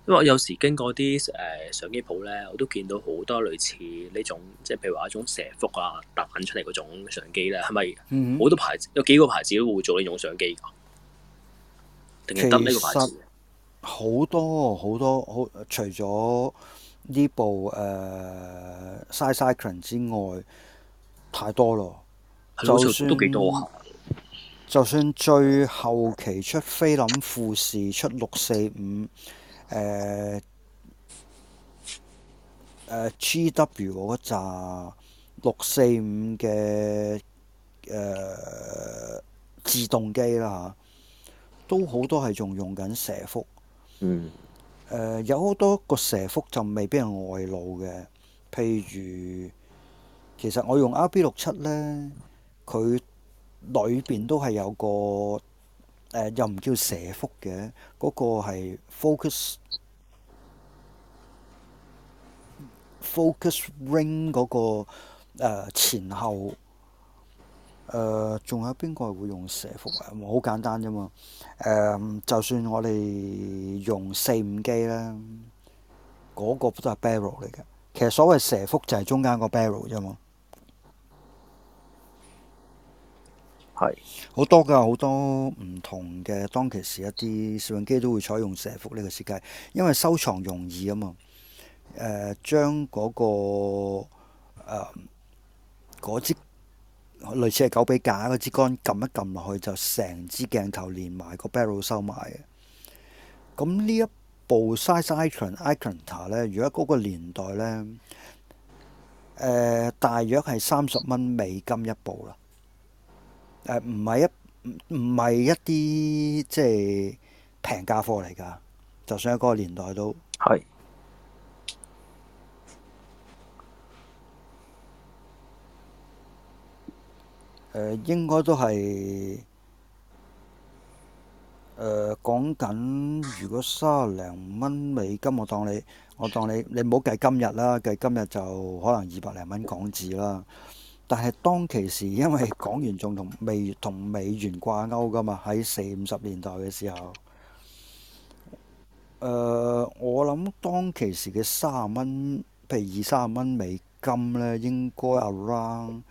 因為我有時經過啲誒相機鋪咧，我都見到好多類似呢種，即係譬如話一種蛇腹啊、凸版出嚟嗰種相機咧，係咪？好多牌子、嗯、有幾個牌子都會做呢種相機㗎。其實定係得呢個牌子？好多好多好，除咗。呢部誒 Side、uh, Cyclone 之外太多咯， 就算 就算最後期出菲林富士出六四五誒誒 GW 嗰扎六四五嘅誒自動機啦嚇、啊，都好多係仲用緊蛇腹，嗯。誒、呃、有好多個蛇腹就未俾人外露嘅，譬如其實我用 R B 六七呢，佢裏邊都係有個、呃、又唔叫蛇腹嘅，嗰、那個係 focus focus ring 嗰、那個、呃、前後。誒，仲、呃、有邊個會用蛇腹？好簡單啫嘛。誒、呃，就算我哋用四五機咧，嗰、那個都係 barrel 嚟嘅。其實所謂蛇腹就係中間個 barrel 啫嘛。係好是多㗎，好多唔同嘅當其時一啲攝影機都會採用蛇腹呢個設計，因為收藏容易啊嘛。誒、呃，將嗰、那個誒嗰、呃、支。類似係九比架嗰支杆，撳一撳落去就成支鏡頭連埋個 barrel 收埋嘅。咁呢一部 size icon icon 咧，如果嗰個年代咧，誒、呃、大約係三十蚊美金一部啦。誒，唔係一唔唔係一啲即係平價貨嚟㗎，就算喺嗰個年代都係。誒應該都係誒講緊，如果三十零蚊美金，我當你，我當你，你唔好計今日啦，計今日就可能二百零蚊港紙啦。但係當其時，因為港元仲同未同美元掛鈎噶嘛，喺四五十年代嘅時候，誒我諗當其時嘅三十蚊，譬如二三十蚊美金呢，應該 around。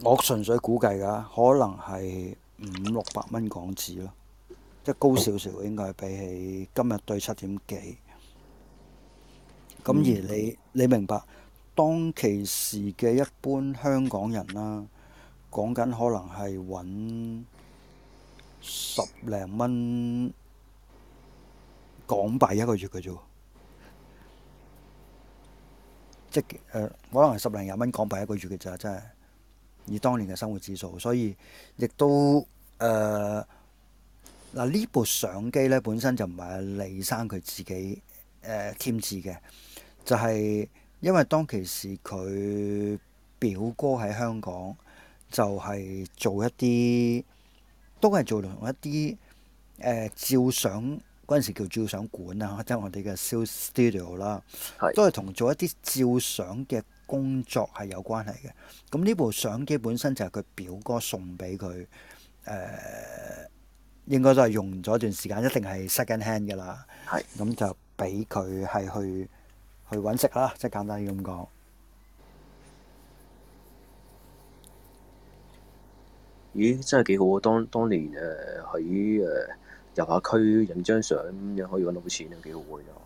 我純粹估計㗎，可能係五六百蚊港紙咯，即高少少應該係比起今日對七點幾。咁而你你明白當其時嘅一般香港人啦，講緊可能係揾十零蚊港幣一個月嘅啫，即誒、呃、可能係十零廿蚊港幣一個月嘅咋，真係。以當年嘅生活指數，所以亦都誒嗱，呢部相機咧，本身就唔係李生佢自己誒添、呃、置嘅，就係、是、因為當其時佢表哥喺香港就係、是、做一啲都係做同一啲誒、呃、照相嗰陣時叫照相館啊，即、就、係、是、我哋嘅 studio 啦，是都係同做一啲照相嘅。工作係有關係嘅，咁呢部相機本身就係佢表哥送俾佢，誒、呃、應該都係用咗段時間，一定係 second hand 嘅啦。係是，咁就俾佢係去去揾食啦，即係簡單啲咁講。咦，真係幾好啊！當當年誒喺誒遊客區影張相，又可以揾到啲錢啊，幾好啊。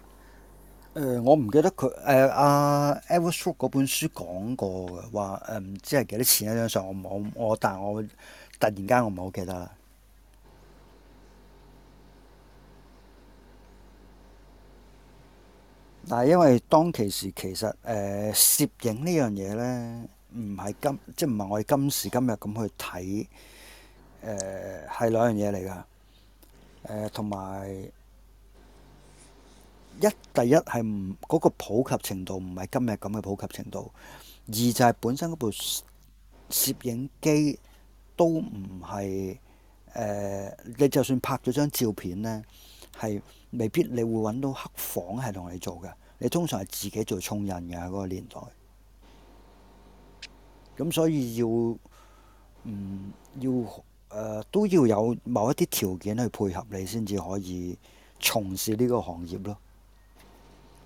誒、呃，我唔記得佢誒阿 Everest 嗰本書講過嘅話，誒唔、呃、知係幾多錢一張相，我冇，我，但係我，我，我突然間我唔係好記得啦。但係因為當其時其實誒、呃、攝影呢樣嘢咧，唔係今即係唔係我哋今時今日咁去睇，誒、呃、係兩樣嘢嚟㗎，誒同埋。一第一係唔嗰個普及程度唔係今日咁嘅普及程度，二就係本身嗰部攝影機都唔係誒，你就算拍咗張照片呢，係未必你會揾到黑房係同你做嘅，你通常係自己做沖印嘅嗰個年代。咁所以要嗯要、呃、都要有某一啲條件去配合你先至可以從事呢個行業咯。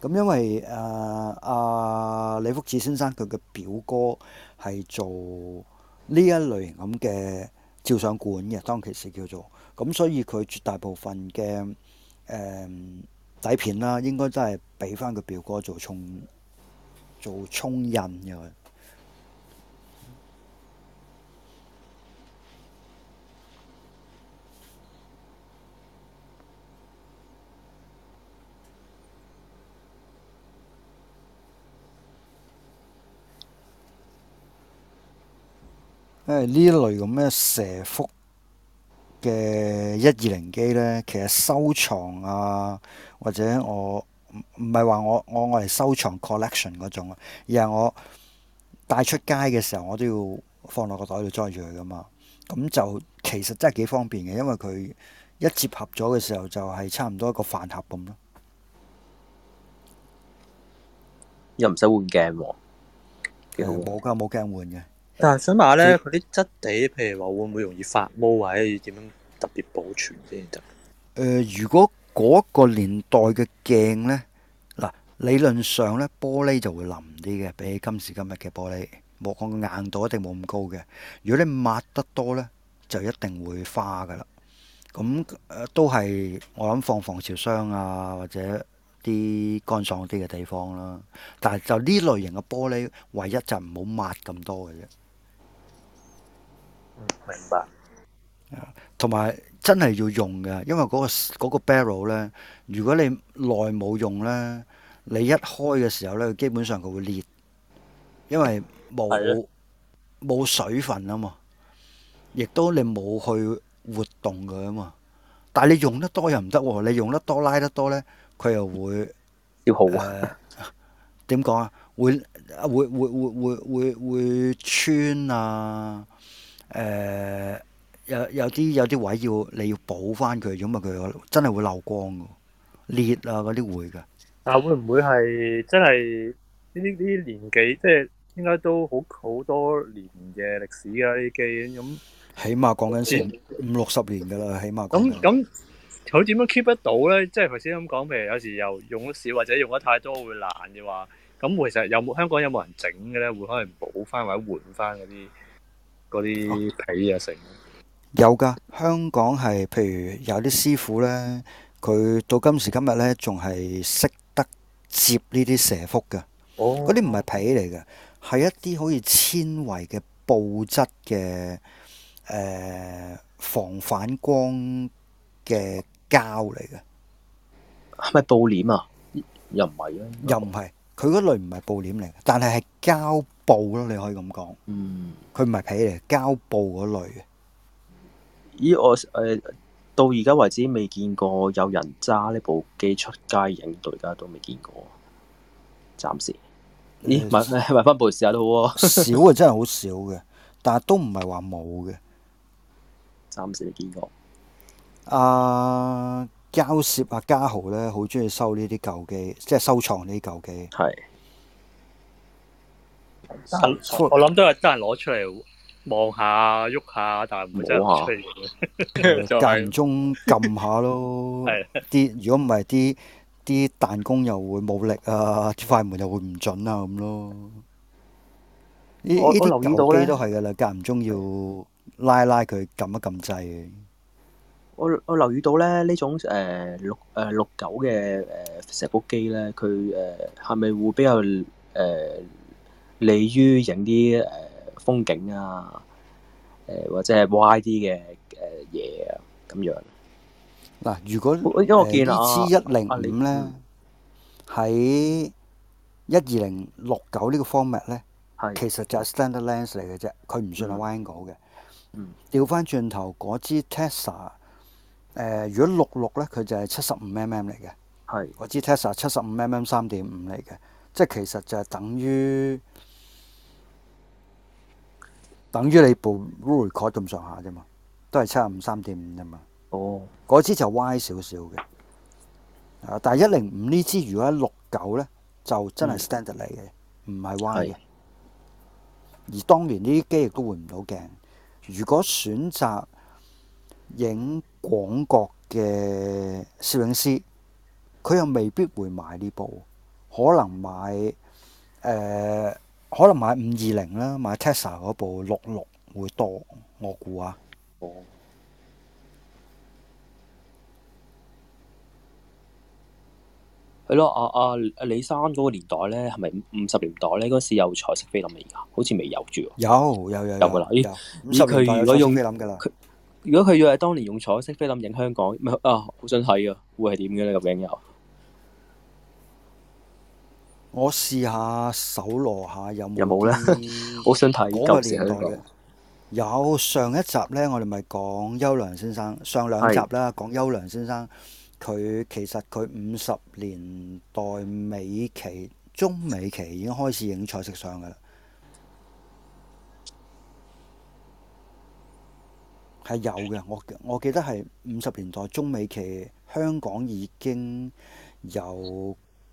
咁因為誒阿、呃呃、李福智先生佢嘅表哥係做呢一類型咁嘅照相館嘅，當其時叫做，咁所以佢絕大部分嘅誒、呃、底片啦，應該都係俾翻佢表哥做，做沖做沖印嘅。誒，呢一類咁嘅蛇腹嘅一二零機呢，其實收藏啊，或者我唔唔係話我我我嚟收藏 collection 嗰種啊，而係我帶出街嘅時候，我都要放落個袋度裝住佢噶嘛。咁就其實真係幾方便嘅，因為佢一接合咗嘅時候，就係、是、差唔多一個飯盒咁咯。又唔使換鏡，冇噶，冇鏡換嘅。但係想話咧，佢啲質地，譬如話會唔會容易發毛，或者點樣特別保存先得？誒、呃，如果嗰一個年代嘅鏡咧，嗱，理論上咧玻璃就會腍啲嘅，比起今時今日嘅玻璃，莫講硬度一定冇咁高嘅。如果你抹得多咧，就一定會花噶啦。咁誒、呃，都係我諗放防，防潮箱啊，或者啲乾爽啲嘅地方啦。但係就呢類型嘅玻璃，唯一就唔好抹咁多嘅啫。明白，同埋真係要用嘅，因為嗰、嗰個、嗰個 barrel 咧，如果你耐冇用咧，你一開嘅時候咧，基本上佢會裂，因為冇冇的水分啊嘛，亦都你冇去活動佢啊嘛。但係你用得多又唔得、啊，你用得多拉得多咧，佢又會要好啊？點講、呃、啊？會會會會會會會，會，會，會穿啊！誒、呃、有有啲有啲位要你要補翻佢，咁啊佢真係會漏光㗎，裂啊嗰啲會㗎。但會唔會係真係呢啲啲年紀，即係應該都好好多年嘅歷史㗎？呢啲機咁，嗯嗯，起碼講緊先五六十年㗎啦，起碼、嗯。咁咁佢點樣 keep 得到咧？即係頭先咁講，譬如有時又用得少或者用得太多會爛嘅話。咁其實有冇香港有冇人整嘅咧？會可能補翻或者換翻嗰啲。嗰啲皮啊，成有㗎。香港係，譬如有啲師傅咧，佢到今時今日咧，仲係識得接呢啲蛇腹嘅。哦，嗰啲唔係皮嚟嘅，係一啲好似纖維嘅布質嘅誒、呃、防反光嘅膠嚟嘅。係咪布簾啊？又唔係啊？又唔係，佢嗰類唔係布簾嚟，但係係膠。布咯，你可以咁講。嗯，佢唔係皮嚟，膠布嗰類嘅。咦，我誒、呃、到而家為止未見過有人揸呢部機出街影，到而家都未見過。暫時，咦、欸欸、買買翻部試下都好。少啊，少的真係好少嘅， 但係都唔係話冇嘅。暫時你見過。阿交涉阿嘉豪咧，好中意收呢啲舊機，即係收藏呢啲舊機。係。我諗都有得人攞出嚟望下、喐下，但係唔會真係出嚟。間唔中撳下咯，啲如果唔係啲啲彈弓又會冇力啊，啲快門又會唔準啊咁咯。呢呢啲游機都係噶啦，間唔中要拉拉佢撳一撳掣。我我留意到咧，呢種誒六誒六九嘅誒石鼓機咧，佢誒係咪會比較誒？利於影啲誒風景啊，誒或者係歪啲嘅誒嘢啊，咁樣。嗱，如果因為我見啦，啊、mm，依是支一零五咧，喺一二零六九呢個 format 咧，其實就係 standard lens 嚟嘅啫，佢唔算係歪角嘅。嗯。調翻轉頭，嗰支 Tessar，誒，如果六六咧，佢就係七十五 mm 嚟嘅。係。支 Tessar 七十五 mm 三點五嚟嘅，即係其實就係等於。等於你部 Rolleicord 咁上下啫嘛，都係七十五三點五啫嘛。哦，嗰支就歪少少嘅，啊！但係一零五呢支如果六九咧，就真係 standard 嚟嘅，唔係歪嘅。是而當年呢啲機亦都換唔到鏡。如果選擇影廣角嘅攝影師，佢又未必會買呢部，可能買誒。呃可能買五二零啦，買 Tesla 嗰部六六會多，我估啊。哦、啊。係咯，阿阿阿李生嗰個年代咧，係咪五十年代咧嗰時有彩色菲林，啊？而家好似未有住。有有有有㗎啦，五十有年代有彩色菲林㗎啦。如果佢要係當年用彩色菲林影香港，唔啊，好想睇啊，會係點嘅咧？各位友。我試下搜羅下有冇呢？好想睇嗰年代嘅。 有上一集呢，我哋咪講優良先生。上兩集啦，是講優良先生，佢其實佢五十年代尾期、中美期已經開始影彩色相噶啦。係有嘅，我我記得係五十年代中美期，香港已經有。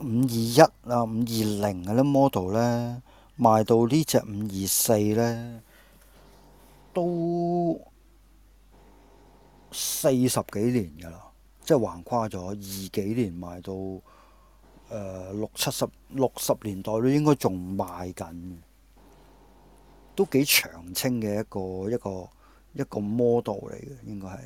五二一啊，五二零嗰啲 model 咧，賣到呢隻五二四咧，都四十幾年噶啦，即係橫跨咗二幾年賣到誒六七十六十年代都應該仲賣緊，都幾長青嘅一個一個一個 model 嚟嘅，應該係。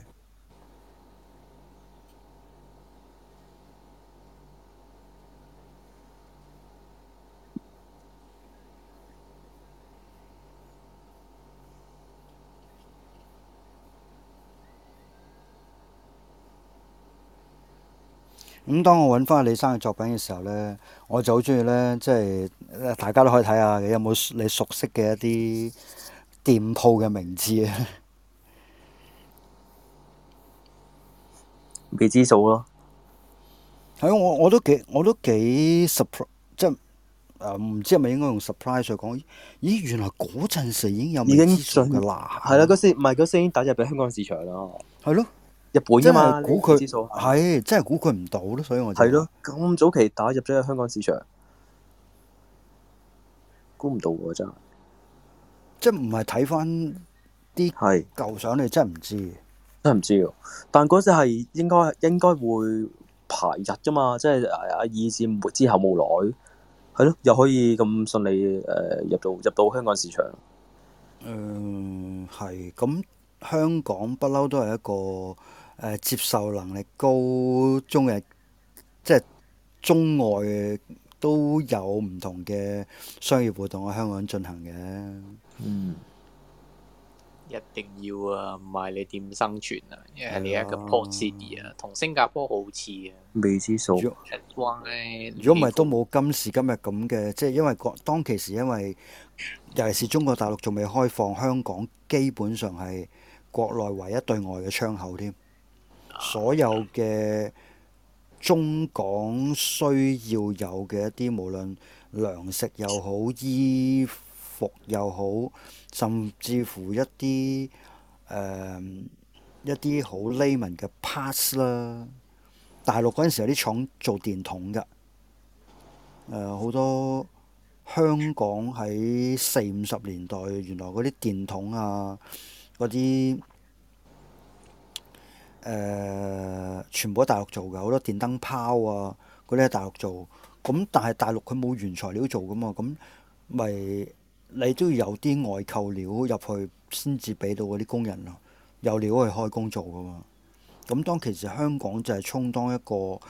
咁當我揾翻李生嘅作品嘅時候咧，我就好中意咧，即係大家都可以睇下，有冇你熟悉嘅一啲店鋪嘅名字啊？未知數咯，係啊、 嗯，我我都幾我都幾 surprise，即係誒唔知係咪應該用 surprise 去講？咦，原來嗰陣時已經有未知數嘅啦，係啦，嗰先唔係嗰先已經打入入香港市場啦，係咯。日本啫嘛，估佢係真係估佢唔到咯，所以我係咯，咁早期打入咗香港市場，估唔到喎真係，即係唔係睇翻啲係舊相，的你真係唔知。真係唔知，但嗰只係應該應該會排日噶嘛，即係阿二戰末之後冇耐，係咯，又可以咁順利誒、呃、入到入到香港市場。嗯，係咁香港不嬲都係一個。誒、呃、接受能力高，中嘅即係中外都有唔同嘅商業活動喺香港進行嘅。嗯，一定要啊，唔係你點生存啊？因為你係一個 port city 啊，同、啊、新加坡好似啊，未知數。如果唔係，都冇今時今日咁嘅。即係因為國當其時，因為尤其是中國大陸仲未開放，香港基本上係國內唯一對外嘅窗口，添。所有嘅中港需要有嘅一啲，無論糧食又好，衣服又好，甚至乎一啲誒、呃、一啲好 layman 嘅 parts 啦。大陸嗰陣時有啲廠做電筒嘅，誒、呃、好多香港喺四五十年代原來嗰啲電筒啊，嗰啲。誒、呃、全部喺大陸做嘅。好多電燈泡啊，嗰啲喺大陸做，咁但係大陸佢冇原材料做㗎嘛，咁咪你都要有啲外購料入去先至俾到嗰啲工人咯，有料去開工做㗎嘛。咁當其時香港就係充當一個誒、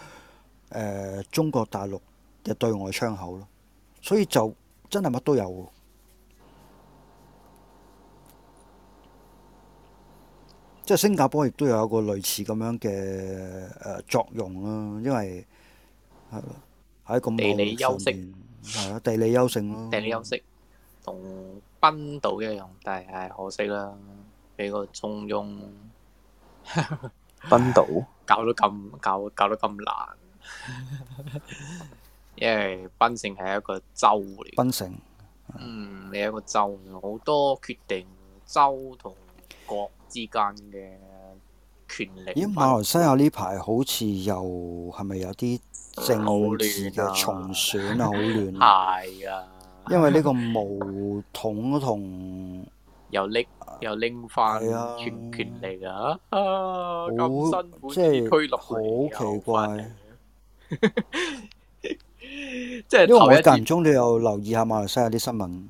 呃、中國大陸嘅對外窗口咯，所以就真係乜都有。即係新加坡，亦都有一個類似咁樣嘅誒作用啦、啊，因為係一個。地理優勢係啦，地理優勢。地理優勢同檳島一樣，但係可惜啦，俾個中庸檳島 ？搞到咁搞搞到咁難， 因為檳城係一個州嚟。檳城嗯，是你有個州好多決定，州同。國之間嘅權力。咦，馬來西亞呢排好似又係咪有啲政治嘅重選啊？好亂啊！係啊，啊 啊，因為呢個毛統同 又拎又拎翻權力㗎、啊啊，啊，好辛苦即係是，好奇怪， 即係是 頭一間中，你有留意下馬來西亞啲新聞？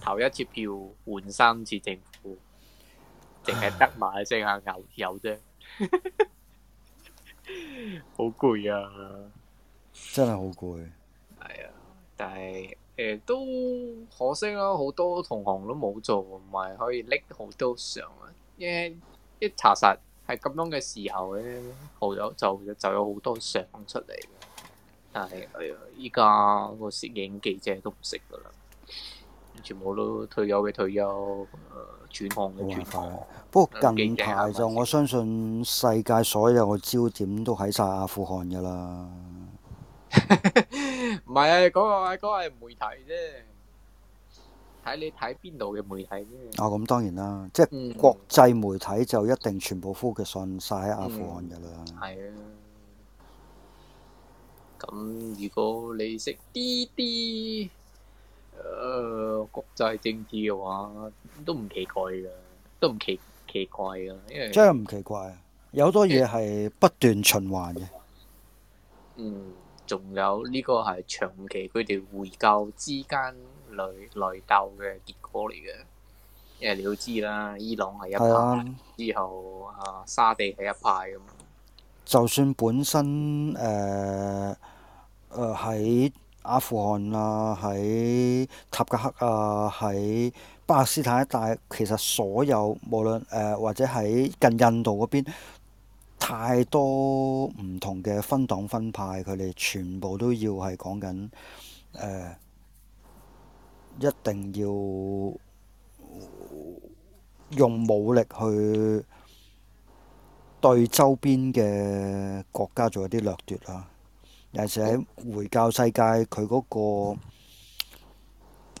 投一次票換三次政府。淨係得埋一隻牛油啫， 好攰啊！真係好攰。係啊，但係誒、呃、都可惜啦，好多同行都冇做，唔係可以拎好多相啊！一一查實係咁樣嘅時候咧，好、呃、有就就有好多相出嚟。但係哎呀，依、呃、家個攝影記者都唔識噶啦，全部都退休嘅退休。呃哇不過近排就我相信世界所有嘅焦點都喺晒阿富汗㗎啦。唔係 啊，嗰、嗰個嗰媒體啫，睇你睇邊度嘅媒體啫。啊，咁當然啦，即係國際媒體就一定全部 focus 喺晒 阿富汗㗎啦。係 嗯、啊，咁如果你食啲啲。誒、呃，國際政治嘅話都唔奇怪㗎，都唔奇奇怪㗎，因為真係唔奇怪，有好多嘢係不斷循環嘅。嗯，仲有呢個係長期佢哋回教之間內內鬥嘅結果嚟嘅。誒，你要知啦，伊朗係一派，的之後啊沙地係一派咁。就算本身誒誒喺。呃呃阿富汗啊，喺塔吉克啊，喺巴勒斯坦一帶，其實所有無論誒、呃、或者喺近印度嗰邊，太多唔同嘅分黨分派，佢哋全部都要係講緊誒，一定要用武力去對周邊嘅國家做一啲掠奪啦。有陣時喺回教世界，佢嗰個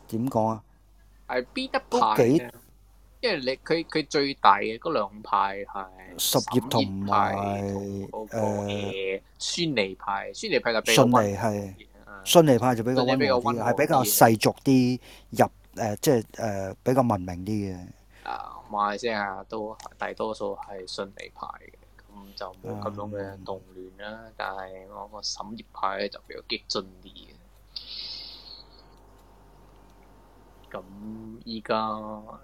點講啊？係 B 得派啊！因為你佢佢最大嘅嗰兩派係什葉同埋，誒，遜尼派。遜尼派。遜尼派就比較文明啲，係比較世俗啲，入誒即係誒比較文明啲嘅。啊，係啊，都大多數係遜尼派嘅。就冇咁樣嘅動亂啦，um, 但係我個什葉派就比較激進啲嘅。咁依家阿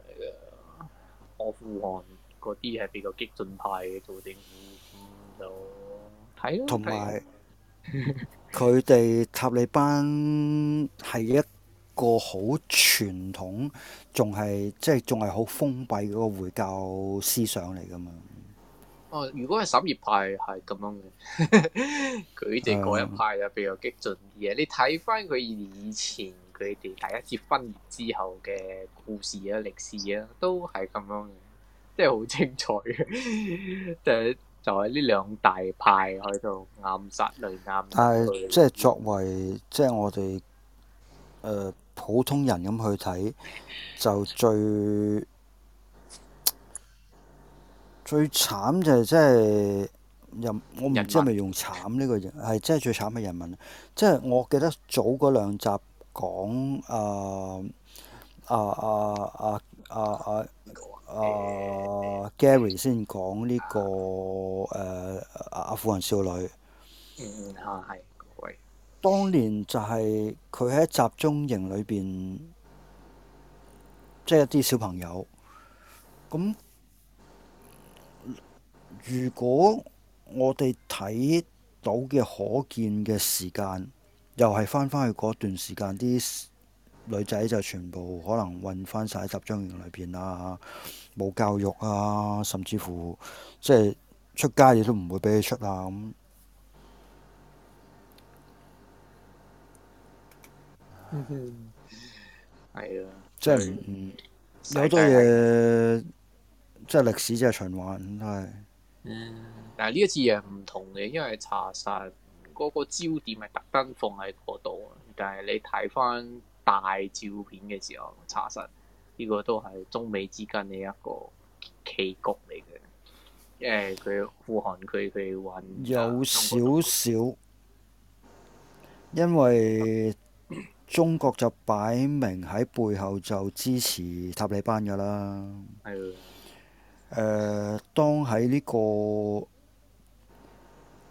富汗嗰啲係比較激進派嘅政府，就睇咯。同埋佢哋塔利班係一個好傳統，仲係即係仲係好封閉嗰個回教思想嚟㗎嘛。哦，如果係沈業派係咁樣嘅，佢哋嗰一派又比較激進啲啊！嗯、你睇翻佢以前佢哋第一次分裂之後嘅故事啊、歷史啊，都係咁樣嘅，即係好精彩嘅。 就係就係呢兩大派喺度暗殺嚟暗殺。但係即係作為即係、就是、我哋誒、呃、普通人咁去睇，就最。 最慘就係真係人，我唔知係咪用慘呢個人，係文真係最慘嘅人民。即係我記得早嗰兩集講、呃、啊啊啊啊啊、呢個呃、啊啊 Gary 先講呢個誒啊富人少女。嗯嗯啊，係當年就係佢喺集中營裏邊，即、就、係、是、一啲小朋友，咁。如果我哋睇到嘅可見嘅時間，又係翻返去嗰段時間，啲女仔就全部可能運翻晒集中營裏邊啊，冇教育啊，甚至乎即係出街都你都唔會俾佢出啊咁。係啊，即係好多嘢，即係歷史，即係循環，都係嗯，但係呢一次又唔同嘅，因為查實嗰個焦點係特登放喺嗰度，但係你睇返大照片嘅時候，查實呢個都係中美之間嘅一個棋局嚟嘅，因為，誒，佢富含佢，佢運有少少，因為中國就擺明喺背後就支持塔利班噶啦。 誒、呃，當喺呢、呢個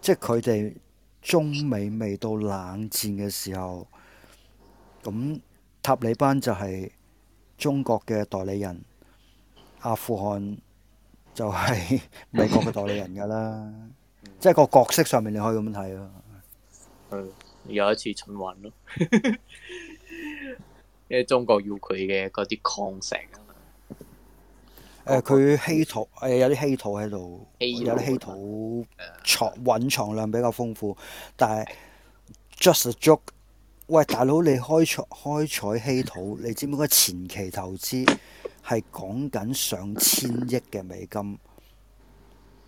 即係佢哋中美未到冷戰嘅時候，咁塔利班就係中國嘅代理人，阿富汗就係美國嘅代理人㗎啦。 即係個角色上面你可以咁睇咯。有一次循環咯， 因為中國要佢嘅嗰啲礦石。誒佢、呃、稀土誒、哎、有啲稀土喺度，A 有啲稀土藏蘊藏量比較豐富，但係 just a joke。喂，大佬，你開採開採稀土，你知唔知嗰前期投資係講緊上千億嘅美金？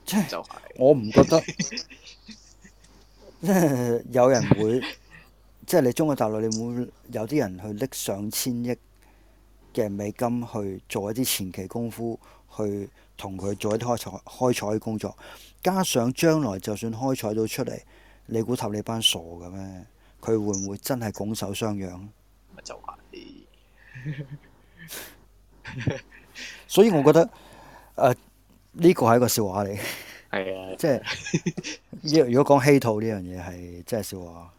即係、就是、 我唔覺得，即係有人會，即係 你中國大陸，你會有啲人去拎上千億嘅美金去做一啲前期功夫，去同佢做一啲開採開採工作，加上將來就算開採到出嚟，你估塔利班傻嘅咩？佢會唔會真係拱手相讓？咪就話你，所以我覺得誒，呢個係一個笑話嚟，係啊，即係若如果講稀土呢樣嘢係，即係笑話。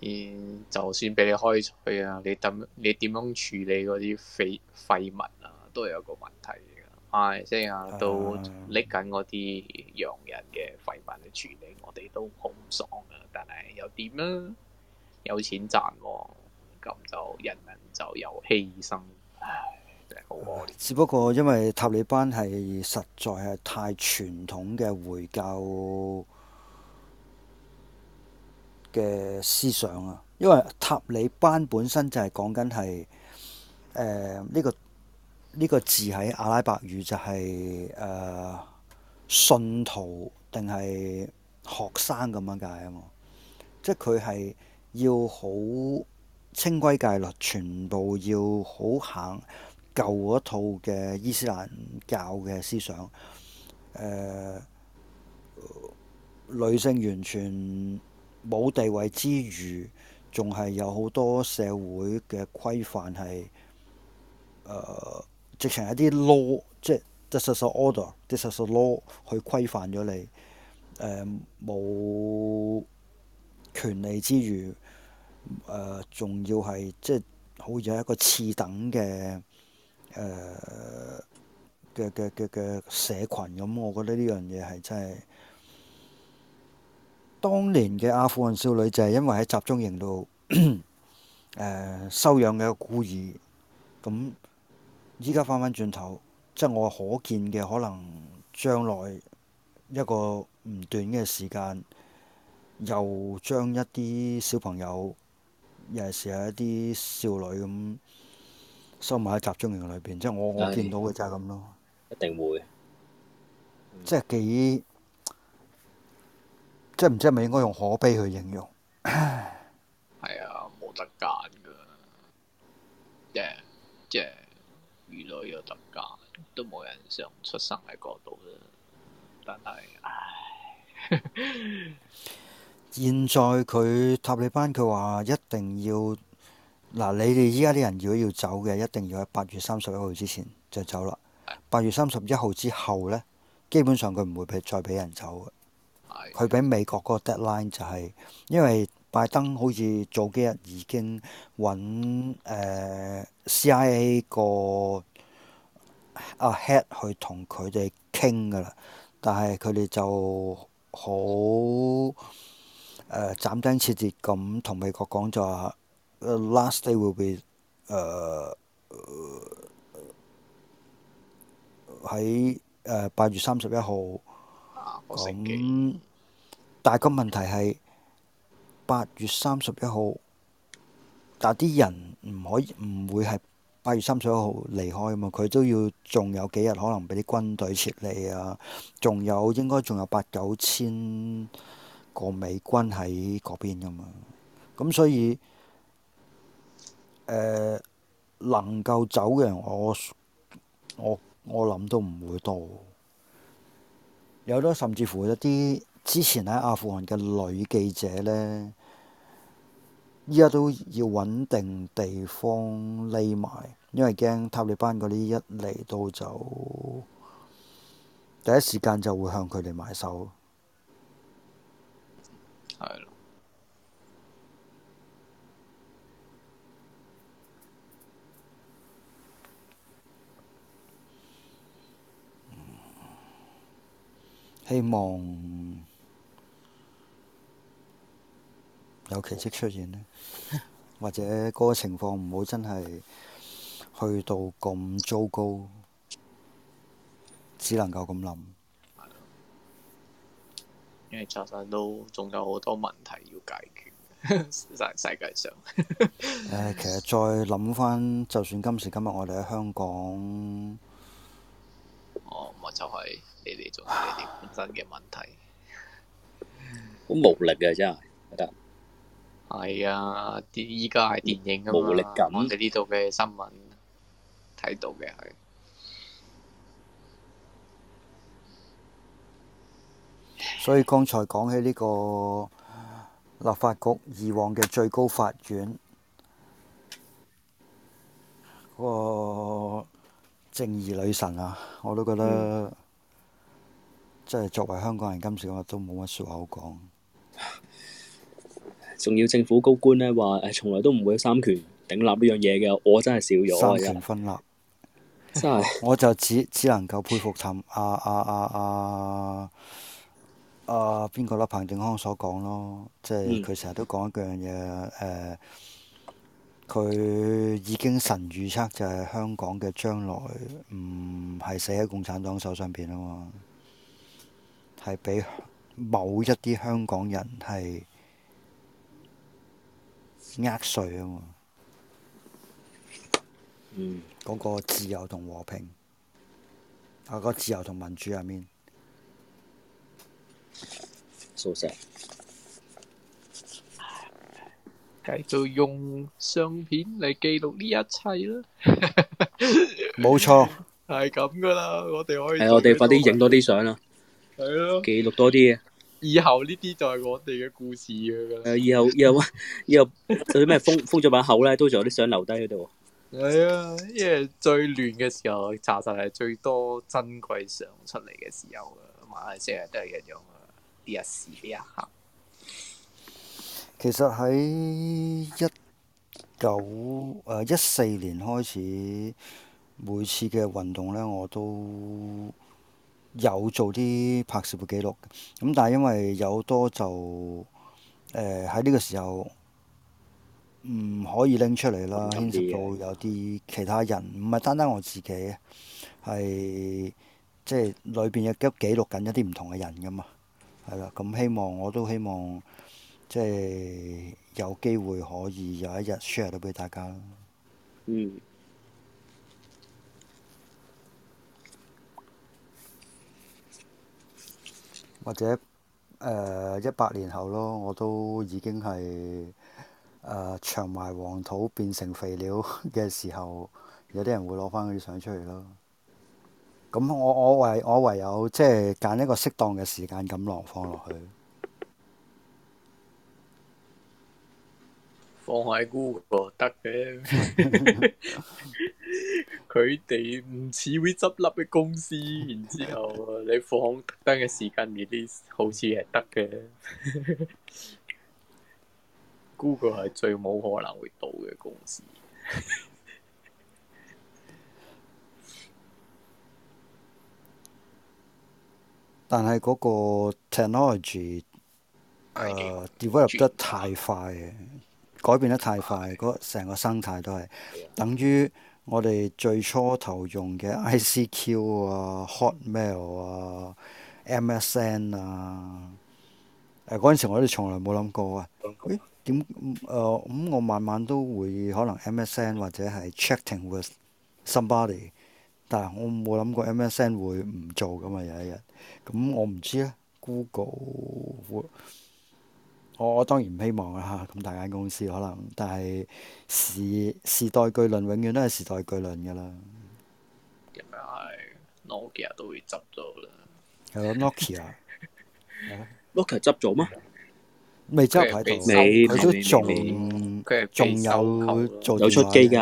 嗯、就算俾你開採啊，你點你點樣處理嗰啲廢廢物啊，都有一個問題嚟、啊、㗎。唉、啊、即係啊，都拎緊嗰啲洋人嘅廢物嚟處理，我哋都好唔爽啊！但係又點啊？有錢賺喎，咁就人民就有犧牲，唉、啊，真係好可憐、啊。只不過因為塔利班係實在係太傳統嘅回教嘅思想啊，因為塔利班本身就係講緊，係誒呢個呢、呢個字喺阿拉伯語就係、是、誒、呃、信徒定係學生咁樣解啊嘛，即係佢係要好清規戒律，全部要好行舊嗰套嘅伊斯蘭教嘅思想誒、呃，女性完全。冇地位之餘，仲係有好多社會嘅規範係誒，直情係一啲 law，即係 the social order，the social law 去規範咗你。誒、呃、冇權利之餘，誒、呃、仲要係即係好似一個次等嘅誒嘅嘅嘅嘅社群咁，我覺得呢樣嘢係真係。當年嘅阿富汗少女就係因為喺集中營度誒收養嘅孤兒，咁依家翻返轉頭，即係我可見嘅可能將來一個唔短嘅時間，又將一啲小朋友，尤其是係一啲少女咁收埋喺集中營裏邊，即係我我見到嘅就係咁咯、嗯，一定會，嗯、即係幾。即唔知係咪應該用可悲去形容？係 啊，冇得揀噶，即即人類有得揀都冇人想出生喺嗰度。但係，唉。 現在佢塔利班佢話一定要嗱，你哋依家啲人如果要走嘅，一定要喺八月三十一號之前就走啦。八、啊、月三十一號之後咧，基本上佢唔會俾再俾人走嘅。佢俾美國個 deadline 就係，是，因為拜登好似早幾日已經揾，呃、CIA 個阿 head 去同佢哋傾噶啦，但係佢哋就好誒，呃、斬釘截鐵咁同美國講就話 last day 會唔會誒喺誒八月三十一號，啊嗯但係個問題係八月三十一號，但係啲人唔可以唔會係八月三十一號離開噶嘛？佢都要仲有幾日，可能俾啲軍隊撤離啊，仲有應該仲有八九千個美軍喺嗰邊噶嘛？咁所以誒、呃，能夠走嘅人我，我我我諗都唔會多，有啲甚至乎一啲。之前喺阿富汗嘅女記者呢，依家都要揾定地方匿埋，因為驚塔利班嗰啲一嚟到就第一時間就會向佢哋埋手，係咯的、嗯，希望。有奇蹟出現咧，或者嗰個情況唔好真係去到咁糟糕，只能夠咁諗。因為其實都仲有好多問題要解決， 世界上。誒， 其實再諗翻，就算今時今日我哋喺香港，我、哦、就係你哋做你哋本身嘅問題， 好無力啊！真係。係啊，啲依家係電影無力感。我哋呢度嘅新聞睇到嘅係，所以剛才講起呢個立法局以往嘅最高法院嗰個正義女神啊，我都覺得、嗯、即係作為香港人今時今日都冇乜説話好講。仲要政府高官呢話誒，從來都唔會三權鼎立呢樣嘢嘅，我真係笑咗。三權分立， 我就只只能夠佩服陳啊啊啊啊，邊、啊啊啊啊、個啦，彭定康所講咯，即係佢成日都講一句樣嘢，誒、嗯，佢、啊、已經神預測就係香港嘅將來唔係死喺共產黨手上邊啊嘛，係俾某一啲香港人係。呃，碎啊！嘛，嗯，嗰個自由同和，和平啊，嗰個自由同民主入、啊、面，屬實、嗯。佢就用相片嚟記錄呢一切啦。冇 錯錯，係咁噶啦，我哋可以。係我哋快啲影多啲相啦，的記錄多啲。啊。以後呢啲就係我哋嘅故事啊！以後、以後、以後，嗰啲咩封封咗把口咧，都仲有啲相留低喺度。係 啊，因為最亂嘅時候，查實係最多珍貴相出嚟嘅時候啊嘛，成日都係一樣啊，呢一時呢一刻。其實喺一九誒一四年開始，每次嘅運動咧，我都。有做啲拍攝嘅記錄，咁但係因為有多就誒喺呢個時候唔、嗯、可以拎出嚟啦，牽涉到有啲其他人，唔係、嗯、單單我自己係，即係裏邊亦都記錄緊一啲唔同嘅人㗎嘛，係啦，咁希望我都希望即係、就是、有機會可以有一日 share 到俾大家咯。嗯。或者誒、呃、一百年後咯，我都已經係誒、呃、長埋黃土變成肥料嘅時候， 有啲人會攞翻嗰啲相出嚟咯。咁我我，我唯我唯有即係揀一個適當嘅時間咁晾放落去，放喺嗰度得嘅。 佢哋唔似會執笠嘅公司， 然後之後你放特登嘅時間，呢啲好似係得嘅。 Google 係最冇可能會到嘅公司， 但係嗰個 technology 誒、uh，develop 得太快，改變得太快，嗰成個生態都係等於。我哋最初頭用嘅 ICQ 啊、Hotmail 啊、MSN 啊，誒、呃、嗰陣時我哋從來冇諗過啊！誒點誒咁我慢慢都會可能 MSN 或者係 checking with somebody，但係我冇諗過 MSN 會唔做㗎嘛，有一日，咁我唔知咧、啊、Google 我我當然唔希望啦嚇，咁大間公司可能。但係時時代巨輪永遠都係時代巨輪噶啦。咁又係，諾基亞都會執咗啦。係咯，諾基亞。諾基亞執咗咩？未執，佢佢都仲佢仲有有出機噶。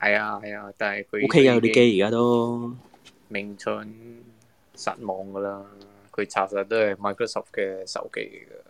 係啊係啊，但係佢 OK 有啲機而家都名存實亡噶啦，佢查實都係 Microsoft 嘅手機嚟噶。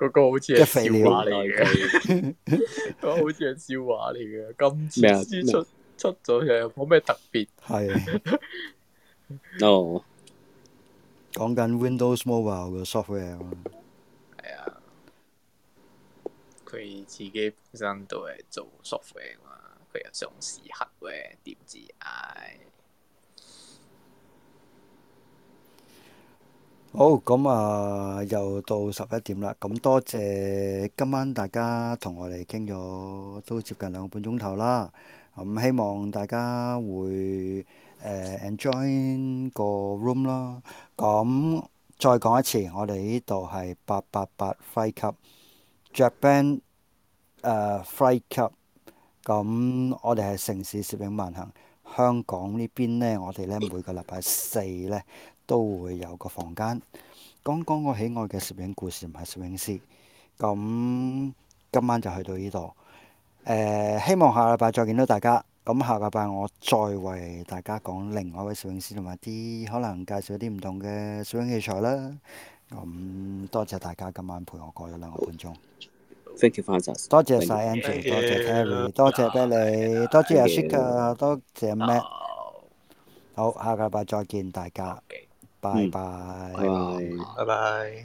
嗰個好似係笑話嚟嘅，嗰個好似係笑話嚟嘅。今次出出咗嘢，冇咩特別。係，no。講緊 Windows Mobile 嘅 software。係啊，佢自己本身都係做 software 嘛，佢又想試下，喂，點知唉。好，咁、嗯、啊，又到十一點啦。咁、嗯、多謝今晚大家同我哋傾咗都接近兩個半鐘頭啦。咁、嗯、希望大家會、呃、enjoy 個 room 咯。咁、嗯、再講一次，我哋呢度係八八八 Fry Cup，Japan，誒 Fry Cup。咁我哋係城市攝影萬行，香港呢邊呢，我哋呢每個禮拜四呢，都會有個房間。講講我喜愛嘅攝影故事，唔係攝影師。咁、嗯、今晚就去到呢度。誒、呃，希望下禮拜再見到大家。咁、嗯、下個禮拜我再為大家講另外一位攝影師同埋啲可能介紹啲唔同嘅攝影器材啦。咁、嗯、多謝大家今晚陪我過咗兩個半鐘。好 Thank you 多謝晒 Angel 多謝 Terry 多謝 Billy，Thank you. 多謝阿 Sika 多謝 Matt。Okay. 好，下個禮拜再見大家。拜拜，拜拜。